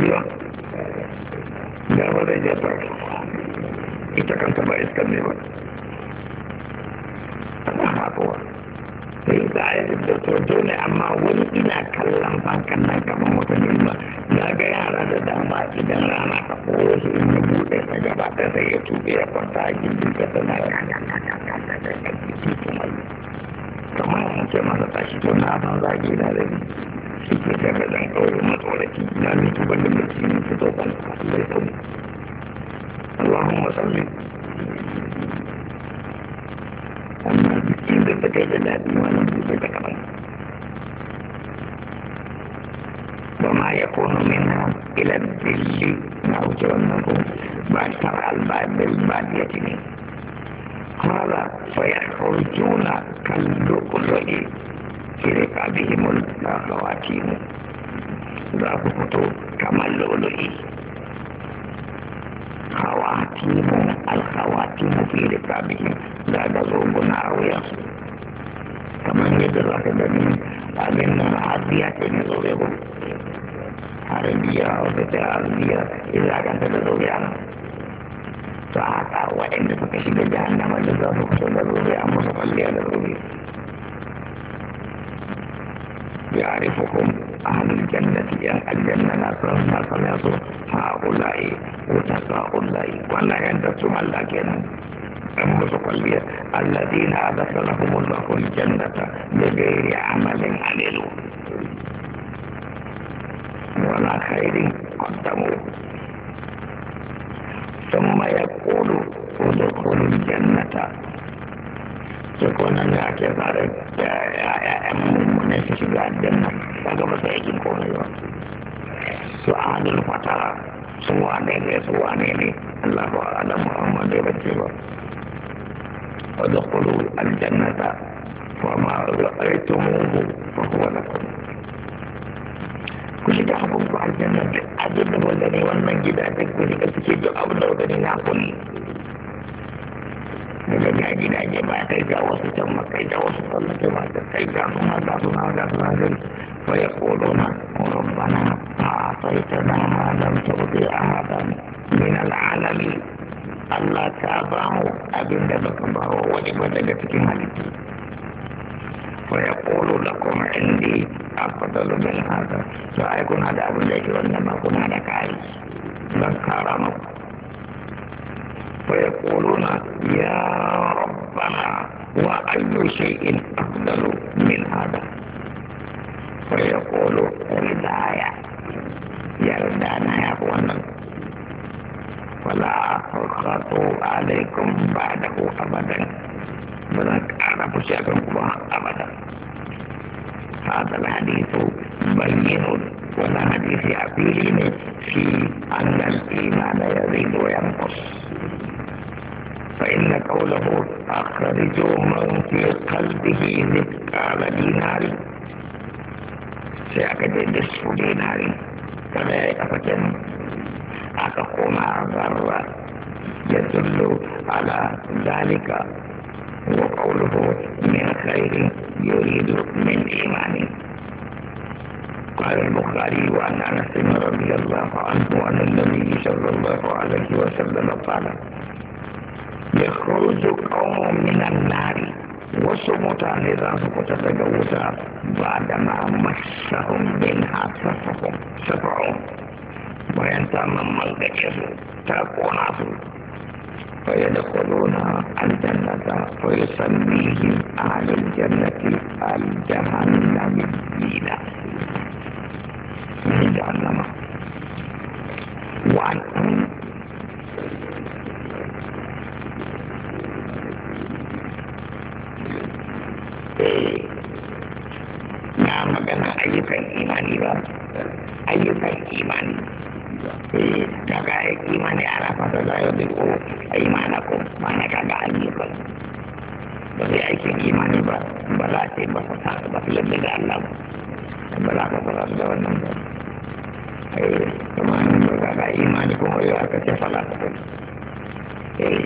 ba da wadai ya faru ita kanta ba iskar ne ba ana haƙuwa sai za a yi da sojo ne amma wani ina kallon bankan nan kamar wata nima na ga yara da dama idan rana ta koyo su in yi buɗe ta gaba ta sai ya tuɓe ya kwanta a gindin ta tana kamar yanke masa tashi tun na ban zagi na da shi ke daga da kawai matsoraki na ne tuban da mai cikin fito ban zai kuma Allahumma salli amma jikin da ta kai da daɗi wani buɗe da kamar وما يكون منها إلى الذل موت والنبوة بعد ترى الباب بالبادية قال فيخرجون كالبرج kere ka bihi mun na lawati mu za ku fito kamar lauloli hawati mu alhawati mu kere ka bihi za ka zo muna wuya kamar yadda za ka gani abin nan arziya ce na zobe ku arziya wata ta arziya ina kan ta da zobe a ta haka waɗanda suka shiga jihannama da za su fito da zobe a musu kwalliya da zobe يعرفهم أهل الجنة يا الجنة لا تنسوا هؤلاء وتساؤلاء ولا يندسهم الله كنا أنفس قلبية الذين أدخل لهم الله الجنة بغير عمل عملوا ولا خير قدموا ثم يقول ادخلوا الجنة sai ko nan ne ake fara da ya'ya'yan mummunai su shiga aljanna daga ba sai yakin komai ba su adil fatara su wane ne su wane ne Allah ba adam Muhammad ya bace ba wa dakhulu aljannata wa ma ra'aytumuhu fa huwa lakum ku shiga hakun ku aljanna duk abin da wanda ne wannan gida duk ku shiga suke duk abin da wanda ne na kulli daga gaji ba kai ga wasu can kai ga wasu tallace ba ta kai ga suna ga da ga suna gani fa ya kodo oh, na a sai ta na malam ta a min al'alami Allah ta ba mu abin da baka ba wa wani ba daga cikin halittu fa ya da kuma indi a fadalu min kuna da abin da yake wannan ba kuna da kari zan kara muku فيقولون يا ربنا وأي شيء أفضل من هذا فيقول ردايا يا ردانا يا أخوانا ولا أخاف عليكم بعده أبدا بلك أعرف شيئا أبدا هذا الحديث بين ولا حديث عقيل في أن الإيمان يزيد وينقص فإن قوله أخرجوا من في قلبه مثقال دينار سيأكد نصف دينار كما يكفتن أتقوم ذرة يدل على ذلك وقوله من خير يريد من إيمانه قال البخاري وعن انس رضي الله عنه عن النبي صلى الله عليه وسلم قال yakhrujukum minan nar wasu mutane za su fita daga wuta ba da ma masahum bin hasafakum sab'un bayan ta mamman ke su ta kona su فيدخلون الجنة ويسميهم أهل الجنة الجهنميين من جهنم وعن na magana ayyukan imani ba ayyukan imani daga eh, imani ana fata za ya bi ko imana ko mana kaga ayyukan ba zai aikin imani ba ba za ta yi ba fasa ba su yadda da Allah ba ba za ka fasa da wannan ba eh, kuma an yi ba ga imani kuma yau aka ce fala ta kai eh,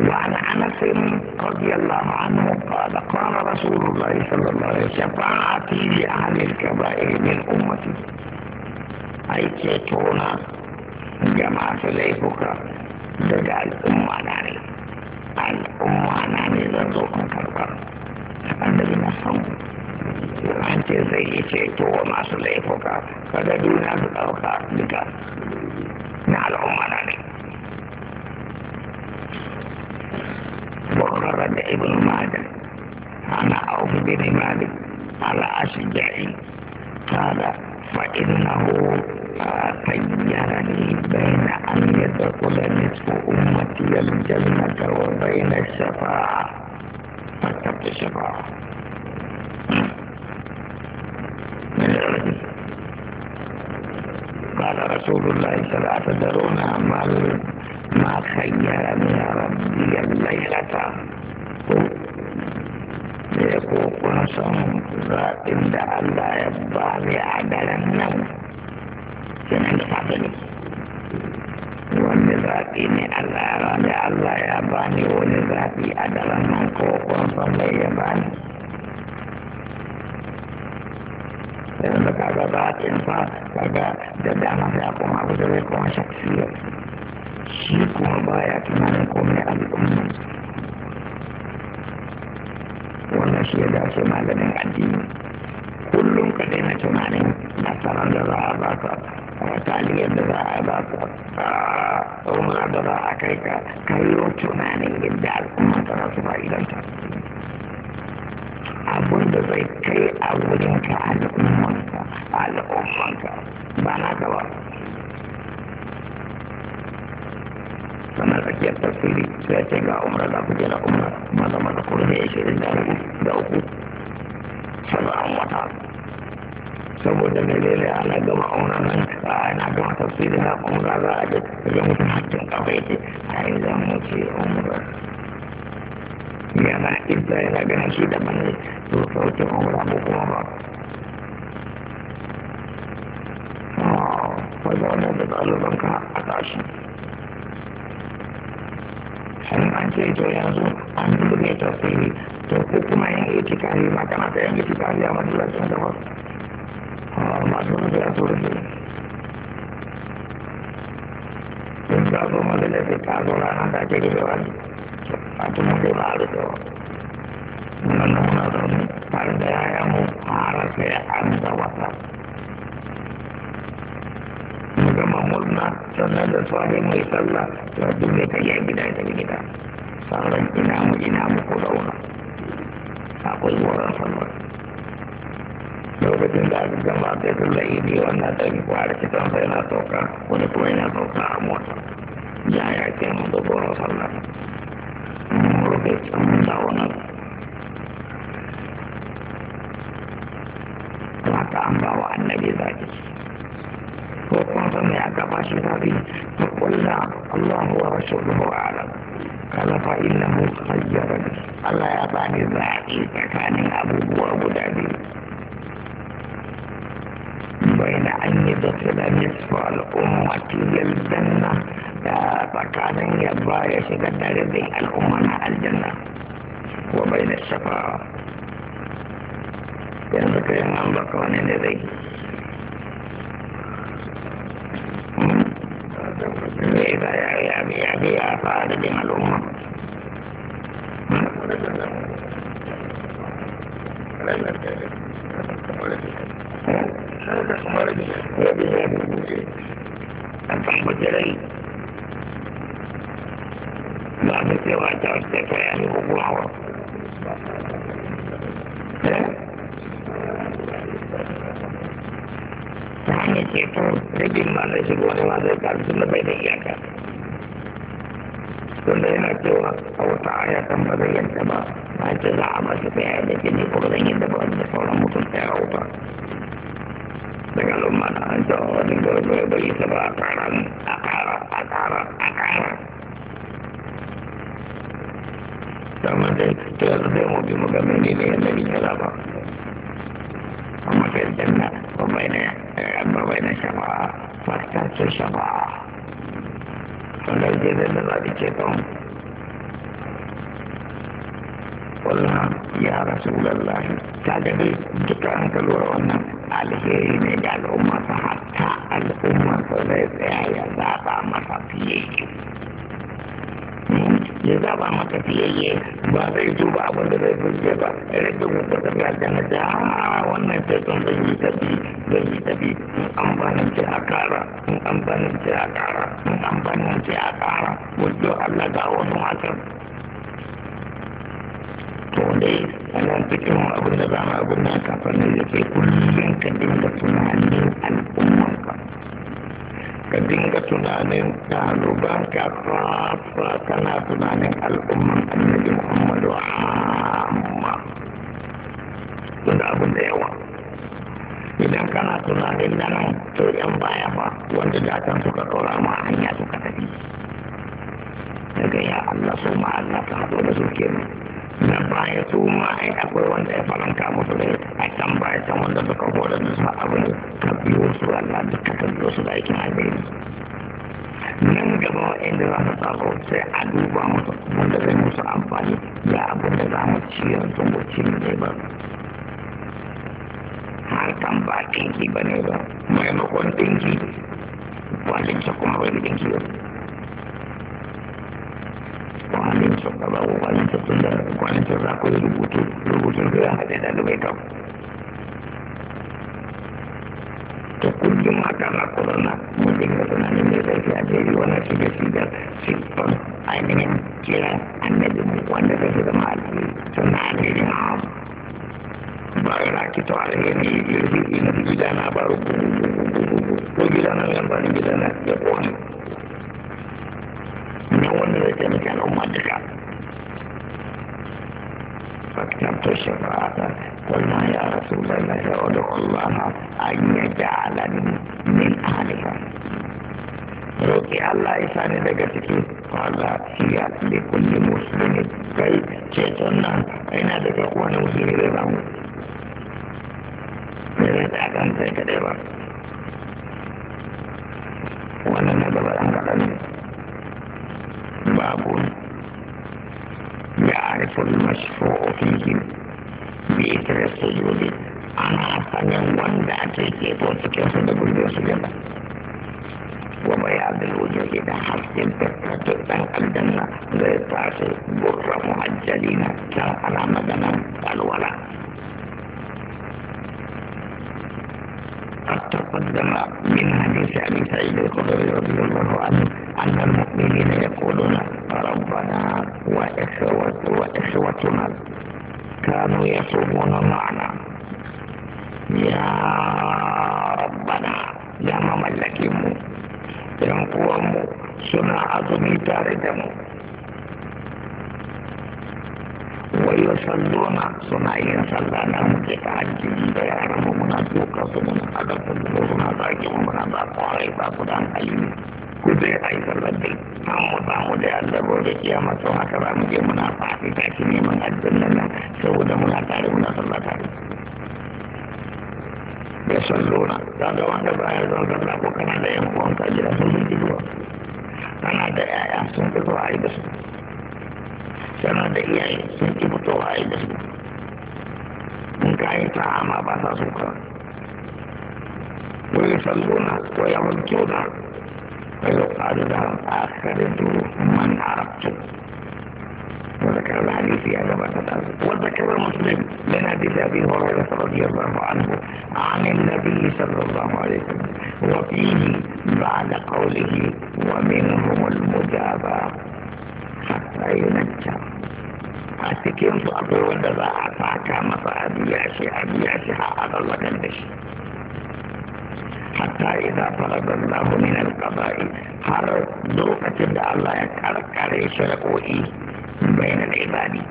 وعن انس رضي الله عنه قال قال رسول الله صلى الله عليه وسلم شفاعتي لاهل الكبائر من امتي اي تيتونا جماعه ليفك دجا الامه ناني الامه ناني زرزوكم كركر النبي نصهم an ce zai yi ceto wa masu laifuka kada duniya su ɗauka duka na al'umma na ne وقرد ابن مالك على عوف بن مالك على أشجعي قال فإنه خيرني بين أن يدخل نصف أمتي الجنة وبين الشفاعة فاتقي الشفاعة قال رسول الله صلى الله عليه وسلم ما خيرني ربي الليلة يقول قاسم فإن الله يبقى بعدل النوم ينحل قبلي ولذاتي الأراني الله يباني ولذاتي أدل النوم قاسم يباني لأنك على ذات إنسان لدى دامة يقوم أبو ذلك وشخصية shi kuma baya tunanin komai al'umma wannan shi ya dace malamin addini kullum ka daina tunanin nasarar da za a baka taliyar da za a baka umar da za a kai ka kayo tunanin yadda al'umma ta rasu fa'idanta abun da zai kai a wurinka al'ummanka al'ummanka ba na gaba sana tsakiyar tafsiri sai ce ga umra za ku je na umra maza maza ku rufe ishirin da hudu da uku saba'an wata saboda mai lele ana gama umra nan ana ah, gama tafsiri na umra za a je daga mutum hakkin kafa yake a yi za mu ce umra yana idda yana ganin shi da mani to sauke umra ko kuma ba ah, Wanda wannan da ɗalibanka a tashi. sai an ito to yanzu an buɗe tafsiri to ko kuma yin itikari ma kana ta yin itikari a masallacin da wasu masu wanda ya tura ne in za zo da ke ta zo rana ta ke rufe wani a ba a rufe nan na muna zaune da yaya mu har sai an wata mu zama murna sannan da tsari mai sallah ya dole ta yi gida da gida sauran ina mu ina mu ku zauna akwai wurin sallah lokacin da aka gama ta kalla idi wannan ta yi kwari kitan sai na sauka wani kuma yana sauka a mota ya ya ke mu da wurin sallah mu rufe tsamun da wani haka an ba wa annabi zaki وقعتم يا كباش النبي فقلنا الله ورسوله أعلم قال فإنه خيرني الله يعطاني ذاكي كان أبوه وأبو دابي بين أن يدخل نصف الأمة للجنة فكان يبقى يتقدر به الأمة الجنة وبين الشفاعة ينبغي أن أنبقى من لديه shafa adadin al'umma an san bajirai da cewa ta wasu yi mazai ta su bai da iyaka tunda yana cewa a wata aya kan ba ba na ce za a masu tsaya da ke ne kuma zan yi da ba da sauran mutum tsaya a wuta daga lumma na an cewa wani oh, gwargwar bai ta ba a kara a kara a kara a kara dama dai eh, ta yanzu zai mafi maganin ne da yadda bin yala ba amma ta yadda na ba bai na shafa'a fasta ce shafa'a wanda ya jebe da zaɓi ceton wannan ya rasu lallahi ta da dai duka an kalura wannan alheri ne ga al'umma ta hatta al'umma sau da ya tsaya ya zaɓa masa fiye ya ba maka fiyayye ba zai duba abin da zai fuske ba irin da wata daga ga da na a wannan tekun zan yi tafi zan yi tafi in amfanin ce a kara in amfanin ce a kara in amfanin ce a kara wajen allah ga wani hakan to dai ana cikin abin da ba ma abin da ya fannin da ke kullum ka dinga tunanin al'ummanka ka dinga tunanin ɗaliban ka fara kana tunanin al'umman annabi muhammadu amma tun da abin da yawa idan kana tunanin da nan to yan baya ba wanda da kan suka ɗora ma hanya suka tafi daga ya Allah su ma Allah ta haɗo da su kenan na baya su ma ai akwai wanda ya faranta musu da a can baya can wanda suka horar da su abin ka biyo su Allah da ka kallo su da aikin alheri nan gaba inda za su tsaro sai a duba musu wanda zai musu amfani ya abin da za mu ciyar sun mu ci ne ba harkan ba tinki ba ne ba maimakon tinki kwalin kuma wani tinki ba kwanin sun gaba ko kwanin sun sun da kwanin sun za ku yi rubutu rubutun da ya haɗe da dubai kan ta kullum haka na kurana mutum da tunanin mai zai a jeri wani shiga shiga siffar ainihin kiran annabi mu wanda zai zama alheri suna alherin hamu bayan ake tawari ne ne ina gidana ba rubu gidana yan bani gidana ya kwani ne wanda zai taimaki al'umma duka فاكتبت الشفاعة قلنا يا رسول الله ادعو الله أن يجعلني من أهلها roƙi Allah ya sani daga ciki fala siya da kulli musulmi kai ceton nan yana daga wani musulmi da zamu bai zai ta kan sai kaɗai ba wannan na gaba ɗan kaɗan ne باب يعرف المشفوع فيهم بإثر السجود على فن وندعته كيف وتكيف بكل سجدة وبياض الوجوه إذا حسن فكرة أن الجنة غير تعصي بر محجلين كان على مدنا الولاء قد تقدم من حديث أبي سعيد الخدري رضي الله عنه أن المؤمنين يقولون ربنا وإخوة وإخوتنا كانوا يصومون معنا يا ربنا يا مملكهم ينقوم سنة عظمي تاردمو ويصلون سنة يصلون متفاجئين بيعلم منافق سنة هذا كله منافق منافق قريب أقدام أيمن كده أيضا لدي نعم تعم دي الله بودي قيامة وحكرا مجي منافق تاكيني من أجلنا سودا منافق منافق يصلون هذا وانا بايا زنزل لكو كان عليهم وانتا جرسل بالجدوة أنا دي آيام سنة قرائب سنة tana da iyaye sun ki fitowa yi da su in ta ba su ka wani da duru man wanda hadisi ya gabata wanda da zabi da an bu na biyu wa ba da kaulihi wa min mujaba hatta yi nacca a cikin su akwai wanda za a taka masa a biya shi a biya shi har a tsallakan da shi hatta idan faradar lahu min alqada'i har lokacin da Allah ya karkare shari'o'i bainal ibadi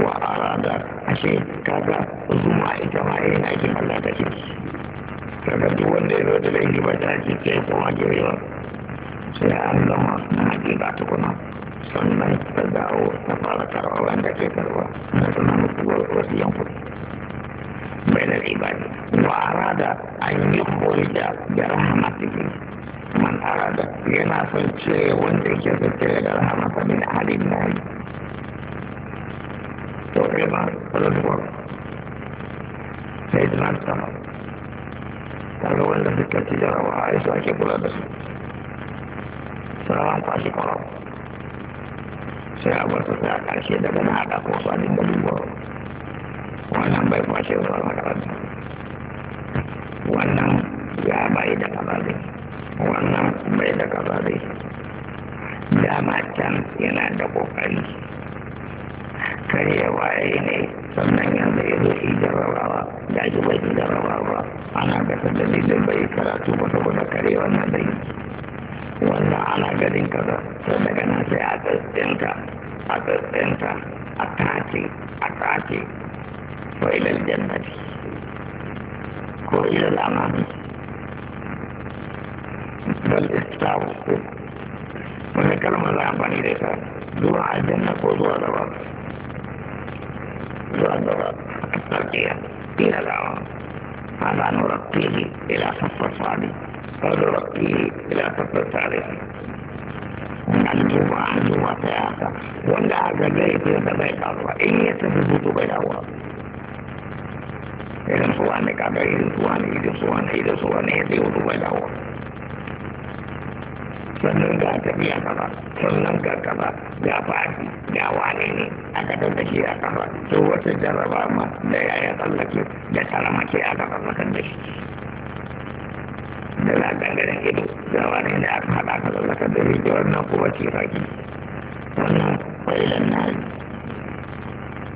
wa a arada ashe kaga zuma ita ma yana jin Allah da shi kaga duk wanda ya zo da dangi ba ta ce sai kuma girewa sai an gama na gida tukuna sannan ta dawo ta fara karwa wanda ke karwa na suna mutu wasu yankuri bai da ibadi wa arada an yi koyi da da rahmatiki man arada yana son ce wanda yake zace da rahmata da halin nahi to ba rasuwa sai da nan sama kaga wanda suka ci jarawa a yasa ake kula da su sauran kwashi kwarar sai a bar su sai a ƙarshe daga na haɗa ko su abin da dubuwar wannan bai kwashe zuwa makaranta wannan ya bai da kazabe wannan bai da kazabe dama can yana da ƙoƙari karyewa ya ne sannan yanzu ya zo shi jarrabawa da shi bai jarrabawa ana gasar da zai bai karatu ba saboda karyewar na da yi wannan ana ganin kaza sai daga nan sai a tsintsinta a tsintsinta a tace a tace ko ilal jannati ko ilal amami bal istawu ko wani kalmar za a bani da ita zuwa aljanna ko zuwa gaba zuwa gaba a tsarkiya ila lawa هذا نرتب إلى صف الصادق kalau roti tidak tertarik anjuma anjuma teata wanda agaknya itu yang terbaik Allah ini yang terbutuh baik Allah ini suami kata ini suami itu suami itu suami itu untuk baik Allah senang gak terbiasa lah senang gak kata gak pasti gawan ini agak terbaik akan lah sebuah sejarah lama daya ayat Allah itu dan salam masih akan lah kendis da dangane ido da wani da aka haɗa ka zallaka da rike wannan kuma ke faki wannan fa'ilan na yi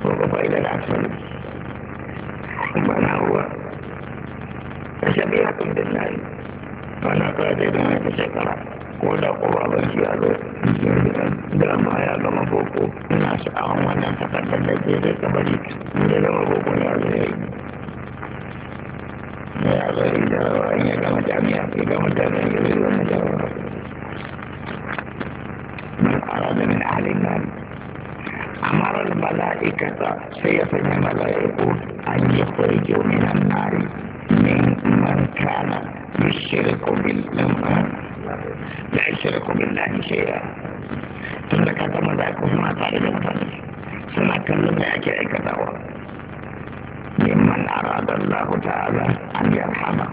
ko ba fa'ilan asali mana ruwa ta a ya kundin na yi wani kwaje da mai ta shekara ko da kowa ba shi ya zo da ma ya gama boko ina sha'awan wannan takardar da ke zai kabari inda gama boko ya zo ya yi tun da kata maza kuma tare da mutane suna kallon da ake aikatawa ممن أراد الله تعالى أن يرحمه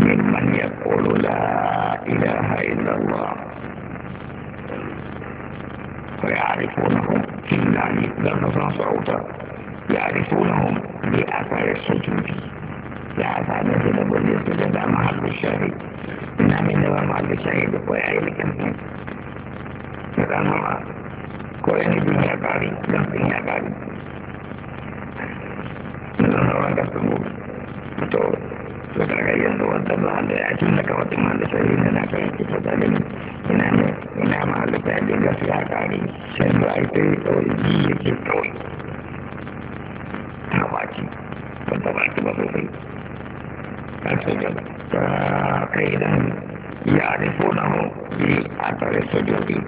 ممن يقول لا إله إلا الله فيعرفونهم إلا الله لفظا صوتا يعرفونهم بأثر السجود لأثر نزل بني السجود محل الشهيد إن من محل الشهيد ويعيل كمين فقال الله كل نبي يا لم نبي يا zanawa da kuma to su daga yanzu wata ba da ya cin daga wata malisa yi na naka yanki ta zalimi ina ne ina malisa ya dinga su ya kare sai ba a ita yi kawai ji ya ke kawai ta waci wata ba ta ba sosai ka ce da ta kai dan ya rifo na mu yi a tare sojoji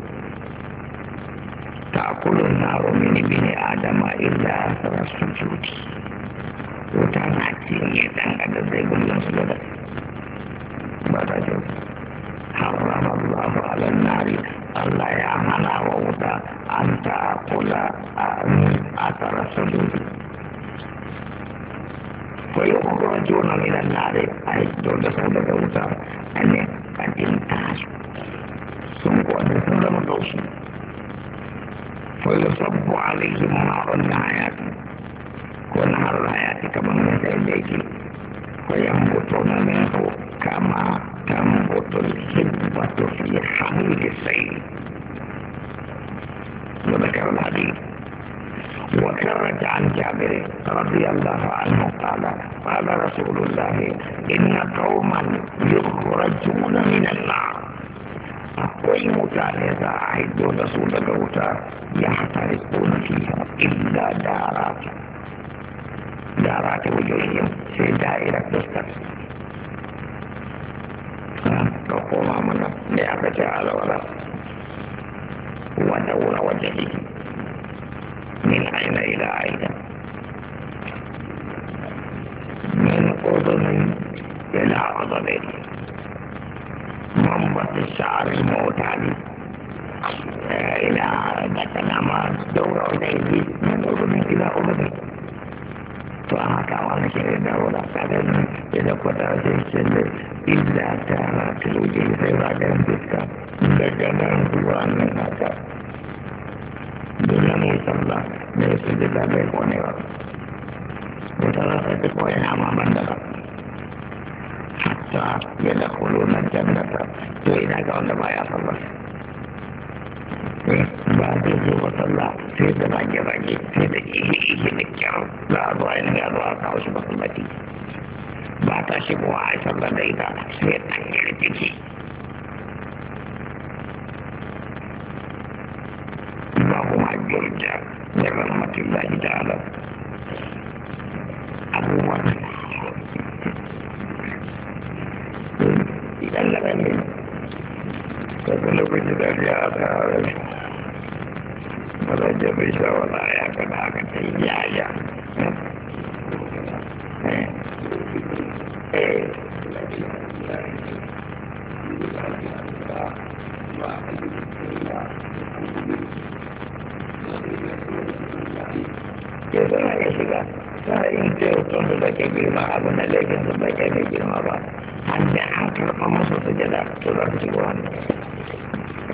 ta kulun na romini bini adama illa sarar sojoji cuta na cinye dan adam zai gullan su da ba ta ce haram Allah ala nari Allah ya hana wa wuta an ta kula a tara sadudu fa yi kuma jona mai dan nari a yi don da sau daga wuta a ne a jin tasu sun kwanin sun zama gausu fa yi sabbu alaihim ma'arun na hayatun wannan raya ta ta bangon yayyaki ko yan mutu na mutu kama ta mutu sibba ta fi ya samu da sai na da karna di wata raja an jabiri rabi allah fa an mutala fa da rasulullah inna kauman yukura juna min allah akwai mutane za a haido da su daga wuta ya hatarikuna fiye illa da rafi دارات وجوههم في دائرة مستقيم نعم، تقوم من نعمة على الولد ودور وجهه من عين إلى عين من أذن إلى أذن منبت الشعر المعتاد إلى الأمان دور وجهه من أذن إلى أذن to haka wanke da wani tsarin ina kwata ne inda ta hana ta wuce sai ba ga duka daga nan zuwa nan haka dunan ya ba da zo ba sallah sai da rage ne sai da ihe ihe da kyar za a zuwa yin gado a kawo shi masallaci ba ta shigowa a sallah da ita sai ta yi rikici ba kuma jirja da rahmatin lahi ta'ala abubuwan idan da ramin daga lokacin dariya a tsararrabi mazajen bai sha wani aya kada aka ta yi yaya yadda na da da da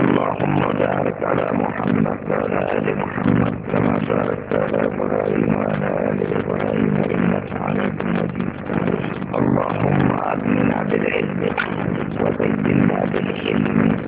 اللهم بارك على محمد وعلى آل محمد كما باركت على إبراهيم وعلى آل إبراهيم إنك حميد مجيد اللهم أغننا بالعلم وزينا بالحلم